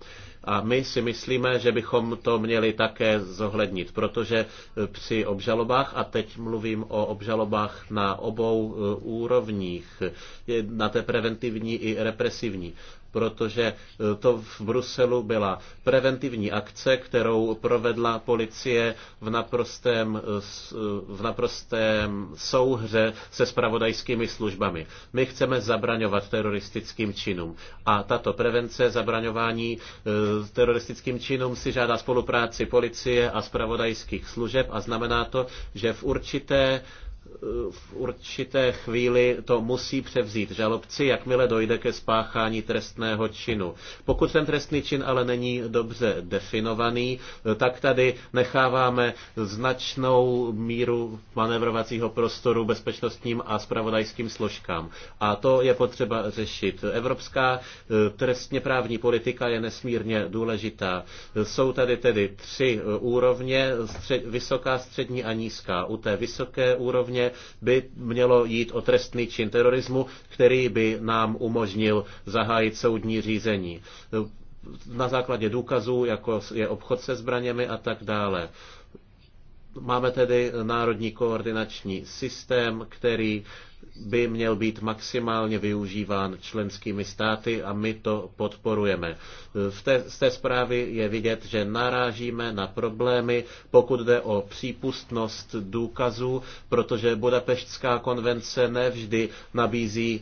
A my si myslíme, že bychom to měli také zohlednit, protože e, při obžalobách, a teď mluvím o obžalobách na obou e, úrovních, e, na té preventivní i represivní, protože e, to v Bruselu byla preventivní akce, kterou provedla policie v naprostém, e, e, v naprostém souhře se spravodajskými službami. My chceme zabraňovat teroristickým činům a tato prevence zabraňování teroristickým činům si žádá spolupráci policie a spravodajských služeb a znamená to, že v určité v určité chvíli to musí převzít žalobci, jakmile dojde ke spáchání trestného činu. Pokud ten trestný čin ale není dobře definovaný, tak tady necháváme značnou míru manevrovacího prostoru bezpečnostním a spravodajským složkám. A to je potřeba řešit. Evropská e, trestně právní politika je nesmírně důležitá. Jsou tady tedy tři úrovně, vysoká, střední a nízká. U té vysoké úrovně rozhodně by mělo jít o trestný čin terorismu, který by nám umožnil zahájit soudní řízení na základě důkazů, jako je obchod se zbraněmi a tak dále. Máme tedy národní koordinační systém, který by měl být maximálně využíván členskými státy a my to podporujeme. V té, z té zprávy je vidět, že narážíme na problémy, pokud jde o přípustnost důkazů, protože Budapeštská konvence nevždy nabízí e,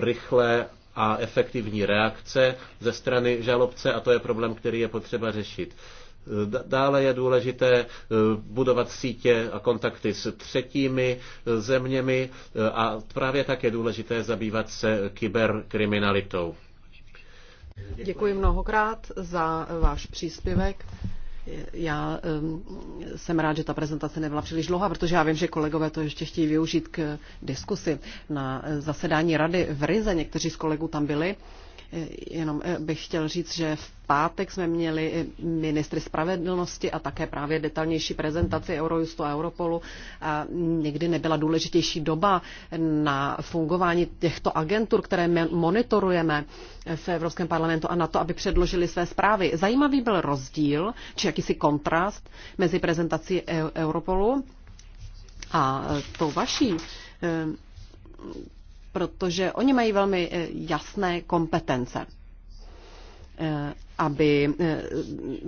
rychlé a efektivní reakce ze strany žalobce a to je problém, který je potřeba řešit. E, Dále je důležité e, budovat sítě a kontakty s třetími e, zeměmi e, a právě tak je důležité zabývat se kyberkriminalitou. Děkuji mnohokrát za váš příspěvek. Já jsem rád, že ta prezentace nebyla příliš dlouhá, protože já vím, že kolegové to ještě chtějí využít k diskusi na zasedání rady v Rize. Někteří z kolegů tam byli. Eh, jenom eh, bych chtěl říct, že v pátek jsme měli eh, ministry spravedlnosti a také právě detailnější prezentaci Eurojustu a Europolu. A někdy nebyla důležitější doba na fungování těchto agentur, které monitorujeme v Evropském parlamentu a na to, aby předložili své zprávy. Zajímavý byl rozdíl, či jakýsi kontrast mezi prezentací Europolu a tou vaší protože oni mají velmi eh, jasné kompetence eh, aby eh,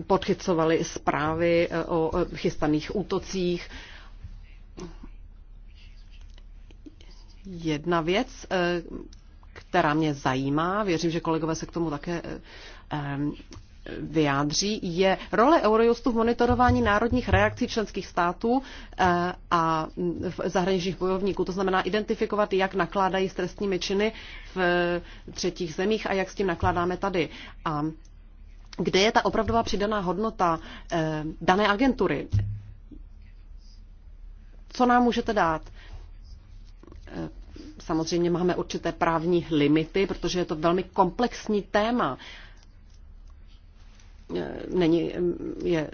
podchycovali zprávy o chystaných útocích. Jedna věc, která mě zajímá, věřím, že kolegové se k tomu také vyjádří, je role Eurojustu v monitorování národních reakcí členských států eh, a zahraničních bojovníků. To znamená identifikovat, jak nakládají s trestními činy v eh, třetích zemích a jak s tím nakládáme tady. A kde je ta opravdová přidaná hodnota eh, dané agentury? Co nám můžete dát? Samozřejmě máme určité právní limity, protože je to velmi komplexní téma E, není, je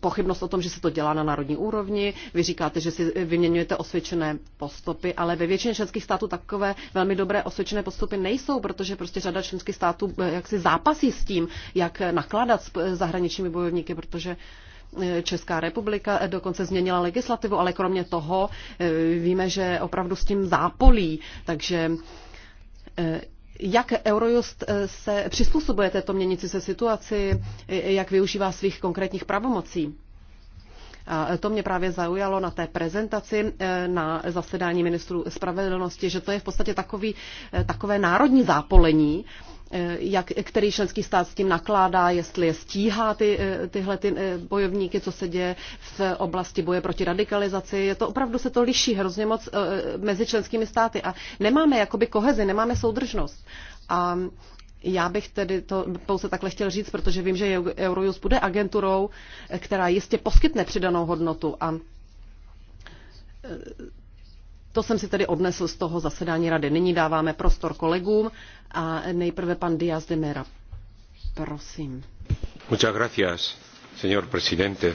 pochybnost o tom, že se to dělá na národní úrovni. Vy říkáte, že si vyměňujete osvědčené postupy, ale ve většině členských států takové velmi dobré osvědčené postupy nejsou, protože prostě řada členských států e, jaksi zápasí s tím, jak nakládat s e, zahraničními bojovníky, protože Česká republika dokonce změnila legislativu, ale kromě toho víme, že opravdu s tím zápolí, takže jak Eurojust eh, se přizpůsobuje této měnící se situaci, eh, jak využívá svých konkrétních pravomocí? A eh, to mě právě zaujalo na té prezentaci na zasedání ministrů spravedlnosti, že to je v podstatě takový, takové národní zápolení Eh, jak, který členský stát s tím nakládá, jestli je stíhá ty, eh, tyhle ty eh, bojovníky, co se děje v oblasti boje proti radikalizaci. Je to opravdu se to liší hrozně moc mezi členskými státy a nemáme jakoby kohezi, nemáme soudržnost. A já bych tedy to pouze takhle chtěl říct, protože vím, že Eurojust bude agenturou, která jistě poskytne přidanou hodnotu a to jsem si tedy odnesl z toho zasedání rady. Nyní dáváme prostor kolegům a nejprve pan Diaz de Mera. Prosím. Muchas gracias, señor presidente.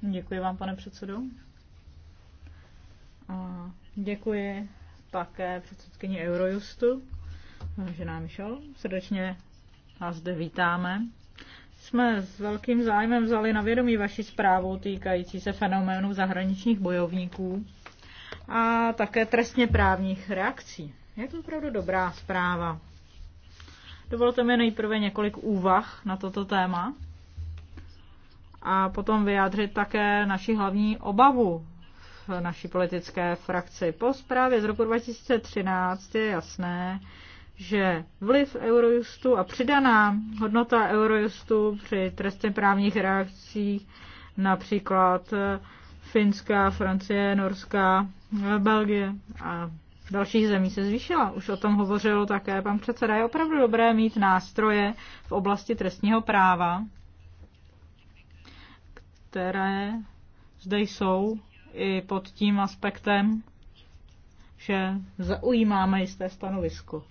Děkuji vám, pane předsedo. A děkuji také předsedkyni Eurojustu, že nám šel. Srdečně vás zde vítáme. Jsme s velkým zájmem vzali na vědomí vaši zprávu týkající se fenoménu zahraničních bojovníků a také trestně právních reakcí. Je to opravdu dobrá zpráva. Dovolte mi nejprve několik úvah na toto téma a potom vyjádřit také naši hlavní obavu v naší politické frakci. Po zprávě z roku 2013 je jasné, že vliv Eurojustu a přidaná hodnota Eurojustu při trestně právních reakcích například Finská, Francie, Norská Belgie a dalších zemí se zvýšila. Už o tom hovořil také pan předseda. Je opravdu dobré mít nástroje v oblasti trestního práva, které zde jsou i pod tím aspektem, že zaujímáme jisté stanovisko.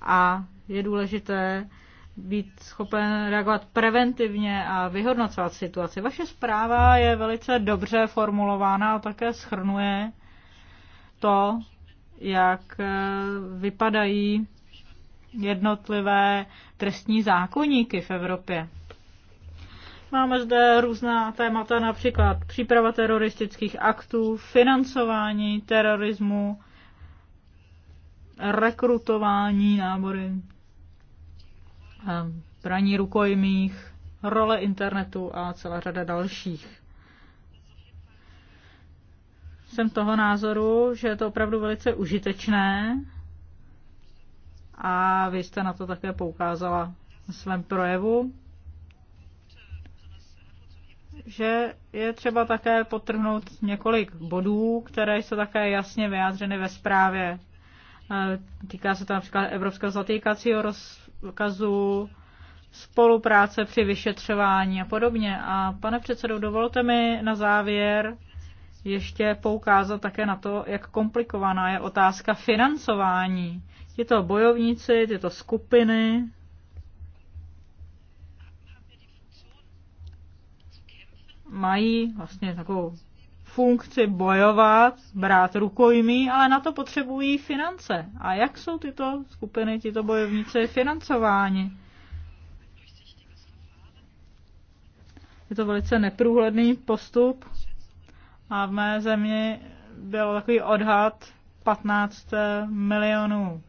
A je důležité být schopen reagovat preventivně a vyhodnocovat situaci. Vaše zpráva je velice dobře formulována a také schrnuje to, jak eh, vypadají jednotlivé trestní zákonníky v Evropě. Máme zde různá témata, například příprava teroristických aktů, financování terorismu, rekrutování nábory Ehm, praní rukojmích, role internetu a celá řada dalších. Jsem toho názoru, že je to opravdu velice užitečné a vy jste na to také poukázala v svém projevu, že je třeba také potrhnout několik bodů, které jsou také jasně vyjádřeny ve zprávě. Ehm, týká se to například Evropského zatýkacího roz důkazů, spolupráce při vyšetřování a podobně. A pane předsedo, dovolte mi na závěr ještě poukázat také na to, jak komplikovaná je otázka financování. Tyto bojovníci, tyto skupiny, mají vlastně takovou funkci bojovat, brát rukojmí, ale na to potřebují finance. A jak jsou tyto skupiny, tyto bojovníci financováni? Je to velice neprůhledný postup a v mé zemi byl takový odhad 15 milionů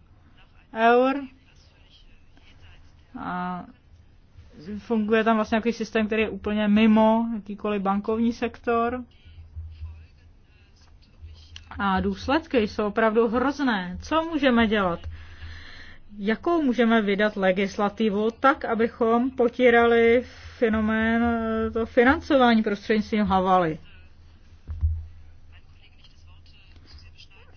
eur. A funguje tam vlastně nějaký systém, který je úplně mimo jakýkoliv bankovní sektor a důsledky jsou opravdu hrozné. Co můžeme dělat? Jakou můžeme vydat legislativu tak, abychom potírali fenomén eh, to financování prostřednictvím Havaly?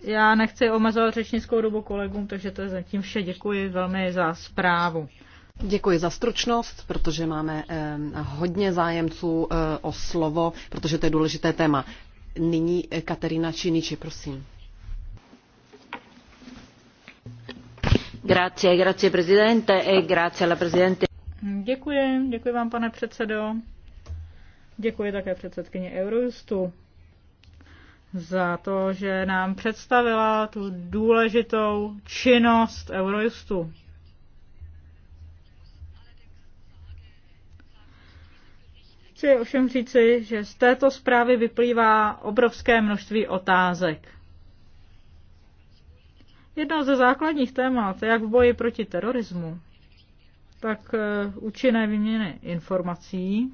Já nechci omezovat řečnickou dobu kolegům, takže to je zatím vše. Děkuji velmi za zprávu. Děkuji za stručnost, protože máme eh, hodně zájemců eh, o slovo, protože to je důležité téma. Nyní eh, Katerina Činiči, prosím. Grazie, grazie presidente e grazie alla presidente. Děkuji, děkuji vám, pane předsedo. Děkuji také předsedkyni Eurojustu za to, že nám představila tu důležitou činnost Eurojustu. Chci ovšem říci, že z této zprávy vyplývá obrovské množství otázek. Jedno ze základních témat, jak v boji proti terorismu, tak eh, účinné výměny informací,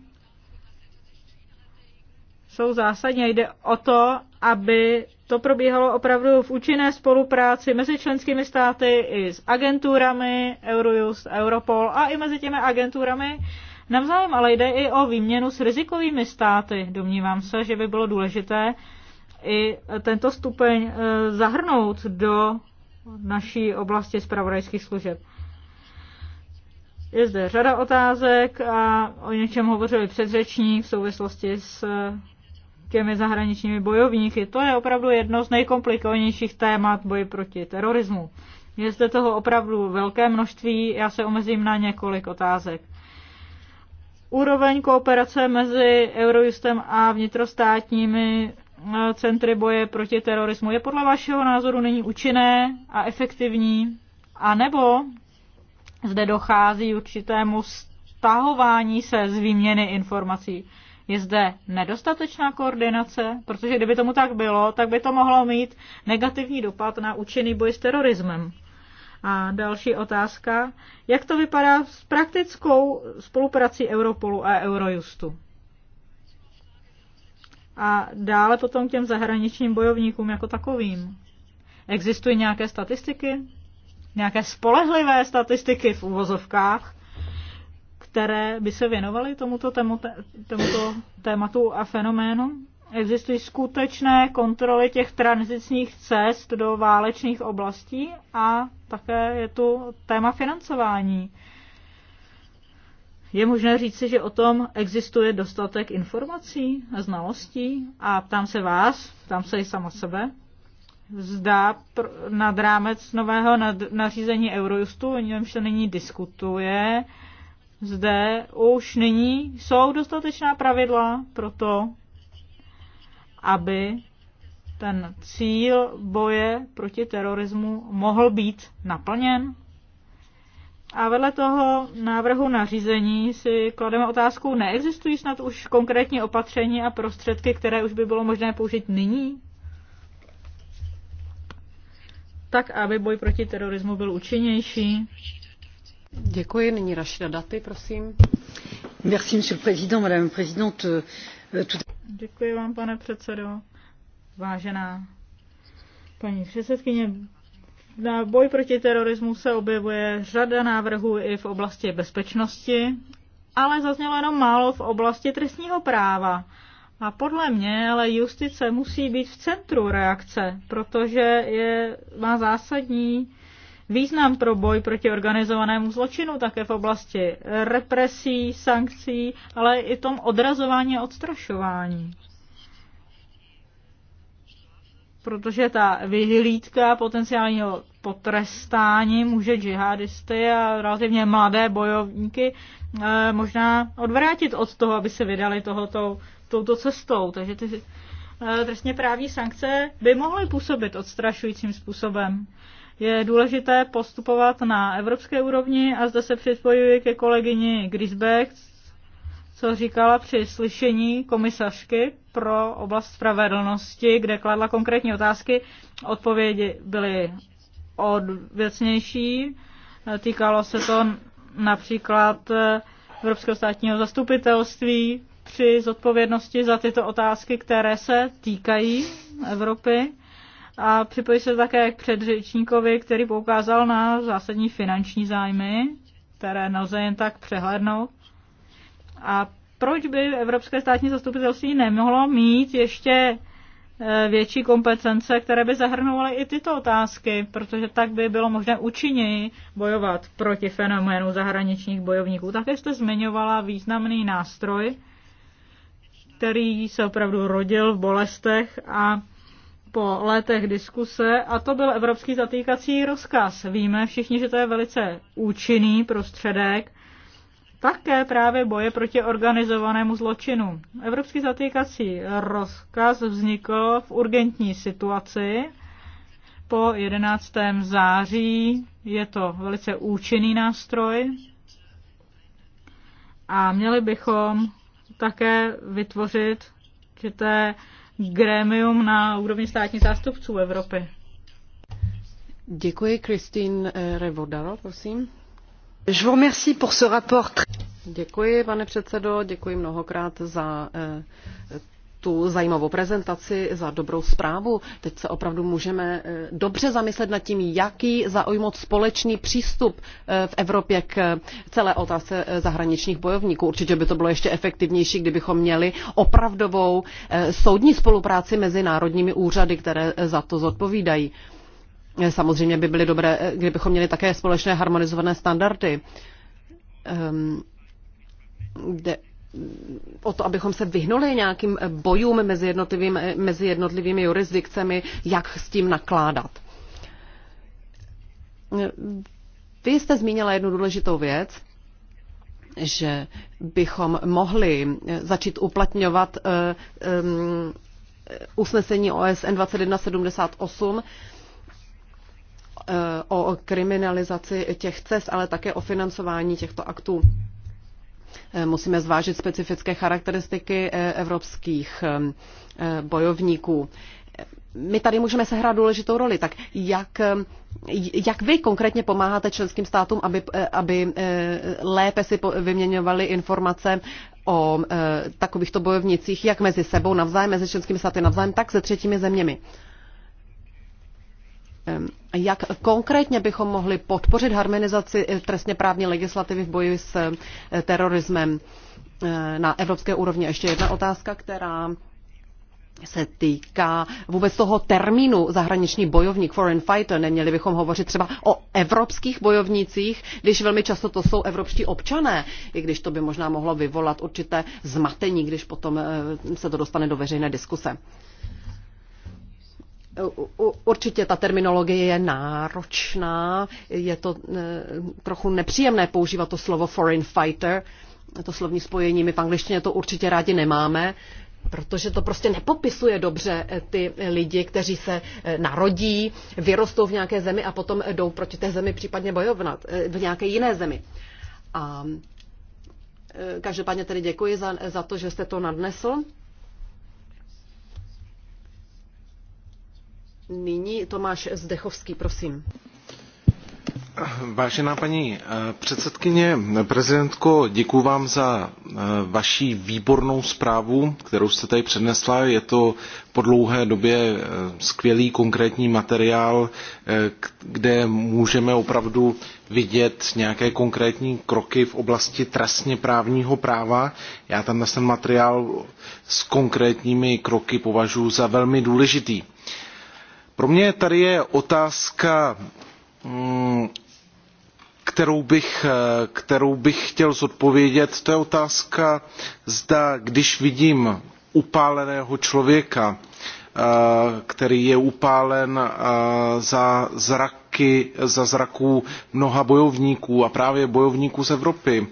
jsou zásadně jde o to, aby to probíhalo opravdu v účinné spolupráci mezi členskými státy i s agenturami Eurojust, Europol a i mezi těmi agenturami, navzájem, ale jde i o výměnu s rizikovými státy. Domnívám se, že by bylo důležité i tento stupeň eh, zahrnout do naší oblasti zpravodajských služeb. Je zde řada otázek a o něčem hovořili předřeční v souvislosti s eh, těmi zahraničními bojovníky. To je opravdu jedno z nejkomplikovanějších témat boji proti terorismu. Je zde toho opravdu velké množství, já se omezím na několik otázek. Úroveň kooperace mezi Eurojustem a vnitrostátními eh, centry boje proti terorismu je podle vašeho názoru není účinné a efektivní? A nebo zde dochází určitému stahování se z výměny informací? je zde nedostatečná koordinace, protože kdyby tomu tak bylo, tak by to mohlo mít negativní dopad na účinný boj s terorismem. A další otázka, jak to vypadá s praktickou spoluprací Europolu a Eurojustu? A dále potom k těm zahraničním bojovníkům jako takovým. Existují nějaké statistiky? Nějaké spolehlivé statistiky v uvozovkách, které by se věnovaly tomuto, tému, tomuto tématu a fenoménu? Existují skutečné kontroly těch tranzitních cest do válečných oblastí a také je tu téma financování. Je možné říci, že o tom existuje dostatek informací a znalostí a ptám se vás, ptám se i sama sebe, zda nad rámec nového nařízení Eurojustu, o něm se nyní diskutuje, zde už nyní jsou dostatečná pravidla pro to, aby ten cíl boje proti terorismu mohl být naplněn? A vedle toho návrhu nařízení si klademe otázku, neexistují snad už konkrétní opatření a prostředky, které už by bylo možné použít nyní? Tak, aby boj proti terorismu byl účinnější. Děkuji. Nyní Rašida Daty, prosím. Merci, monsieur le président, madame la présidente. Euh, Děkuji vám, pane předsedo. Vážená paní předsedkyně, na boj proti terorismu se objevuje řada návrhů i v oblasti bezpečnosti, ale zaznělo jenom málo v oblasti trestního práva. A podle mě ale justice musí být v centru reakce, protože je, má zásadní význam pro boj proti organizovanému zločinu také v oblasti represí, sankcí, ale i tom odrazování a odstrašování protože ta vyhlídka potenciálního potrestání může džihadisty a relativně mladé bojovníky eh, možná odvrátit od toho, aby se vydali tohoto, touto cestou. Takže ty eh, trestně právní sankce by mohly působit odstrašujícím způsobem. Je důležité postupovat na evropské úrovni a zde se připojuji ke kolegyni Grisbeck, co říkala při slyšení komisařky pro oblast spravedlnosti, kde kladla konkrétní otázky. Odpovědi byly odvěcnější. Týkalo se to například eh, Evropského státního zastupitelství při zodpovědnosti za tyto otázky, které se týkají Evropy. A připojí se také k předřečníkovi, který poukázal na zásadní finanční zájmy, které nelze jen tak přehlednout. A proč by Evropské státní zastupitelství nemohlo mít ještě eh, větší kompetence, které by zahrnovaly i tyto otázky, protože tak by bylo možné účinněji bojovat proti fenoménu zahraničních bojovníků. Také jste zmiňovala významný nástroj, který se opravdu rodil v bolestech a po letech diskuse a to byl evropský zatýkací rozkaz. Víme všichni, že to je velice účinný prostředek také právě boje proti organizovanému zločinu. Evropský zatýkací rozkaz vznikl v urgentní situaci po 11. září. Je to velice účinný nástroj a měli bychom také vytvořit určité grémium na úrovni státních zástupců Evropy. Děkuji, Kristýn eh, Revodaro, prosím. Děkuji, pane předsedo, děkuji mnohokrát za eh, tu zajímavou prezentaci, za dobrou zprávu. Teď se opravdu můžeme eh, dobře zamyslet nad tím, jaký zaujmout společný přístup eh, v Evropě k celé otázce zahraničních bojovníků. Určitě by to bylo ještě efektivnější, kdybychom měli opravdovou soudní spolupráci mezi národními úřady, které za to zodpovídají. Samozřejmě by byly dobré, kdybychom měli také společné harmonizované standardy. Kde, ehm, o to, abychom se vyhnuli nějakým bojům mezi jednotlivými, mezi jednotlivými jurisdikcemi, jak s tím nakládat. Vy jste zmínila jednu důležitou věc, že bychom mohli začít uplatňovat eh, ehm, usnesení OSN 2178 Eh, o kriminalizaci těch cest, ale také o financování těchto aktů. Eh, musíme zvážit specifické charakteristiky eh, evropských bojovníků. My tady můžeme sehrát důležitou roli. Tak jak, jak vy konkrétně pomáháte členským státům, aby, aby lépe si vyměňovali informace o takovýchto bojovnicích, jak mezi sebou navzájem, mezi členskými státy navzájem, tak se třetími zeměmi? Jak konkrétně bychom mohli podpořit harmonizaci eh, trestně právní legislativy v boji s eh, terorismem eh, na evropské úrovni? Ještě jedna otázka, která se týká vůbec toho termínu zahraniční bojovník, foreign fighter. Neměli bychom hovořit třeba o evropských bojovnících, když velmi často to jsou evropští občané, i když to by možná mohlo vyvolat určité zmatení, když potom se to dostane do veřejné diskuse. Určitě ta terminologie je náročná, je to eh, trochu nepříjemné používat to slovo foreign fighter, to slovní spojení, my v angličtině to určitě rádi nemáme, protože to prostě nepopisuje dobře eh, ty lidi, kteří se eh, narodí, vyrostou v nějaké zemi a potom jdou proti té zemi případně bojovat v nějaké jiné zemi. A každopádně tedy děkuji za, za to, že jste to nadnesl. Nyní Tomáš Zdechovský, prosím. Vážená paní eh, předsedkyně, prezidentko, děkuji vám za eh, vaši výbornou zprávu, kterou jste tady přednesla. Je to po dlouhé době eh, skvělý konkrétní materiál, kde můžeme opravdu vidět nějaké konkrétní kroky v oblasti trestně právního práva. Já tam ten materiál s konkrétními kroky považuji za velmi důležitý pro mě tady je otázka mm, kterou bych, eh, kterou bych chtěl zodpovědět to je otázka zda když vidím upáleného člověka eh, který je upálen eh, za zraky za zraků mnoha bojovníků a právě bojovníků z Evropy.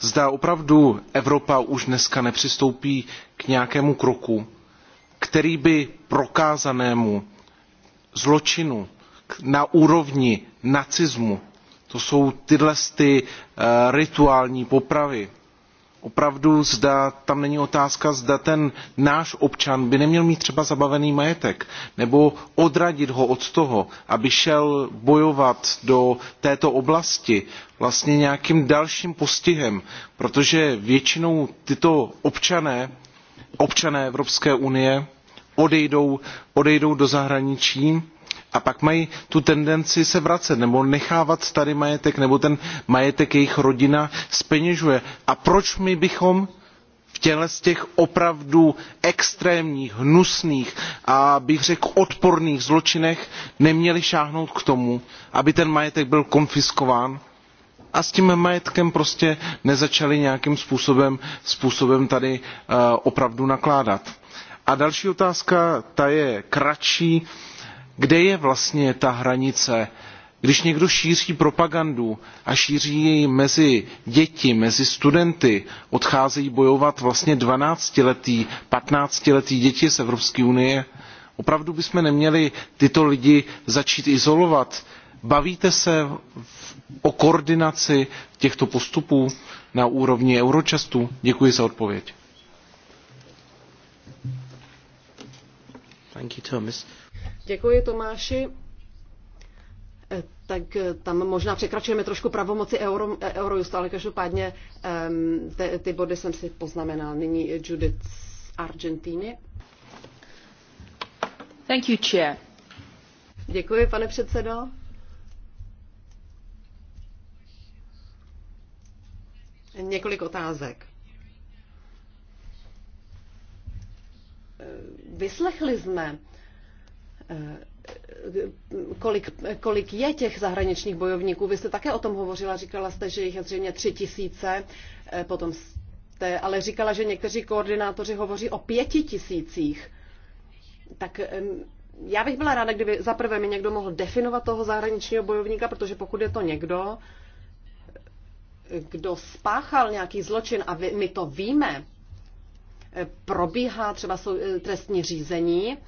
Zda opravdu Evropa už dneska nepřistoupí k nějakému kroku, který by prokázanému Zločinu na úrovni nacismu. To jsou tyhle ty eh, rituální popravy. Opravdu zda, tam není otázka, zda ten náš občan by neměl mít třeba zabavený majetek, nebo odradit ho od toho, aby šel bojovat do této oblasti vlastně nějakým dalším postihem, protože většinou tyto občané, občané Evropské unie, odejdou, odejdou do zahraničí a pak mají tu tendenci se vracet nebo nechávat starý majetek nebo ten majetek jejich rodina zpeněžuje. A proč my bychom v těchto těch opravdu extrémních hnusných a bych řekl odporných zločinech neměli sáhnout k tomu aby ten majetek byl konfiskován a s tím majetkem prostě nezačali nějakým způsobem, způsobem tady uh, opravdu nakládat a další otázka, ta je kratší. Kde je vlastně ta hranice? Když někdo šíří propagandu a šíří ji mezi děti, mezi studenty, odcházejí bojovat vlastně 12-letý, 15-letý děti z Evropské unie, opravdu bychom neměli tyto lidi začít izolovat. Bavíte se o koordinaci těchto postupů na úrovni Eurojustu? Děkuji za odpověď. Děkuji, Tomáši. Eh, tak eh, tam možná překračujeme trošku pravomoci euro, eh, ale každopádně ehm, te, ty body jsem si poznamenal. Nyní Judith z Argentiny. Thank you, chair. Děkuji, pane předsedo. Několik otázek. Eh, vyslechli jsme, eh, kolik, kolik je těch zahraničních bojovníků. Vy jste také o tom hovořila, říkala jste, že jich je zřejmě tři tisíce, eh, potom jste ale říkala, že někteří koordinátoři hovoří o pěti tisících. Tak já bych byla ráda, kdyby zaprvé mi někdo mohl definovat toho zahraničního bojovníka, protože pokud je to někdo, kdo spáchal nějaký zločin a my to víme, probíhá třeba trestní řízení,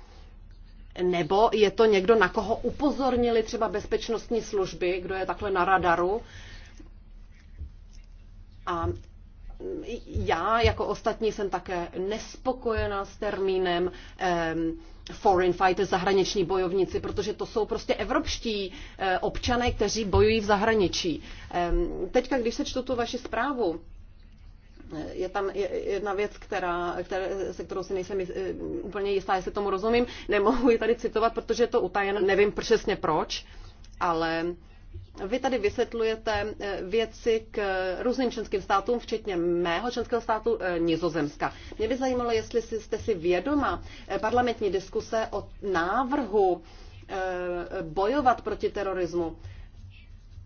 nebo je to někdo, na koho upozornili třeba bezpečnostní služby, kdo je takhle na radaru. A já jako ostatní jsem také nespokojená s termínem um, foreign fighters, zahraniční bojovníci, protože to jsou prostě evropští uh, občané, kteří bojují v zahraničí. Um, teďka, když se čtu tu vaši zprávu, je tam jedna věc, která, která, se kterou si nejsem eh, úplně jistá, jestli tomu rozumím. Nemohu ji tady citovat, protože je to utajen, nevím přesně proč, ale vy tady vysvětlujete eh, věci k různým členským státům, včetně mého členského státu eh, Nizozemska. Mě by zajímalo, jestli jste si vědoma parlamentní diskuse o návrhu bojovat proti terorismu.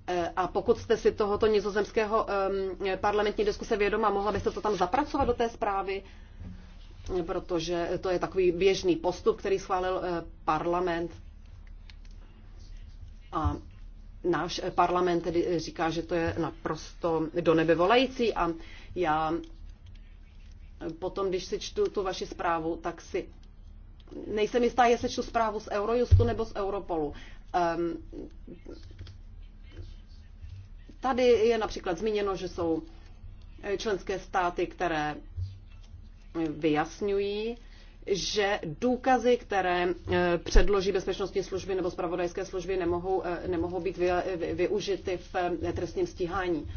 Eh, a pokud jste si tohoto nizozemského ehm, parlamentní diskuse vědoma, mohla byste to tam zapracovat do té zprávy, protože to je takový běžný postup, který schválil eh, parlament. A náš eh, parlament tedy říká, že to je naprosto do nebe volající a já potom, když si čtu tu vaši zprávu, tak si nejsem jistá, jestli čtu zprávu z Eurojustu nebo z Europolu. Um, Tady je například zmíněno, že jsou eh, členské státy, které vyjasňují, že důkazy, které eh, předloží bezpečnostní služby nebo spravodajské služby, nemohou, eh, nemohou být využity v trestním stíhání.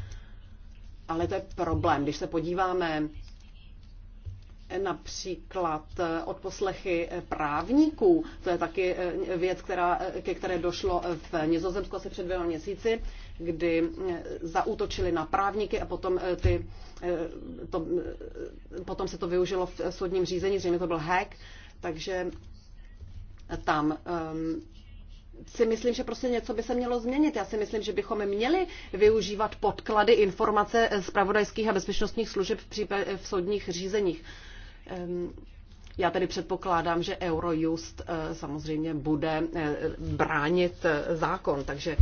Ale to je problém. Když se podíváme například poslechy právníků, to je taky věc, která, ke které došlo v Nizozemsku asi před dvěma měsíci, kdy eh, zaútočili na právníky a potom, eh, ty, eh, to, potom se to využilo v soudním řízení, zřejmě to byl hack, takže tam um, si myslím, že prostě něco by se mělo změnit. Já si myslím, že bychom měli využívat podklady, informace z pravodajských a bezpečnostních služeb v, případ, v soudních řízeních. Um, já tedy předpokládám, že Eurojust samozřejmě bude bránit zákon, takže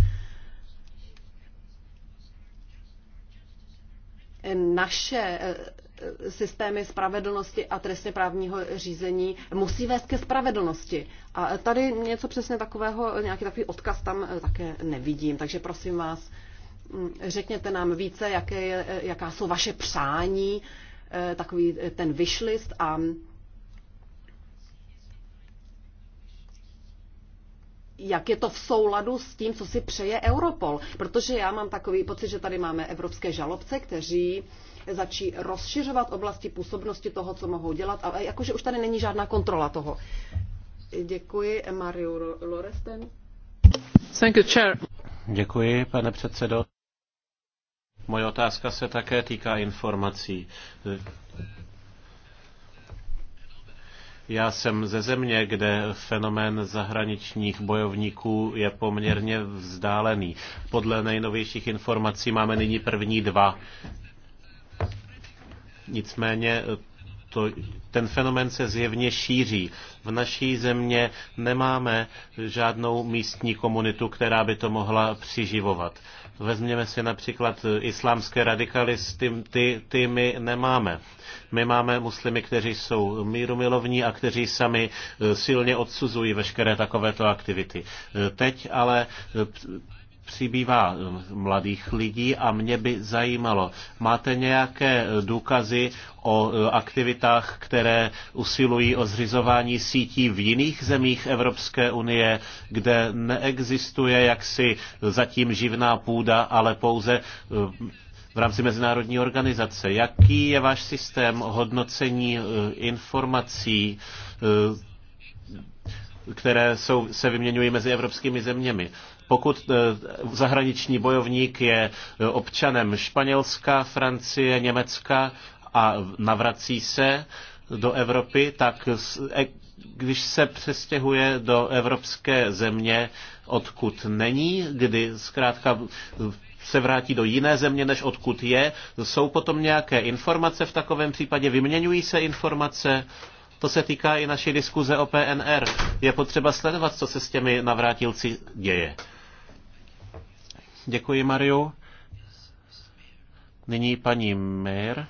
naše eh, systémy spravedlnosti a trestně právního řízení musí vést ke spravedlnosti. A tady něco přesně takového, nějaký takový odkaz tam eh, také nevidím. Takže prosím vás, mm, řekněte nám více, jaké, eh, jaká jsou vaše přání, takový ten vyšlist a jak je to v souladu s tím, co si přeje Europol. Protože já mám takový pocit, že tady máme evropské žalobce, kteří začí rozšiřovat oblasti působnosti toho, co mohou dělat, ale jakože už tady není žádná kontrola toho. Děkuji, Mario Loresten. Thank you, chair. Děkuji, pane předsedo. Moje otázka se také týká informací. Já jsem ze země, kde fenomén zahraničních bojovníků je poměrně vzdálený. Podle nejnovějších informací máme nyní první dva. Nicméně eh, to, ten fenomén se zjevně šíří. V naší země nemáme žádnou místní komunitu, která by to mohla přiživovat. Vezměme si například eh, islámské radikalisty, ty, ty my nemáme. My máme muslimy, kteří jsou mírumilovní a kteří sami eh, silně odsuzují veškeré takovéto aktivity. Eh, teď ale přibývá eh, mladých lidí a mě by zajímalo, máte nějaké eh, důkazy o eh, aktivitách, které usilují o zřizování sítí v jiných zemích Evropské unie, kde neexistuje jaksi zatím živná půda, ale pouze v rámci mezinárodní organizace. Jaký je váš systém hodnocení informací, které jsou, se vyměňují mezi evropskými zeměmi? Pokud eh, zahraniční bojovník je eh, občanem Španělska, Francie, Německa a navrací se do Evropy, tak e, když se přestěhuje do evropské země, odkud není, kdy zkrátka se vrátí do jiné země, než odkud je. Jsou potom nějaké informace v takovém případě? Vyměňují se informace? To se týká i naší diskuze o PNR. Je potřeba sledovat, co se s těmi navrátilci děje. Děkuji, Mariu. Nyní paní Mir.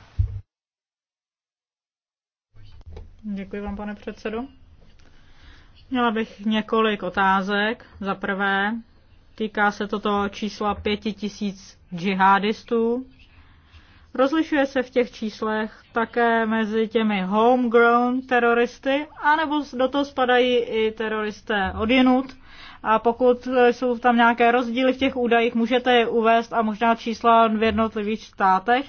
Děkuji vám, pane předsedo. Měla bych několik otázek. Za prvé, týká se toto čísla pěti tisíc džihadistů. Rozlišuje se v těch číslech také mezi těmi homegrown teroristy, anebo do toho spadají i teroristé odjenut, a pokud jsou tam nějaké rozdíly v těch údajích, můžete je uvést a možná čísla v jednotlivých státech.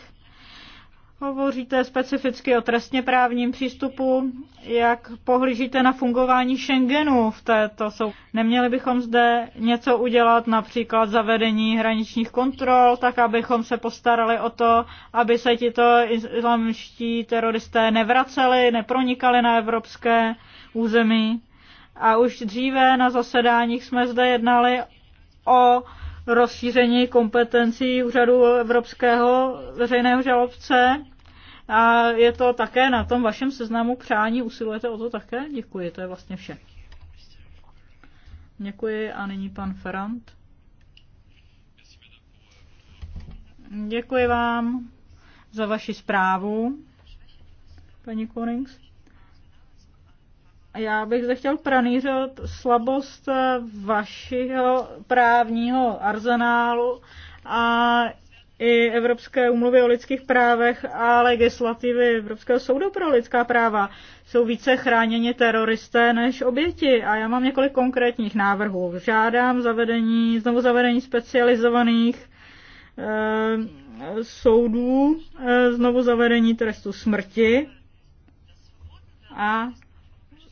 Hovoříte specificky o trestně právním přístupu. Jak pohlížíte na fungování Schengenu v této sou? Neměli bychom zde něco udělat, například zavedení hraničních kontrol, tak abychom se postarali o to, aby se tito islamští teroristé nevraceli, nepronikali na evropské území. A už dříve na zasedáních jsme zde jednali o rozšíření kompetencí úřadu Evropského veřejného žalobce. A je to také na tom vašem seznamu přání, usilujete o to také? Děkuji, to je vlastně vše. Děkuji a nyní pan Ferrand. Děkuji vám za vaši zprávu, paní Konings. Já bych zde chtěl pranířovat slabost eh, vašeho právního arzenálu a i Evropské umluvy o lidských právech a legislativy Evropského soudu pro lidská práva jsou více chráněni teroristé než oběti. A já mám několik konkrétních návrhů. Žádám zavedení, znovu zavedení specializovaných e, soudů, e, znovu zavedení trestu smrti a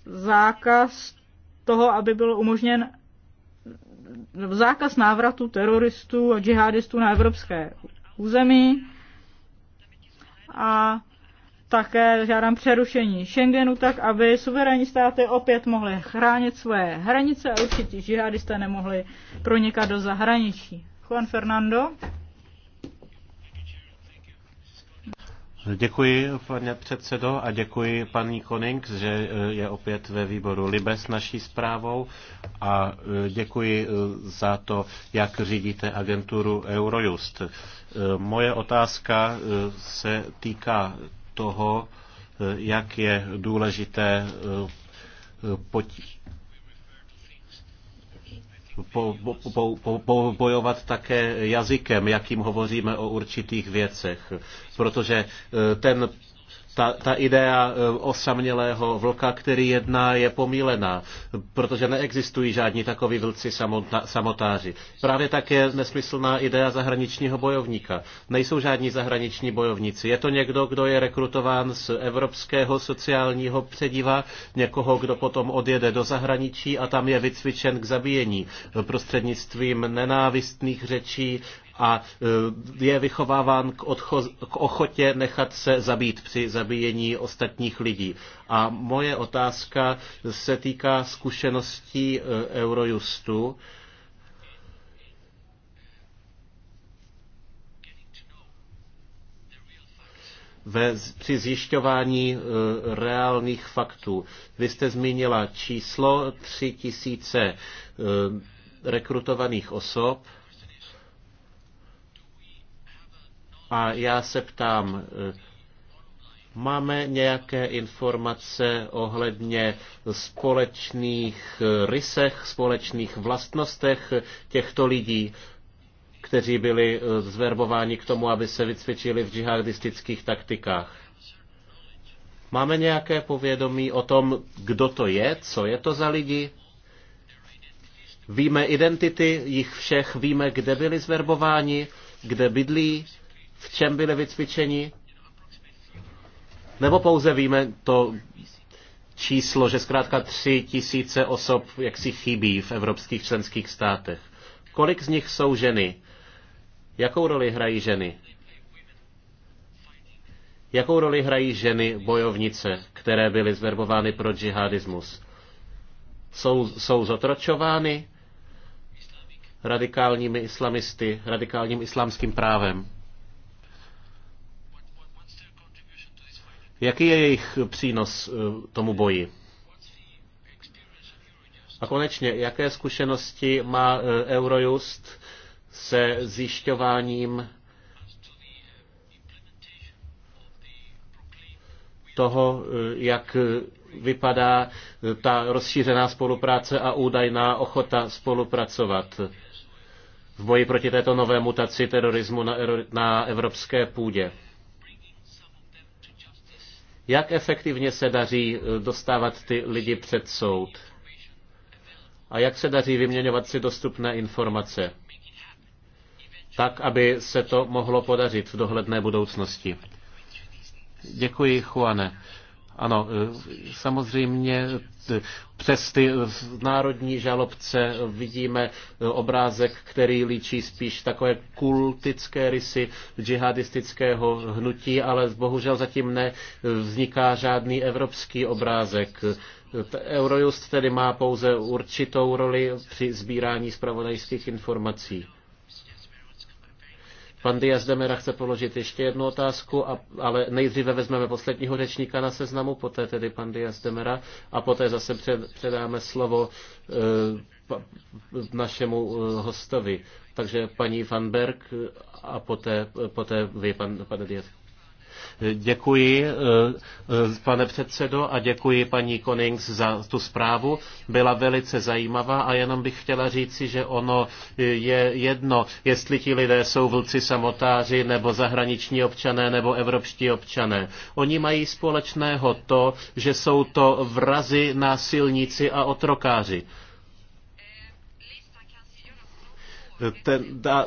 zákaz toho, aby byl umožněn zákaz návratu teroristů a džihadistů na evropské území a také žádám přerušení Schengenu tak, aby suverénní státy opět mohly chránit své hranice a určitě žihadisté nemohli pronikat do zahraničí. Juan Fernando. Děkuji, pane předsedo, a děkuji paní Koning, že eh, je opět ve výboru Libe s naší zprávou a eh, děkuji eh, za to, jak řídíte agenturu Eurojust. Moje otázka se týká toho, jak je důležité po, po, po, po, bojovat také jazykem, jakým hovoříme o určitých věcech. Protože eh, ten ta, ta idea eh, osamělého vlka, který jedná, je pomílená, protože neexistují žádní takoví vlci samotna, samotáři. Právě tak je nesmyslná idea zahraničního bojovníka. Nejsou žádní zahraniční bojovníci. Je to někdo, kdo je rekrutován z evropského sociálního přediva, někoho, kdo potom odjede do zahraničí a tam je vycvičen k zabíjení prostřednictvím nenávistných řečí, a e, je vychováván k, odcho- k ochotě nechat se zabít při zabíjení ostatních lidí. A moje otázka se týká zkušeností e, Eurojustu. ve, při zjišťování e, reálných faktů. Vy jste zmínila číslo 3000 e, rekrutovaných osob. E, A já se ptám, eh, Máme nějaké informace ohledně společných eh, rysech, společných vlastnostech těchto lidí, kteří byli eh, zverbováni k tomu, aby se vycvičili v džihadistických taktikách? Máme nějaké povědomí o tom, kdo to je, co je to za lidi? Víme identity jich všech, víme, kde byli zverbováni, kde bydlí, v čem byli vycvičeni? Nebo pouze víme to číslo, že zkrátka tři tisíce osob jaksi chybí v evropských členských státech. Kolik z nich jsou ženy? Jakou roli hrají ženy? Jakou roli hrají ženy bojovnice, které byly zverbovány pro džihadismus? Jsou, jsou zotročovány radikálními islamisty, radikálním islámským právem? Jaký je jejich přínos eh, tomu boji? A konečně, jaké zkušenosti má eh, Eurojust se zjišťováním toho, eh, jak vypadá ta rozšířená spolupráce a údajná ochota spolupracovat v boji proti této nové mutaci terorismu na, na evropské půdě. Jak efektivně se daří eh, dostávat ty lidi před soud? A jak se daří vyměňovat si dostupné informace? Tak, aby se to mohlo podařit v dohledné budoucnosti. Děkuji, Juane. Ano, e, samozřejmě e, přes ty národní žalobce vidíme e, obrázek, který líčí spíš takové kultické rysy džihadistického hnutí, ale bohužel zatím nevzniká žádný evropský obrázek. Eurojust tedy má pouze určitou roli při sbírání zpravodajských informací. Pan Diaz Demera chce položit ještě jednu otázku, a, ale nejdříve vezmeme posledního řečníka na seznamu, poté tedy pan Diaz Demera a poté zase před, předáme slovo e, pa, našemu e, hostovi. Takže paní Van Berg a poté, poté vy, pan, pane Diaz. Děkuji, eh, eh, pane předsedo, a děkuji paní Konings za tu zprávu. Byla velice zajímavá a jenom bych chtěla říci, že ono eh, je jedno, jestli ti lidé jsou vlci samotáři, nebo zahraniční občané, nebo evropští občané. Oni mají společného to, že jsou to na násilníci a otrokáři. Ten, ta,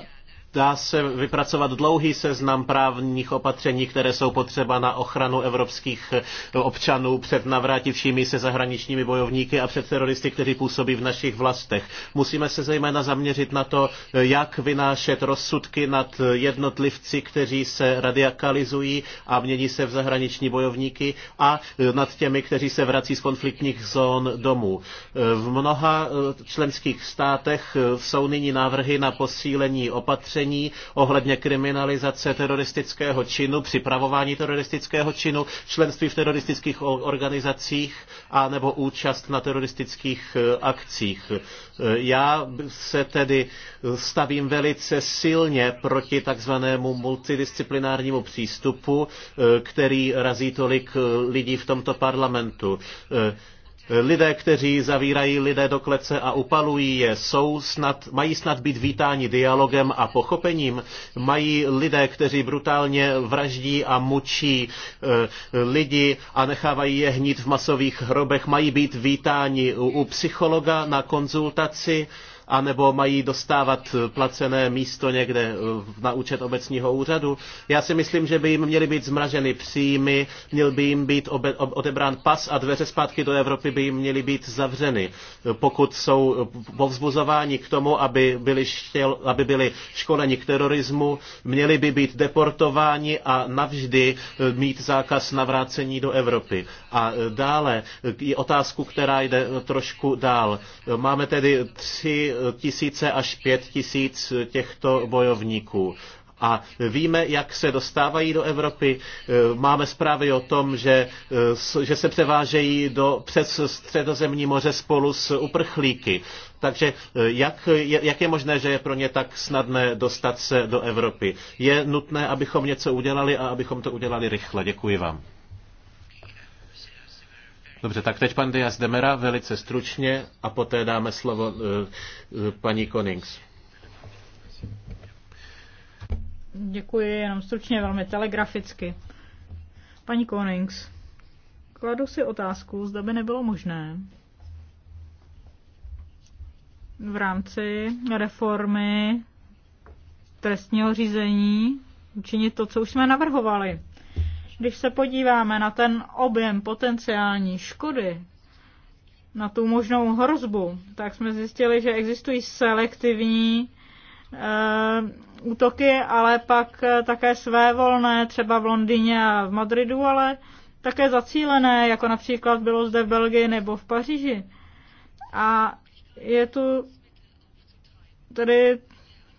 dá se vypracovat dlouhý seznam právních opatření, které jsou potřeba na ochranu evropských občanů před navrátivšími se zahraničními bojovníky a před teroristy, kteří působí v našich vlastech. Musíme se zejména zaměřit na to, jak vynášet rozsudky nad jednotlivci, kteří se radikalizují a mění se v zahraniční bojovníky a nad těmi, kteří se vrací z konfliktních zón domů. V mnoha členských státech jsou nyní návrhy na posílení opatření opatření ohledně kriminalizace teroristického činu, připravování teroristického činu, členství v teroristických organizacích a nebo účast na teroristických e, akcích. E, já se tedy stavím velice silně proti takzvanému multidisciplinárnímu přístupu, e, který razí tolik lidí v tomto parlamentu. Lidé, kteří zavírají lidé do klece a upalují je, jsou snad, mají snad být vítáni dialogem a pochopením. Mají lidé, kteří brutálně vraždí a mučí e, lidi a nechávají je hnít v masových hrobech, mají být vítáni u, u psychologa na konzultaci. E, anebo mají dostávat placené místo někde eh, na účet obecního úřadu. Já si myslím, že by jim měly být zmraženy příjmy, měl by jim být obe, odebrán pas a dveře zpátky do Evropy by jim měly být zavřeny, eh, pokud jsou eh, povzbuzováni k tomu, aby byli, štěl, aby byli školeni k terorismu, měli by být deportováni a navždy mít zákaz navrácení do Evropy. A dále i otázku, která jde trošku dál. Máme tedy tři tisíce až pět tisíc těchto bojovníků a víme, jak se dostávají do Evropy. Máme zprávy o tom, že, že se převážejí do, přes středozemní moře spolu s uprchlíky. Takže jak, jak je možné, že je pro ně tak snadné dostat se do Evropy? Je nutné, abychom něco udělali a abychom to udělali rychle. Děkuji vám. Dobře, tak teď pan Diaz Demera velice stručně a poté dáme slovo eh, eh, paní Konings. Děkuji, jenom stručně, velmi telegraficky. Paní Konings, kladu si otázku, zda by nebylo možné v rámci reformy trestního řízení učinit to, co už jsme navrhovali. Když se podíváme na ten objem potenciální škody, na tu možnou hrozbu, tak jsme zjistili, že existují selektivní e, útoky, ale pak eh, také své volné, třeba v Londýně a v Madridu, ale také zacílené, jako například bylo zde v Belgii nebo v Paříži. A je tu tedy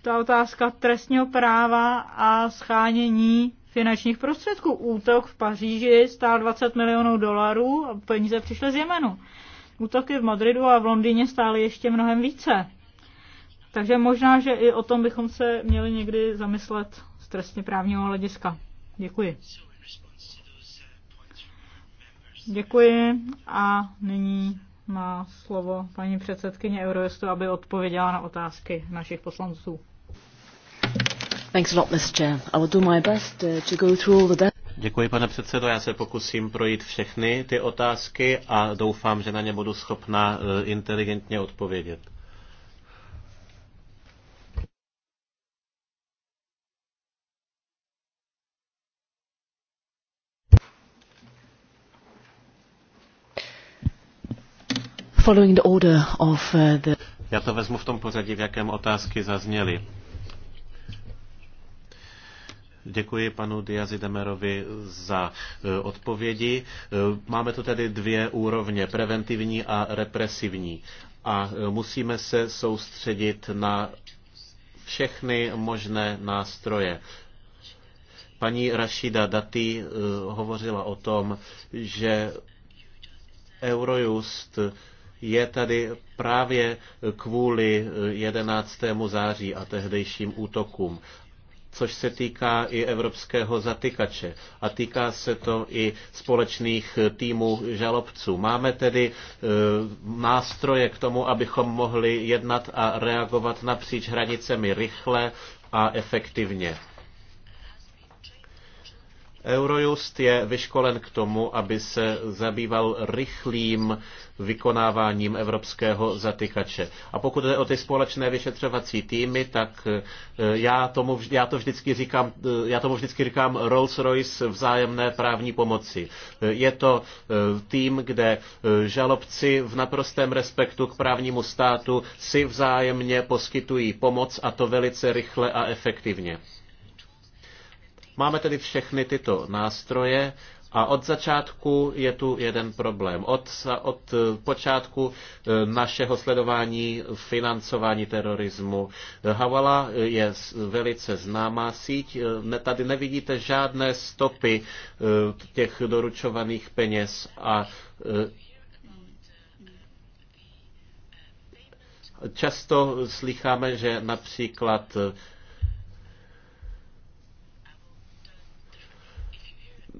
ta otázka trestního práva a schánění finančních prostředků. Útok v Paříži stál 20 milionů dolarů a peníze přišly z Jemenu. Útoky v Madridu a v Londýně stály ještě mnohem více. Takže možná, že i o tom bychom se měli někdy zamyslet z trestně právního hlediska. Děkuji. Děkuji a nyní má slovo paní předsedkyně Eurojustu, aby odpověděla na otázky našich poslanců to Děkuji, pane předsedo. Já se pokusím projít všechny ty otázky a doufám, že na ně budu schopna uh, inteligentně odpovědět. Following the order of uh, the... Já to vezmu v tom pořadí, v jakém otázky zazněly. Děkuji panu Diazi Demerovi za e, odpovědi. E, máme tu tedy dvě úrovně, preventivní a represivní. A e, musíme se soustředit na všechny možné nástroje. Paní Rašida Dati hovořila o tom, že Eurojust je tady právě kvůli 11. září a tehdejším útokům což se týká i evropského zatykače a týká se to i společných týmů žalobců. Máme tedy e, nástroje k tomu, abychom mohli jednat a reagovat napříč hranicemi rychle a efektivně. Eurojust je vyškolen k tomu, aby se zabýval rychlým vykonáváním evropského zatykače. A pokud jde o ty společné vyšetřovací týmy, tak eh, já, tomu, já to vždycky říkám, eh, já tomu vždycky říkám Rolls-Royce vzájemné právní pomoci. Eh, je to tým, kde žalobci v naprostém respektu k právnímu státu si vzájemně poskytují pomoc a to velice rychle a efektivně. Máme tedy všechny tyto nástroje a od začátku je tu jeden problém. Od, od e, počátku e, našeho sledování financování terorismu. Havala e, je velice známá síť. Tady nevidíte žádné stopy těch doručovaných peněz a často slycháme, že například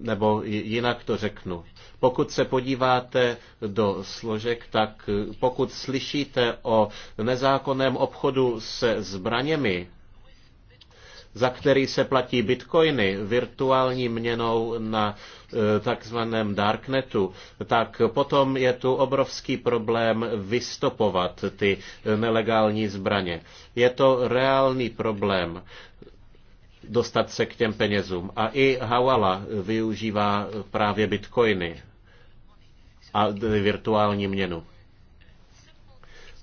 nebo jinak to řeknu. Pokud se podíváte do složek, tak pokud slyšíte o nezákonném obchodu se zbraněmi, za který se platí bitcoiny virtuální měnou na e, takzvaném darknetu, tak potom je tu obrovský problém vystopovat ty nelegální zbraně. Je to reálný problém dostat se k těm penězům. A i Hawala využívá právě bitcoiny a virtuální měnu.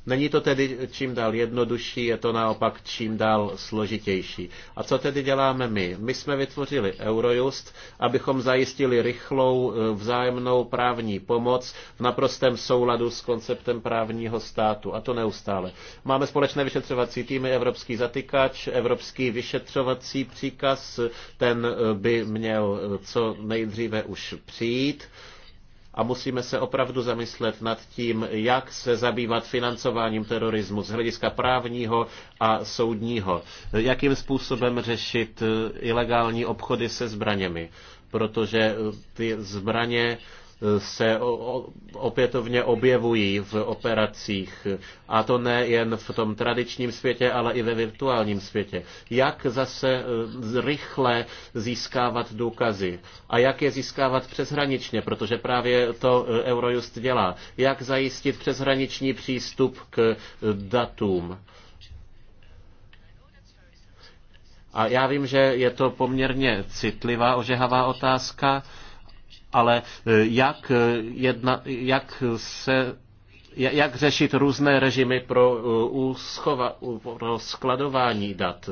Není to tedy čím dál jednodušší, je to naopak čím dál složitější. A co tedy děláme my? My jsme vytvořili Eurojust, abychom zajistili rychlou e, vzájemnou právní pomoc v naprostém souladu s konceptem právního státu. A to neustále. Máme společné vyšetřovací týmy, Evropský zatykač, Evropský vyšetřovací příkaz, ten e, by měl e, co nejdříve už přijít a musíme se opravdu zamyslet nad tím, jak se zabývat financováním terorismu z hlediska právního a soudního. Jakým způsobem řešit eh, ilegální obchody se zbraněmi, protože eh, ty zbraně se opětovně objevují v operacích. A to nejen v tom tradičním světě, ale i ve virtuálním světě. Jak zase e, rychle získávat důkazy a jak je získávat přeshraničně, protože právě to e, Eurojust dělá. Jak zajistit přeshraniční přístup k e, datům. A já vím, že je to poměrně citlivá, ožehavá otázka, ale e, jak, e, jedna, jak se jak řešit různé režimy pro, e, uschova, pro skladování dat.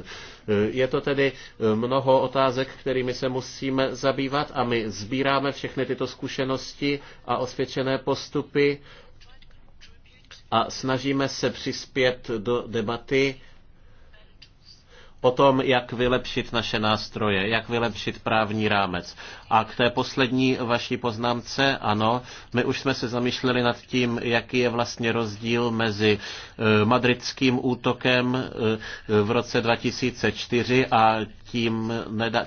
Je to tedy mnoho otázek, kterými se musíme zabývat a my sbíráme všechny tyto zkušenosti a osvědčené postupy a snažíme se přispět do debaty o tom, jak vylepšit naše nástroje, jak vylepšit právní rámec. A k té poslední vaší poznámce, ano, my už jsme se zamýšleli nad tím, jaký je vlastně rozdíl mezi eh, madridským útokem eh, v roce 2004 a tím,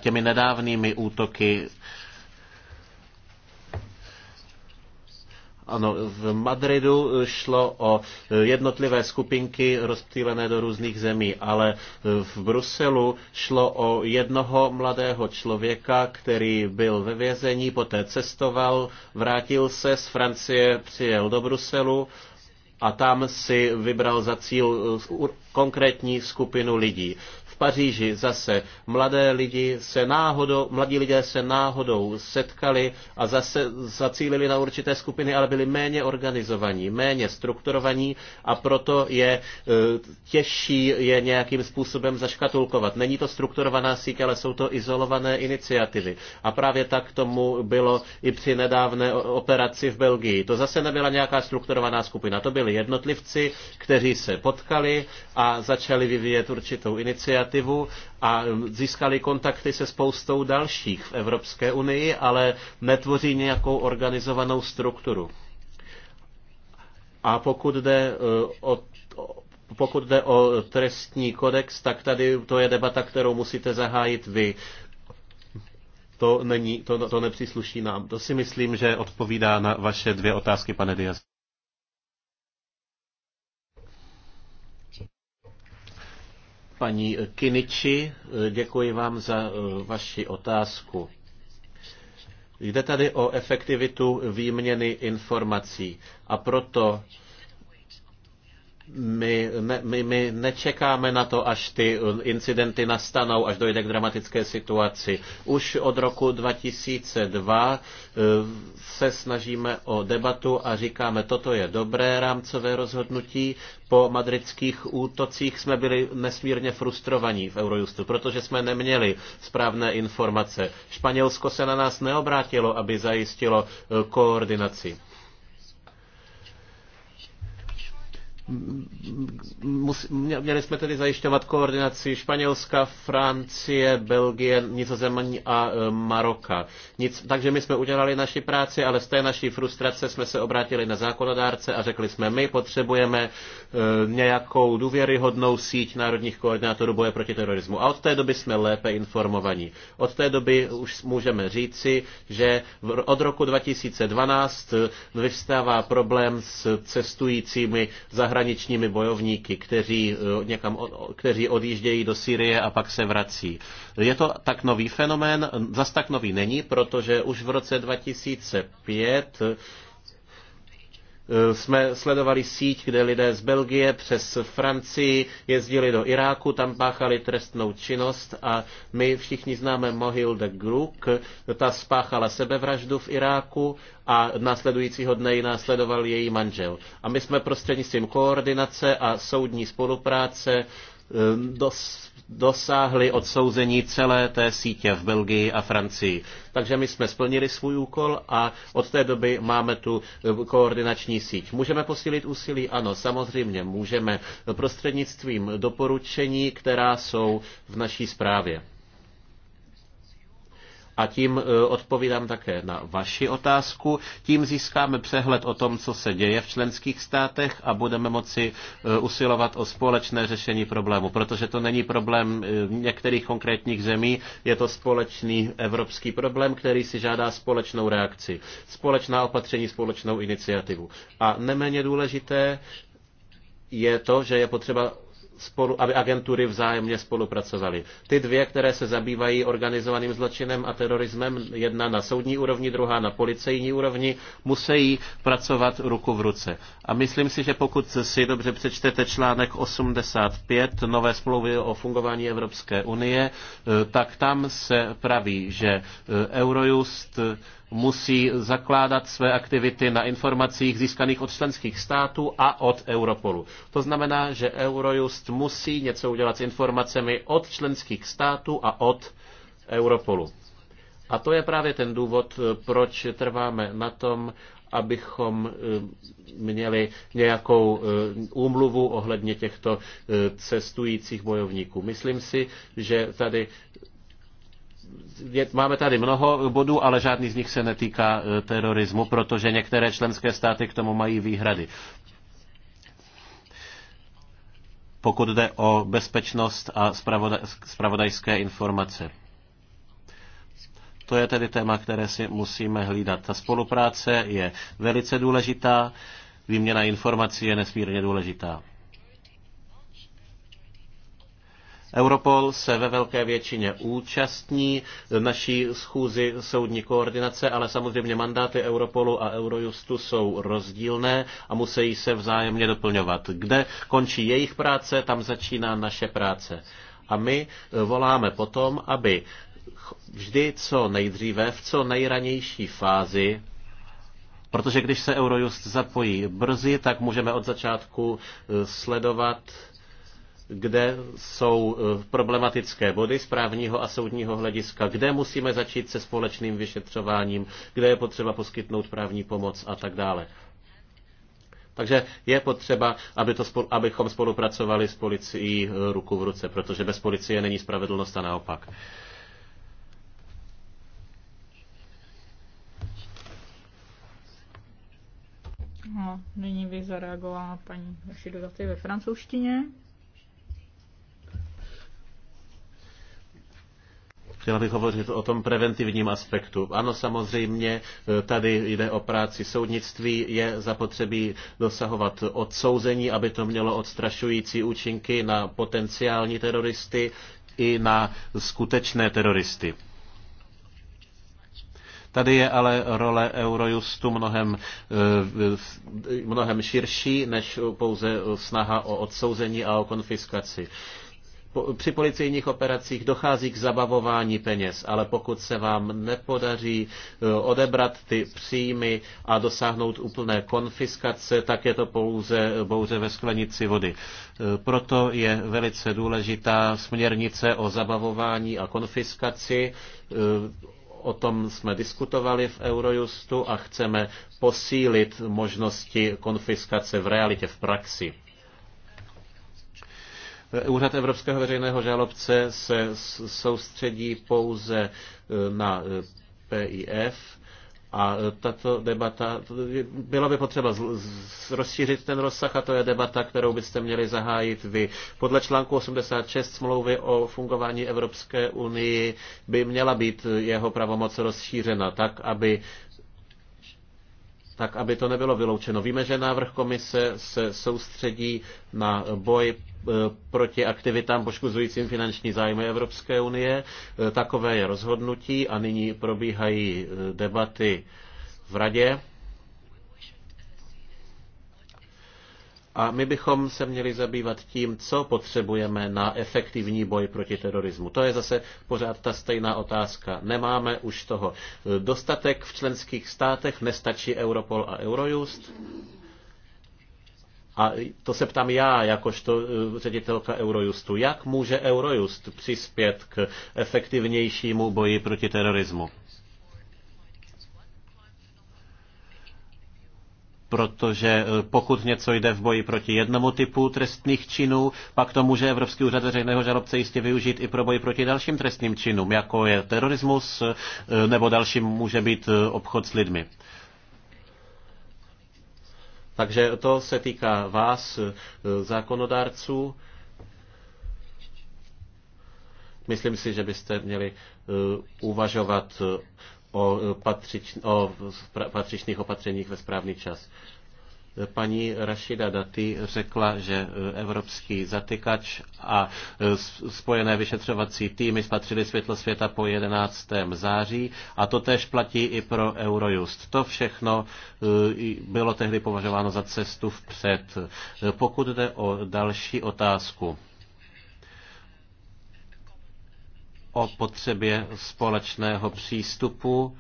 těmi nedávnými útoky Ano, v Madridu šlo o eh, jednotlivé skupinky rozptýlené do různých zemí, ale eh, v Bruselu šlo o jednoho mladého člověka, který byl ve vězení, poté cestoval, vrátil se z Francie, přijel do Bruselu a tam si vybral za cíl eh, konkrétní skupinu lidí. Paříži zase mladé lidi se náhodou, mladí lidé se náhodou setkali a zase zacílili na určité skupiny, ale byli méně organizovaní, méně strukturovaní a proto je e, těžší je nějakým způsobem zaškatulkovat. Není to strukturovaná síť, ale jsou to izolované iniciativy. A právě tak tomu bylo i při nedávné operaci v Belgii. To zase nebyla nějaká strukturovaná skupina, to byli jednotlivci, kteří se potkali a začali vyvíjet určitou iniciativu iniciativu a získali kontakty se spoustou dalších v Evropské unii, ale netvoří nějakou organizovanou strukturu. A pokud jde eh, o pokud jde o trestní kodex, tak tady to je debata, kterou musíte zahájit vy. To, není, to, to nepřísluší nám. To si myslím, že odpovídá na vaše dvě otázky, pane Diaz. Paní Kiniči, děkuji vám za eh, vaši otázku. Jde tady o efektivitu výměny informací a proto my, ne, my, my nečekáme na to, až ty incidenty nastanou, až dojde k dramatické situaci. Už od roku 2002 eh, se snažíme o debatu a říkáme, toto je dobré rámcové rozhodnutí. Po madridských útocích jsme byli nesmírně frustrovaní v Eurojustu, protože jsme neměli správné informace. Španělsko se na nás neobrátilo, aby zajistilo eh, koordinaci. Měli jsme tedy zajišťovat koordinaci Španělska, Francie, Belgie, Nizozemí a e, Maroka. Nic, takže my jsme udělali naši práci, ale z té naší frustrace jsme se obrátili na zákonodárce a řekli jsme, my potřebujeme e, nějakou důvěryhodnou síť národních koordinátorů boje proti terorismu. A od té doby jsme lépe informovaní. Od té doby už můžeme říci, že od roku 2012 e, vyvstává problém s cestujícími zahraničními zahraničními bojovníky, kteří, eh, někam, kteří odjíždějí do Syrie a pak se vrací. Je to tak nový fenomén? Zas tak nový není, protože už v roce 2005 Eh, jsme sledovali síť, kde lidé z Belgie přes Francii jezdili do Iráku, tam páchali trestnou činnost a my všichni známe Mohilde Gruk, ta spáchala sebevraždu v Iráku a následujícího dne ji následoval její manžel. A my jsme prostřednictvím koordinace a soudní spolupráce Ehm, dos, dosáhli odsouzení celé té sítě v Belgii a Francii. Takže my jsme splnili svůj úkol a od té doby máme tu eh, koordinační síť. Můžeme posílit úsilí? Ano, samozřejmě můžeme prostřednictvím doporučení, která jsou v naší zprávě a tím e, odpovídám také na vaši otázku. Tím získáme přehled o tom, co se děje v členských státech a budeme moci e, usilovat o společné řešení problému, protože to není problém e, některých konkrétních zemí, je to společný evropský problém, který si žádá společnou reakci, společná opatření, společnou iniciativu. A neméně důležité je to, že je potřeba spolu, aby agentury vzájemně spolupracovaly. Ty dvě, které se zabývají organizovaným zločinem a terorismem, jedna na soudní úrovni, druhá na policejní úrovni, musí pracovat ruku v ruce. A myslím si, že pokud si dobře přečtete článek 85 nové smlouvy o fungování Evropské unie, eh, tak tam se praví, že eh, Eurojust musí zakládat své aktivity na informacích získaných od členských států a od Europolu. To znamená, že Eurojust musí něco udělat s informacemi od členských států a od Europolu. A to je právě ten důvod, proč trváme na tom, abychom eh, měli nějakou eh, úmluvu ohledně těchto eh, cestujících bojovníků. Myslím si, že tady máme tady mnoho bodů, ale žádný z nich se netýká e, terorismu, protože některé členské státy k tomu mají výhrady. Pokud jde o bezpečnost a spravodajské informace. To je tedy téma, které si musíme hlídat. Ta spolupráce je velice důležitá, výměna informací je nesmírně důležitá. Europol se ve velké většině účastní naší schůzi soudní koordinace, ale samozřejmě mandáty Europolu a Eurojustu jsou rozdílné a musí se vzájemně doplňovat. Kde končí jejich práce, tam začíná naše práce. A my eh, voláme potom, aby vždy co nejdříve, v co nejranější fázi Protože když se Eurojust zapojí brzy, tak můžeme od začátku eh, sledovat kde jsou eh, problematické body z právního a soudního hlediska, kde musíme začít se společným vyšetřováním, kde je potřeba poskytnout právní pomoc a tak dále. Takže je potřeba, aby to, abychom spolupracovali s policií eh, ruku v ruce, protože bez policie není spravedlnost a naopak. No, nyní bych zareagovala paní Vaši ve francouzštině. Chtěla bych hovořit o tom preventivním aspektu. Ano, samozřejmě, e, tady jde o práci soudnictví, je zapotřebí dosahovat odsouzení, aby to mělo odstrašující účinky na potenciální teroristy i na skutečné teroristy. Tady je ale role Eurojustu mnohem, e, mnohem širší než pouze snaha o odsouzení a o konfiskaci při policejních operacích dochází k zabavování peněz, ale pokud se vám nepodaří e, odebrat ty příjmy a dosáhnout úplné konfiskace, tak je to pouze bouře ve sklenici vody. E, proto je velice důležitá směrnice o zabavování a konfiskaci e, o tom jsme diskutovali v Eurojustu a chceme posílit možnosti konfiskace v realitě, v praxi. Eh, úřad Evropského veřejného žalobce se soustředí pouze eh, na eh, PIF a tato debata, bylo by potřeba rozšířit ten rozsah a to je debata, kterou byste měli zahájit vy. Podle článku 86 smlouvy o fungování Evropské unii by měla být jeho pravomoc rozšířena tak, aby tak aby to nebylo vyloučeno. Víme, že návrh komise se soustředí na boj eh, proti aktivitám poškozujícím finanční zájmy Evropské unie. Eh, takové je rozhodnutí a nyní probíhají eh, debaty v radě A my bychom se měli zabývat tím, co potřebujeme na efektivní boj proti terorismu. To je zase pořád ta stejná otázka. Nemáme už toho dostatek v členských státech, nestačí Europol a Eurojust. A to se ptám já, jakožto eh, ředitelka Eurojustu. Jak může Eurojust přispět k efektivnějšímu boji proti terorismu? protože eh, pokud něco jde v boji proti jednomu typu trestných činů, pak to může Evropský úřad veřejného žalobce jistě využít i pro boj proti dalším trestným činům, jako je terorismus eh, nebo dalším může být eh, obchod s lidmi. Takže to se týká vás, zákonodárců. Myslím si, že byste měli uvažovat o, patřič, o patřičných opatřeních ve správný čas. Paní Rašida Daty řekla, že evropský zatykač a e, spojené vyšetřovací týmy spatřili světlo světa po 11. září a to též platí i pro Eurojust. To všechno e, bylo tehdy považováno za cestu vpřed. E, pokud jde o další otázku o potřebě společného přístupu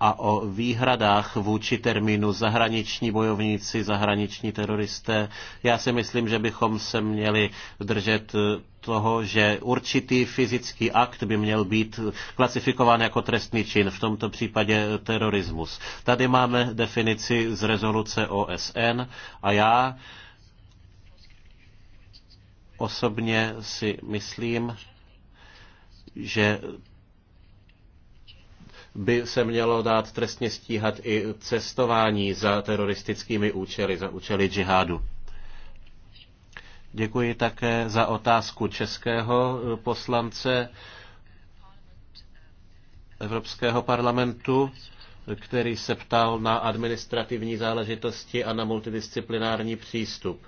a o výhradách vůči termínu zahraniční bojovníci, zahraniční teroristé. Já si myslím, že bychom se měli držet toho, že určitý fyzický akt by měl být klasifikován jako trestný čin, v tomto případě terorismus. Tady máme definici z rezoluce OSN a já osobně si myslím, že by se mělo dát trestně stíhat i cestování za teroristickými účely, za účely džihádu. Děkuji také za otázku českého poslance Evropského parlamentu, který se ptal na administrativní záležitosti a na multidisciplinární přístup.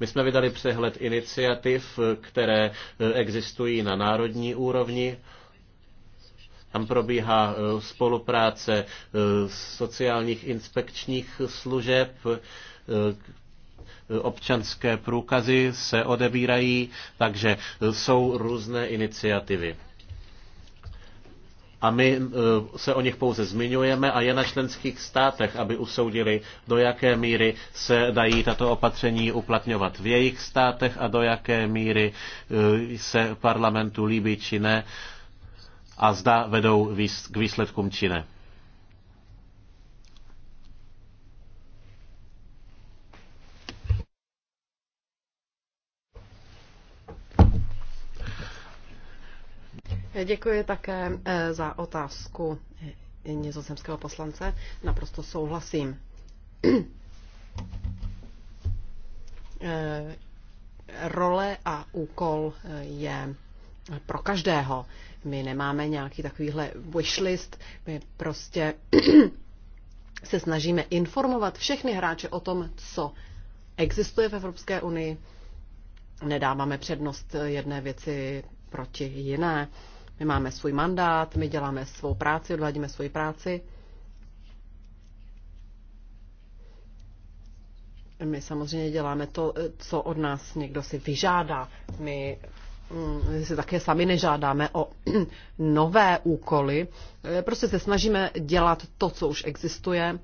My jsme vydali přehled iniciativ, které eh, existují na národní úrovni. Tam probíhá eh, spolupráce eh, sociálních inspekčních služeb, občanské průkazy se odebírají, takže jsou různé iniciativy a my eh, se o nich pouze zmiňujeme a je na členských státech, aby usoudili, do jaké míry se dají tato opatření uplatňovat v jejich státech a do jaké míry eh, se parlamentu líbí či ne a zda vedou k výsledkům či ne. Děkuji také eh, za otázku nizozemského poslance. Naprosto souhlasím. Eh, role a úkol eh, je pro každého. My nemáme nějaký takovýhle wishlist, my prostě se snažíme informovat všechny hráče o tom, co existuje v Evropské unii. Nedáváme přednost jedné věci proti jiné. My máme svůj mandát, my děláme svou práci, odvádíme svoji práci. My samozřejmě děláme to, co od nás někdo si vyžádá. My mm, si také sami nežádáme o nové úkoly. Eh, prostě se snažíme dělat to, co už existuje.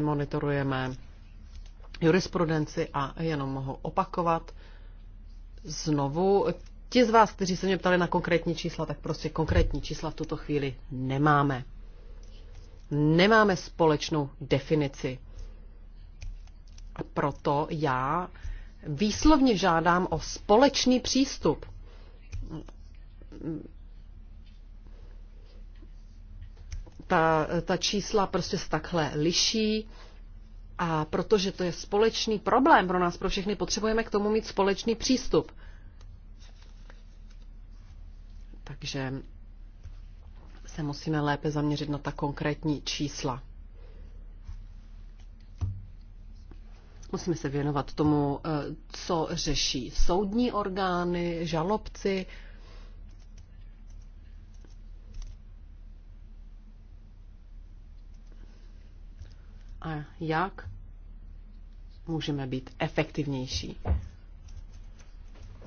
monitorujeme jurisprudenci a jenom mohu opakovat znovu. Ti z vás, kteří se mě ptali na konkrétní čísla, tak prostě konkrétní čísla v tuto chvíli nemáme. Nemáme společnou definici. A proto já výslovně žádám o společný přístup. Ta, ta čísla prostě se takhle liší a protože to je společný problém pro nás, pro všechny, potřebujeme k tomu mít společný přístup. Takže se musíme lépe zaměřit na ta konkrétní čísla. Musíme se věnovat tomu, eh, co řeší soudní orgány, žalobci, a jak můžeme být efektivnější.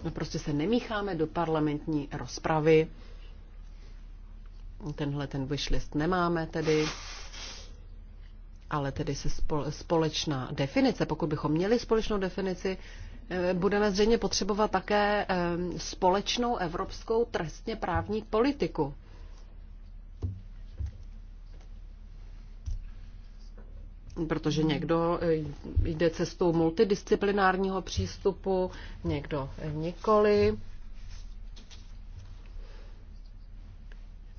No prostě se nemícháme do parlamentní rozpravy. Tenhle ten wishlist nemáme tedy, ale tedy se společná definice, pokud bychom měli společnou definici, eh, budeme zřejmě potřebovat také eh, společnou evropskou trestně právní politiku. protože někdo eh, jde cestou multidisciplinárního přístupu, někdo nikoli.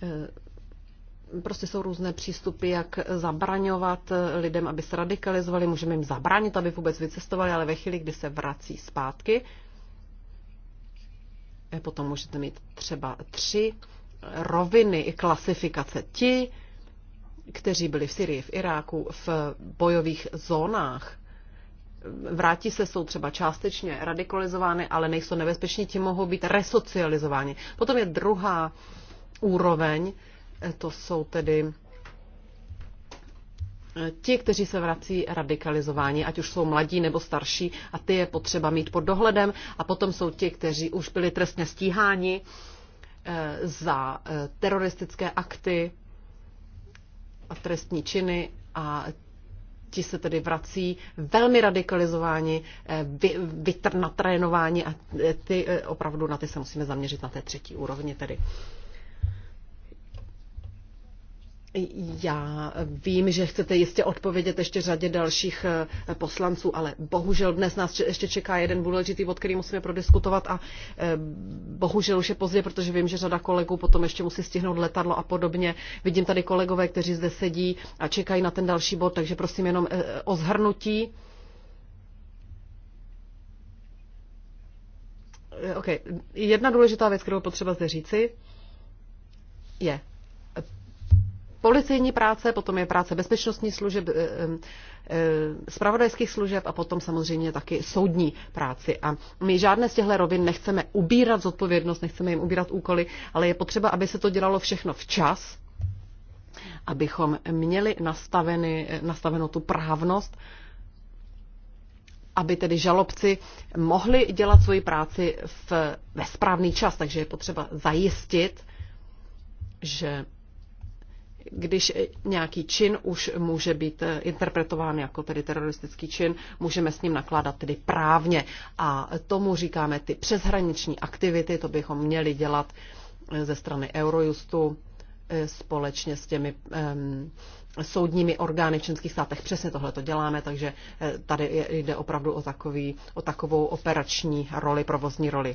Eh, prostě jsou různé přístupy, jak zabraňovat eh, lidem, aby se radikalizovali. Můžeme jim zabránit, aby vůbec vycestovali, ale ve chvíli, kdy se vrací zpátky, potom můžete mít třeba tři roviny klasifikace. Ti, kteří byli v Syrii, v Iráku, v bojových zónách, vrátí se, jsou třeba částečně radikalizovány, ale nejsou nebezpeční, ti mohou být resocializováni. Potom je druhá úroveň, to jsou tedy eh, ti, kteří se vrací radikalizováni, ať už jsou mladí nebo starší, a ty je potřeba mít pod dohledem. A potom jsou ti, kteří už byli trestně stíháni eh, za eh, teroristické akty, a trestní činy a ti se tedy vrací velmi radikalizováni, eh, vy, vytr, natrénováni a eh, ty eh, opravdu na ty se musíme zaměřit na té třetí úrovni tedy. Já vím, že chcete jistě odpovědět ještě řadě dalších eh, poslanců, ale bohužel dnes nás ještě čeká jeden důležitý bod, který musíme prodiskutovat a eh, bohužel už je pozdě, protože vím, že řada kolegů potom ještě musí stihnout letadlo a podobně. Vidím tady kolegové, kteří zde sedí a čekají na ten další bod, takže prosím jenom eh, o zhrnutí. Okay. Jedna důležitá věc, kterou potřeba zde říci, je, policejní práce, potom je práce bezpečnostních služeb, spravodajských eh, eh, eh, služeb a potom samozřejmě taky soudní práci. A my žádné z těchto rovin nechceme ubírat zodpovědnost, nechceme jim ubírat úkoly, ale je potřeba, aby se to dělalo všechno včas, abychom měli nastaveny, nastavenou tu právnost, aby tedy žalobci mohli dělat svoji práci v, ve správný čas. Takže je potřeba zajistit, že když nějaký čin už může být eh, interpretován jako tedy teroristický čin, můžeme s ním nakládat tedy právně. A tomu říkáme ty přeshraniční aktivity, to bychom měli dělat eh, ze strany Eurojustu eh, společně s těmi um, soudními orgány v členských státech. Přesně tohle to děláme, takže tady jde opravdu o, takový, o takovou operační roli, provozní roli.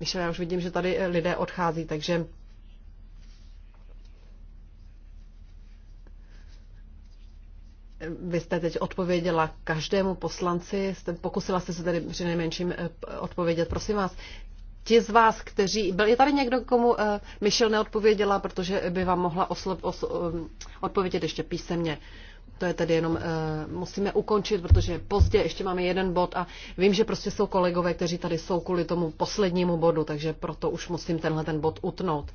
Myšel, já už vidím, že tady eh, lidé odchází, takže Vy jste teď odpověděla každému poslanci, jste, pokusila jste se tedy při nejmenším eh, odpovědět. Prosím vás, ti z vás, kteří... Byl je tady někdo, komu uh, eh, Michelle neodpověděla, protože by vám mohla oslo, os, um, odpovědět ještě písemně. To je tedy jenom, uh, musíme ukončit, protože je pozdě, ještě máme jeden bod a vím, že prostě jsou kolegové, kteří tady jsou kvůli tomu poslednímu bodu, takže proto už musím tenhle ten bod utnout.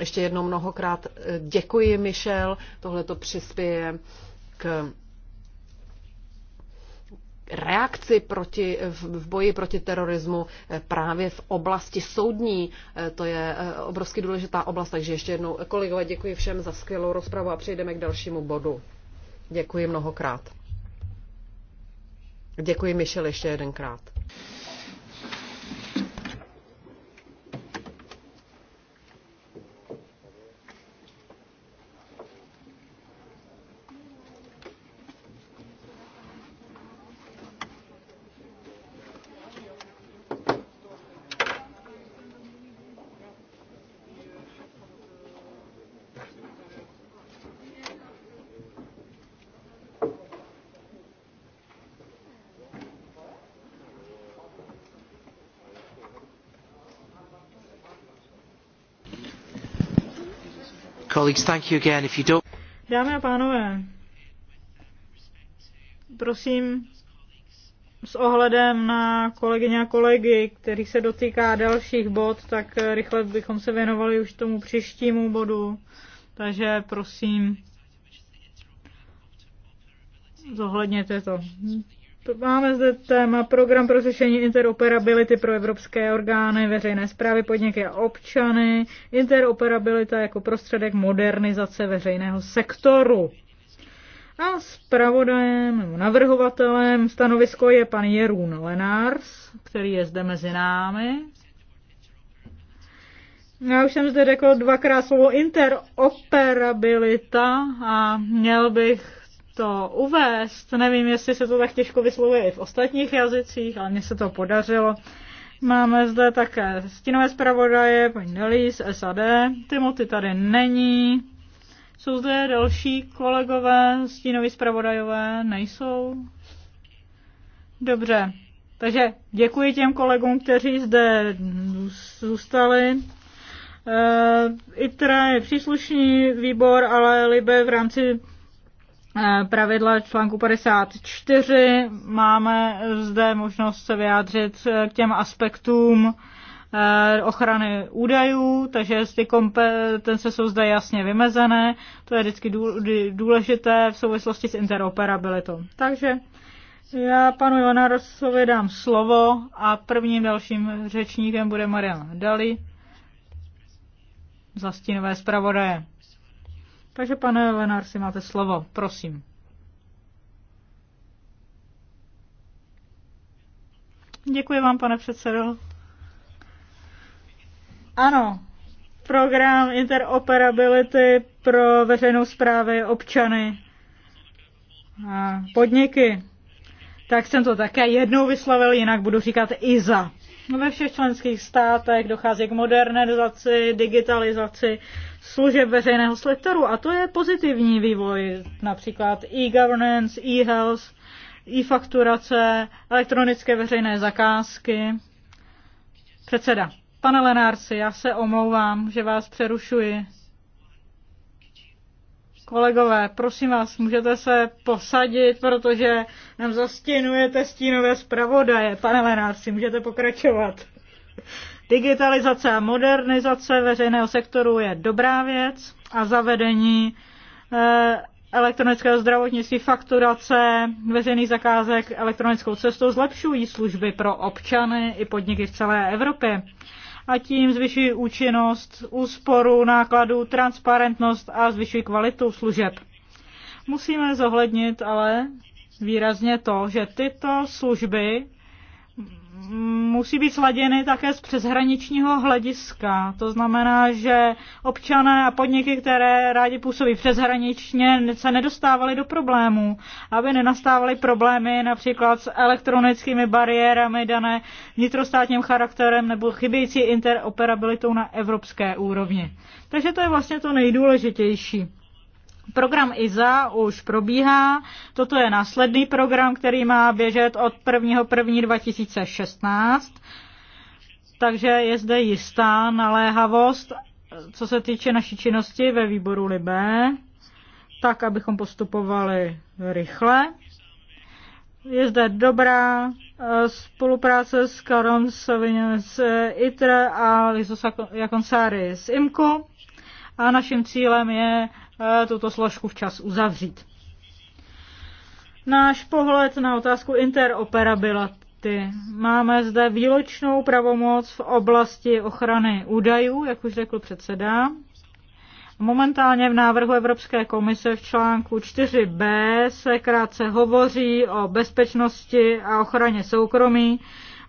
Ještě jednou mnohokrát eh, děkuji, Michel, tohle to přispěje k reakci proti, v boji proti terorismu eh, právě v oblasti soudní. To je obrovsky důležitá oblast, takže ještě jednou kolegové děkuji všem za skvělou rozpravu a přejdeme k dalšímu bodu. Děkuji mnohokrát. Děkuji Michel ještě jedenkrát. Dámy a pánové, prosím s ohledem na kolegyně a kolegy, který se dotýká dalších bod, tak rychle bychom se věnovali už tomu příštímu bodu. Takže prosím, zohledněte to. Máme zde téma program pro řešení interoperability pro evropské orgány, veřejné zprávy, podniky a občany. Interoperabilita jako prostředek modernizace veřejného sektoru. A zpravodajem, navrhovatelem stanovisko je pan Jerún Lenars, který je zde mezi námi. Já už jsem zde řekl dvakrát slovo interoperabilita a měl bych to uvést. Nevím, jestli se to tak těžko vyslovuje i v ostatních jazycích, ale mně se to podařilo. Máme zde také stínové zpravodaje, paní Deli z SAD, Timothy tady není. Jsou zde další kolegové, stínoví zpravodajové, nejsou? Dobře, takže děkuji těm kolegům, kteří zde zůstali. Uh, ITRA je příslušný výbor, ale Libe v rámci Eh, pravidla článku 54. Máme zde možnost se vyjádřit eh, k těm aspektům eh, ochrany údajů, takže ty kompetence jsou zde jasně vymezené. To je vždycky důležité v souvislosti s interoperabilitou. Takže já panu Jonarosovi dám slovo a prvním dalším řečníkem bude Marian Dali, zastínové zpravodaje. Takže pane Lenár, si máte slovo, prosím. Děkuji vám, pane předsedo. Ano, program interoperability pro veřejnou zprávy, občany a podniky. Tak jsem to také jednou vyslovil, jinak budu říkat IZA. No, ve všech členských státech dochází k modernizaci, digitalizaci služeb veřejného sektoru a to je pozitivní vývoj, například e-governance, e-health, e-fakturace, elektronické veřejné zakázky. Předseda, pane Lenárci, já se omlouvám, že vás přerušuji. Kolegové, prosím vás, můžete se posadit, protože nám zastěnujete stínové zpravodaje. Pane Lenárci, můžete pokračovat. Digitalizace a modernizace veřejného sektoru je dobrá věc a zavedení eh, elektronického zdravotnictví, fakturace, veřejných zakázek elektronickou cestou zlepšují služby pro občany i podniky v celé Evropě a tím zvyšují účinnost, úsporu nákladů, transparentnost a zvyšují kvalitu služeb. Musíme zohlednit ale výrazně to, že tyto služby musí být sladěny také z přeshraničního hlediska. To znamená, že občané a podniky, které rádi působí přeshraničně, se nedostávaly do problémů, aby nenastávaly problémy například s elektronickými bariérami dané vnitrostátním charakterem nebo chybějící interoperabilitou na evropské úrovni. Takže to je vlastně to nejdůležitější. Program IZA už probíhá. Toto je následný program, který má běžet od 1.1.2016. Takže je zde jistá naléhavost, co se týče naší činnosti ve výboru Libé, tak, abychom postupovali rychle. Je zde dobrá eh, spolupráce s Karom Savinem z ITRE a Lizo Jakonsáry z IMKU. A naším cílem je Eh, tuto složku včas uzavřít. Náš pohled na otázku interoperability. Máme zde výločnou pravomoc v oblasti ochrany údajů, jak už řekl předseda. Momentálně v návrhu Evropské komise v článku 4b se krátce hovoří o bezpečnosti a ochraně soukromí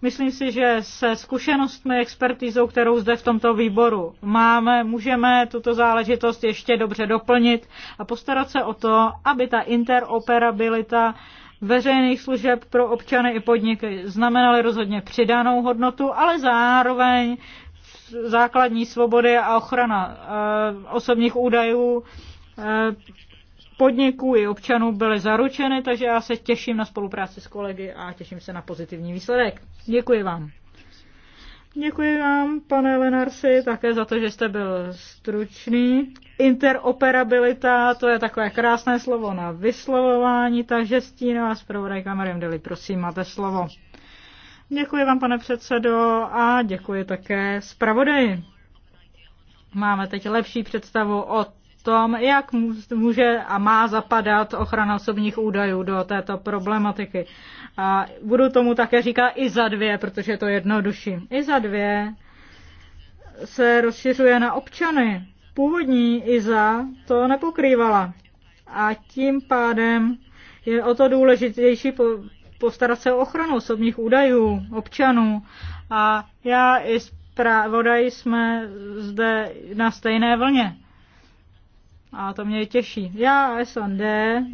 Myslím si, že se zkušenostmi, expertizou, kterou zde v tomto výboru máme, můžeme tuto záležitost ještě dobře doplnit a postarat se o to, aby ta interoperabilita veřejných služeb pro občany i podniky znamenaly rozhodně přidanou hodnotu, ale zároveň základní svobody a ochrana e, osobních údajů e, podniků i občanů byly zaručeny, takže já se těším na spolupráci s kolegy a těším se na pozitivní výsledek. Děkuji vám. Děkuji vám, pane Lenarsi, také za to, že jste byl stručný. Interoperabilita, to je takové krásné slovo na vyslovování, takže stínová zpravodaj Mariam Deli, prosím, máte slovo. Děkuji vám, pane předsedo, a děkuji také zpravodaji. Máme teď lepší představu o tom, jak může a má zapadat ochrana osobních údajů do této problematiky. A budu tomu také říkat i za dvě, protože je to jednodušší. I za dvě se rozšiřuje na občany. Původní IZA to nepokrývala. A tím pádem je o to důležitější postarat se o ochranu osobních údajů občanů. A já i zpravodaj jsme zde na stejné vlně. A to mě těší. Já a SND e,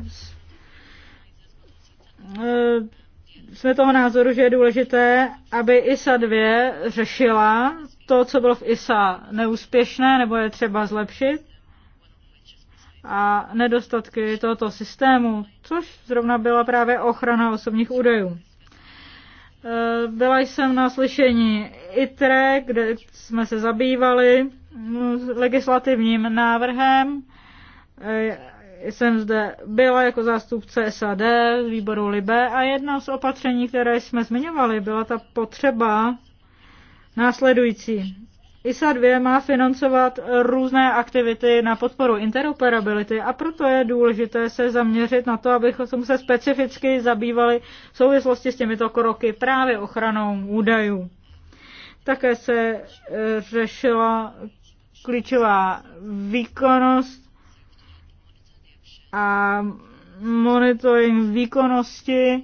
jsme toho názoru, že je důležité, aby ISA 2 řešila to, co bylo v ISA neúspěšné nebo je třeba zlepšit a nedostatky tohoto systému, což zrovna byla právě ochrana osobních údajů. E, byla jsem na slyšení ITRE, kde jsme se zabývali mm, legislativním návrhem jsem zde byla jako zástupce SAD z výboru Libe a jedno z opatření, které jsme zmiňovali, byla ta potřeba následující. ISA 2 má financovat různé aktivity na podporu interoperability a proto je důležité se zaměřit na to, abychom se specificky zabývali v souvislosti s těmito kroky právě ochranou údajů. Také se eh, řešila klíčová výkonnost a monitoring výkonnosti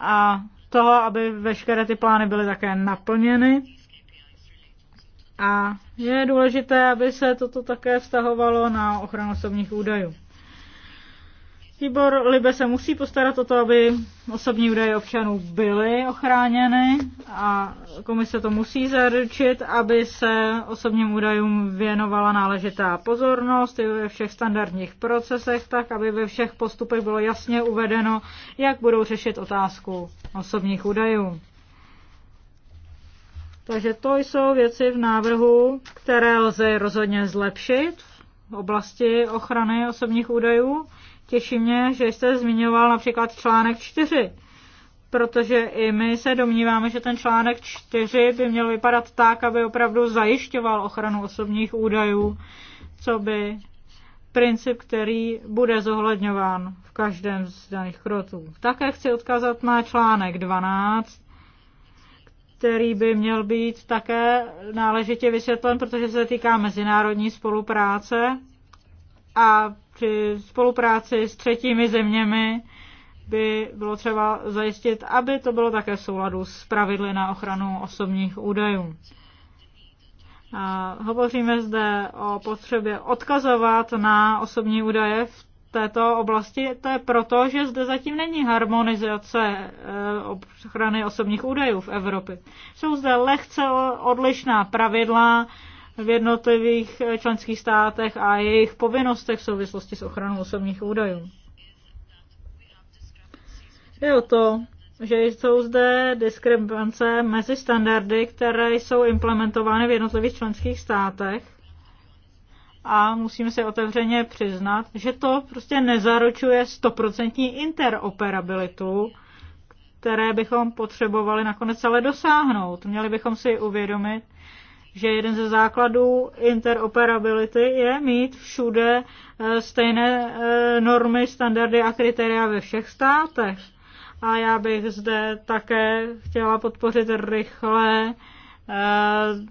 a toho, aby veškeré ty plány byly také naplněny. A je důležité, aby se toto také vztahovalo na ochranu osobních údajů. Výbor Libe se musí postarat o to, aby osobní údaje občanů byly ochráněny a komise to musí zaručit, aby se osobním údajům věnovala náležitá pozornost i ve všech standardních procesech, tak aby ve všech postupech bylo jasně uvedeno, jak budou řešit otázku osobních údajů. Takže to jsou věci v návrhu, které lze rozhodně zlepšit v oblasti ochrany osobních údajů. Těší mě, že jste zmiňoval například článek 4, protože i my se domníváme, že ten článek 4 by měl vypadat tak, aby opravdu zajišťoval ochranu osobních údajů, co by princip, který bude zohledňován v každém z daných krotů. Také chci odkazat na článek 12, který by měl být také náležitě vysvětlen, protože se týká mezinárodní spolupráce a při spolupráci s třetími zeměmi by bylo třeba zajistit, aby to bylo také v souladu s pravidly na ochranu osobních údajů. A hovoříme zde o potřebě odkazovat na osobní údaje v této oblasti. To je proto, že zde zatím není harmonizace e, ochrany osobních údajů v Evropě. Jsou zde lehce odlišná pravidla v jednotlivých eh, členských státech a jejich povinnostech v souvislosti s ochranou osobních údajů. Je o to, že jsou zde diskrepance mezi standardy, které jsou implementovány v jednotlivých členských státech a musíme si otevřeně přiznat, že to prostě nezaručuje stoprocentní interoperabilitu, které bychom potřebovali nakonec ale dosáhnout. Měli bychom si uvědomit, že jeden ze základů interoperability je mít všude eh, stejné eh, normy, standardy a kritéria ve všech státech. A já bych zde také chtěla podpořit rychlé eh,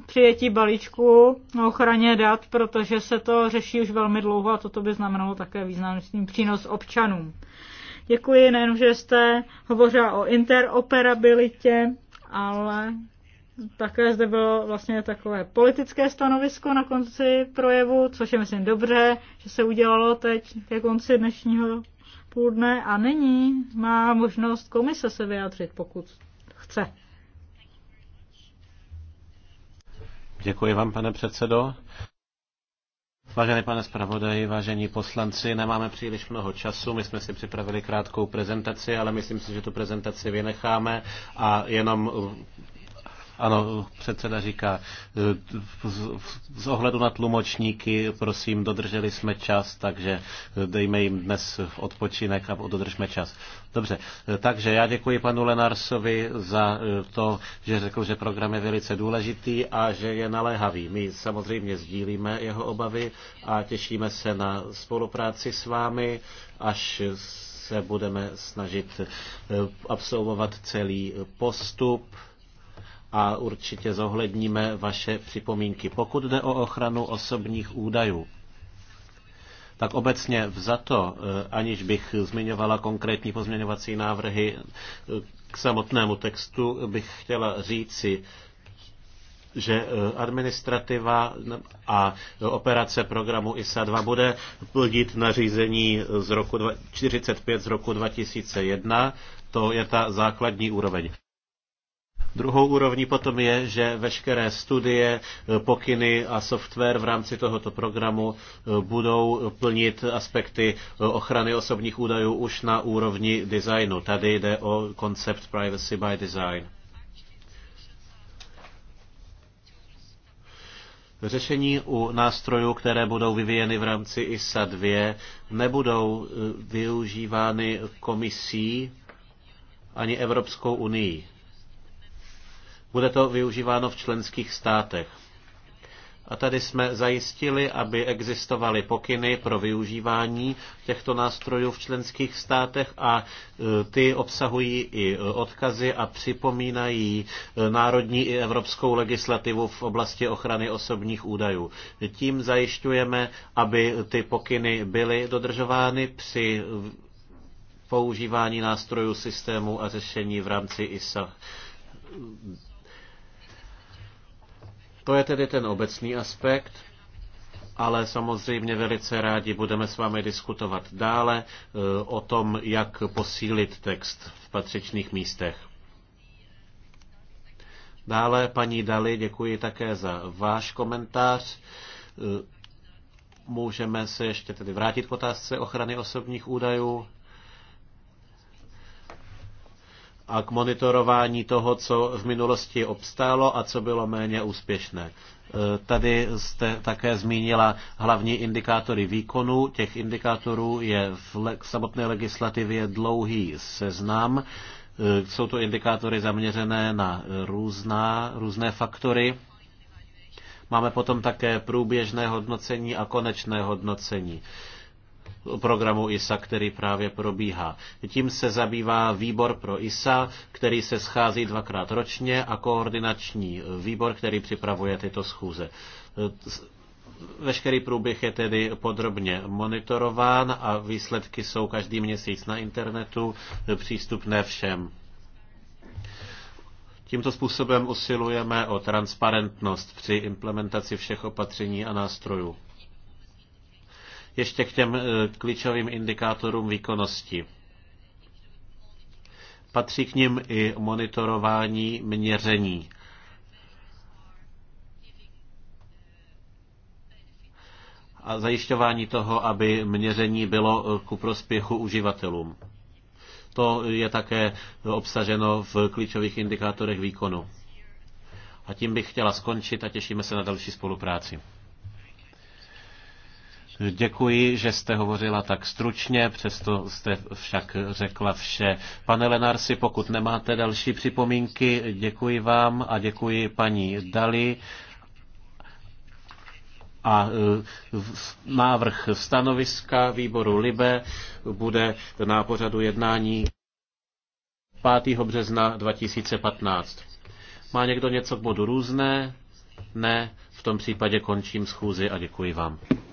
přijetí balíčku o ochraně dat, protože se to řeší už velmi dlouho a toto by znamenalo také významný přínos občanům. Děkuji nejenom, že jste hovořila o interoperabilitě, ale také zde bylo vlastně takové politické stanovisko na konci projevu, což je myslím dobře, že se udělalo teď ke konci dnešního půl dne a nyní má možnost komise se vyjádřit, pokud chce. Děkuji vám, pane předsedo. Vážený pane zpravodaji, vážení poslanci, nemáme příliš mnoho času, my jsme si připravili krátkou prezentaci, ale myslím si, že tu prezentaci vynecháme a jenom ano, předseda říká, e, z ohledu na tlumočníky, prosím, dodrželi jsme čas, takže e, dejme jim dnes odpočinek a dodržme čas. Dobře, e, takže já děkuji panu Lenarsovi za to, že řekl, že program je velice důležitý a že je naléhavý. My samozřejmě sdílíme jeho obavy a těšíme se na spolupráci s vámi, až se budeme snažit absolvovat celý postup a určitě zohledníme vaše připomínky. Pokud jde o ochranu osobních údajů, tak obecně vzato, eh, aniž bych zmiňovala konkrétní pozměňovací návrhy eh, k samotnému textu, bych chtěla říci, že eh, administrativa a operace programu ISA 2 bude plnit nařízení z roku 45 z roku 2001. To je ta základní úroveň. Druhou úrovní potom je, že veškeré studie, eh, pokyny a software v rámci tohoto programu eh, budou plnit aspekty eh, ochrany osobních údajů už na úrovni designu. Tady jde o koncept privacy by design. Řešení u nástrojů, které budou vyvíjeny v rámci ISA 2, nebudou využívány komisí ani Evropskou unii. Bude to využíváno v členských státech. A tady jsme zajistili, aby existovaly pokyny pro využívání těchto nástrojů v členských státech a e, ty obsahují i e, odkazy a připomínají e, národní i evropskou legislativu v oblasti ochrany osobních údajů. Tím zajišťujeme, aby ty pokyny byly dodržovány při používání nástrojů systému a řešení v rámci ISA to je tedy ten obecný aspekt, ale samozřejmě velice rádi budeme s vámi diskutovat dále e, o tom, jak posílit text v patřičných místech. Dále, paní Dali, děkuji také za váš komentář. E, můžeme se ještě tedy vrátit k otázce ochrany osobních údajů a k monitorování toho, co v minulosti obstálo a co bylo méně úspěšné. E, tady jste také zmínila hlavní indikátory výkonu. Těch indikátorů je v samotné legislativě dlouhý seznam. E, jsou to indikátory zaměřené na různá, různé faktory. Máme potom také průběžné hodnocení a konečné hodnocení programu ISA, který právě probíhá. Tím se zabývá výbor pro ISA, který se schází dvakrát ročně a koordinační výbor, který připravuje tyto schůze. Veškerý průběh je tedy podrobně monitorován a výsledky jsou každý měsíc na internetu přístupné všem. Tímto způsobem usilujeme o transparentnost při implementaci všech opatření a nástrojů. Ještě k těm eh, klíčovým indikátorům výkonnosti. Patří k nim i monitorování měření. a zajišťování toho, aby měření bylo eh, ku prospěchu uživatelům. To je také obsaženo v klíčových indikátorech výkonu. A tím bych chtěla skončit a těšíme se na další spolupráci. Děkuji, že jste hovořila tak stručně, přesto jste však řekla vše. Pane Lenarsi, pokud nemáte další připomínky, děkuji vám a děkuji paní Dali. A e, návrh stanoviska výboru Libe bude na pořadu jednání 5. března 2015. Má někdo něco k bodu různé? Ne, v tom případě končím schůzi a děkuji vám.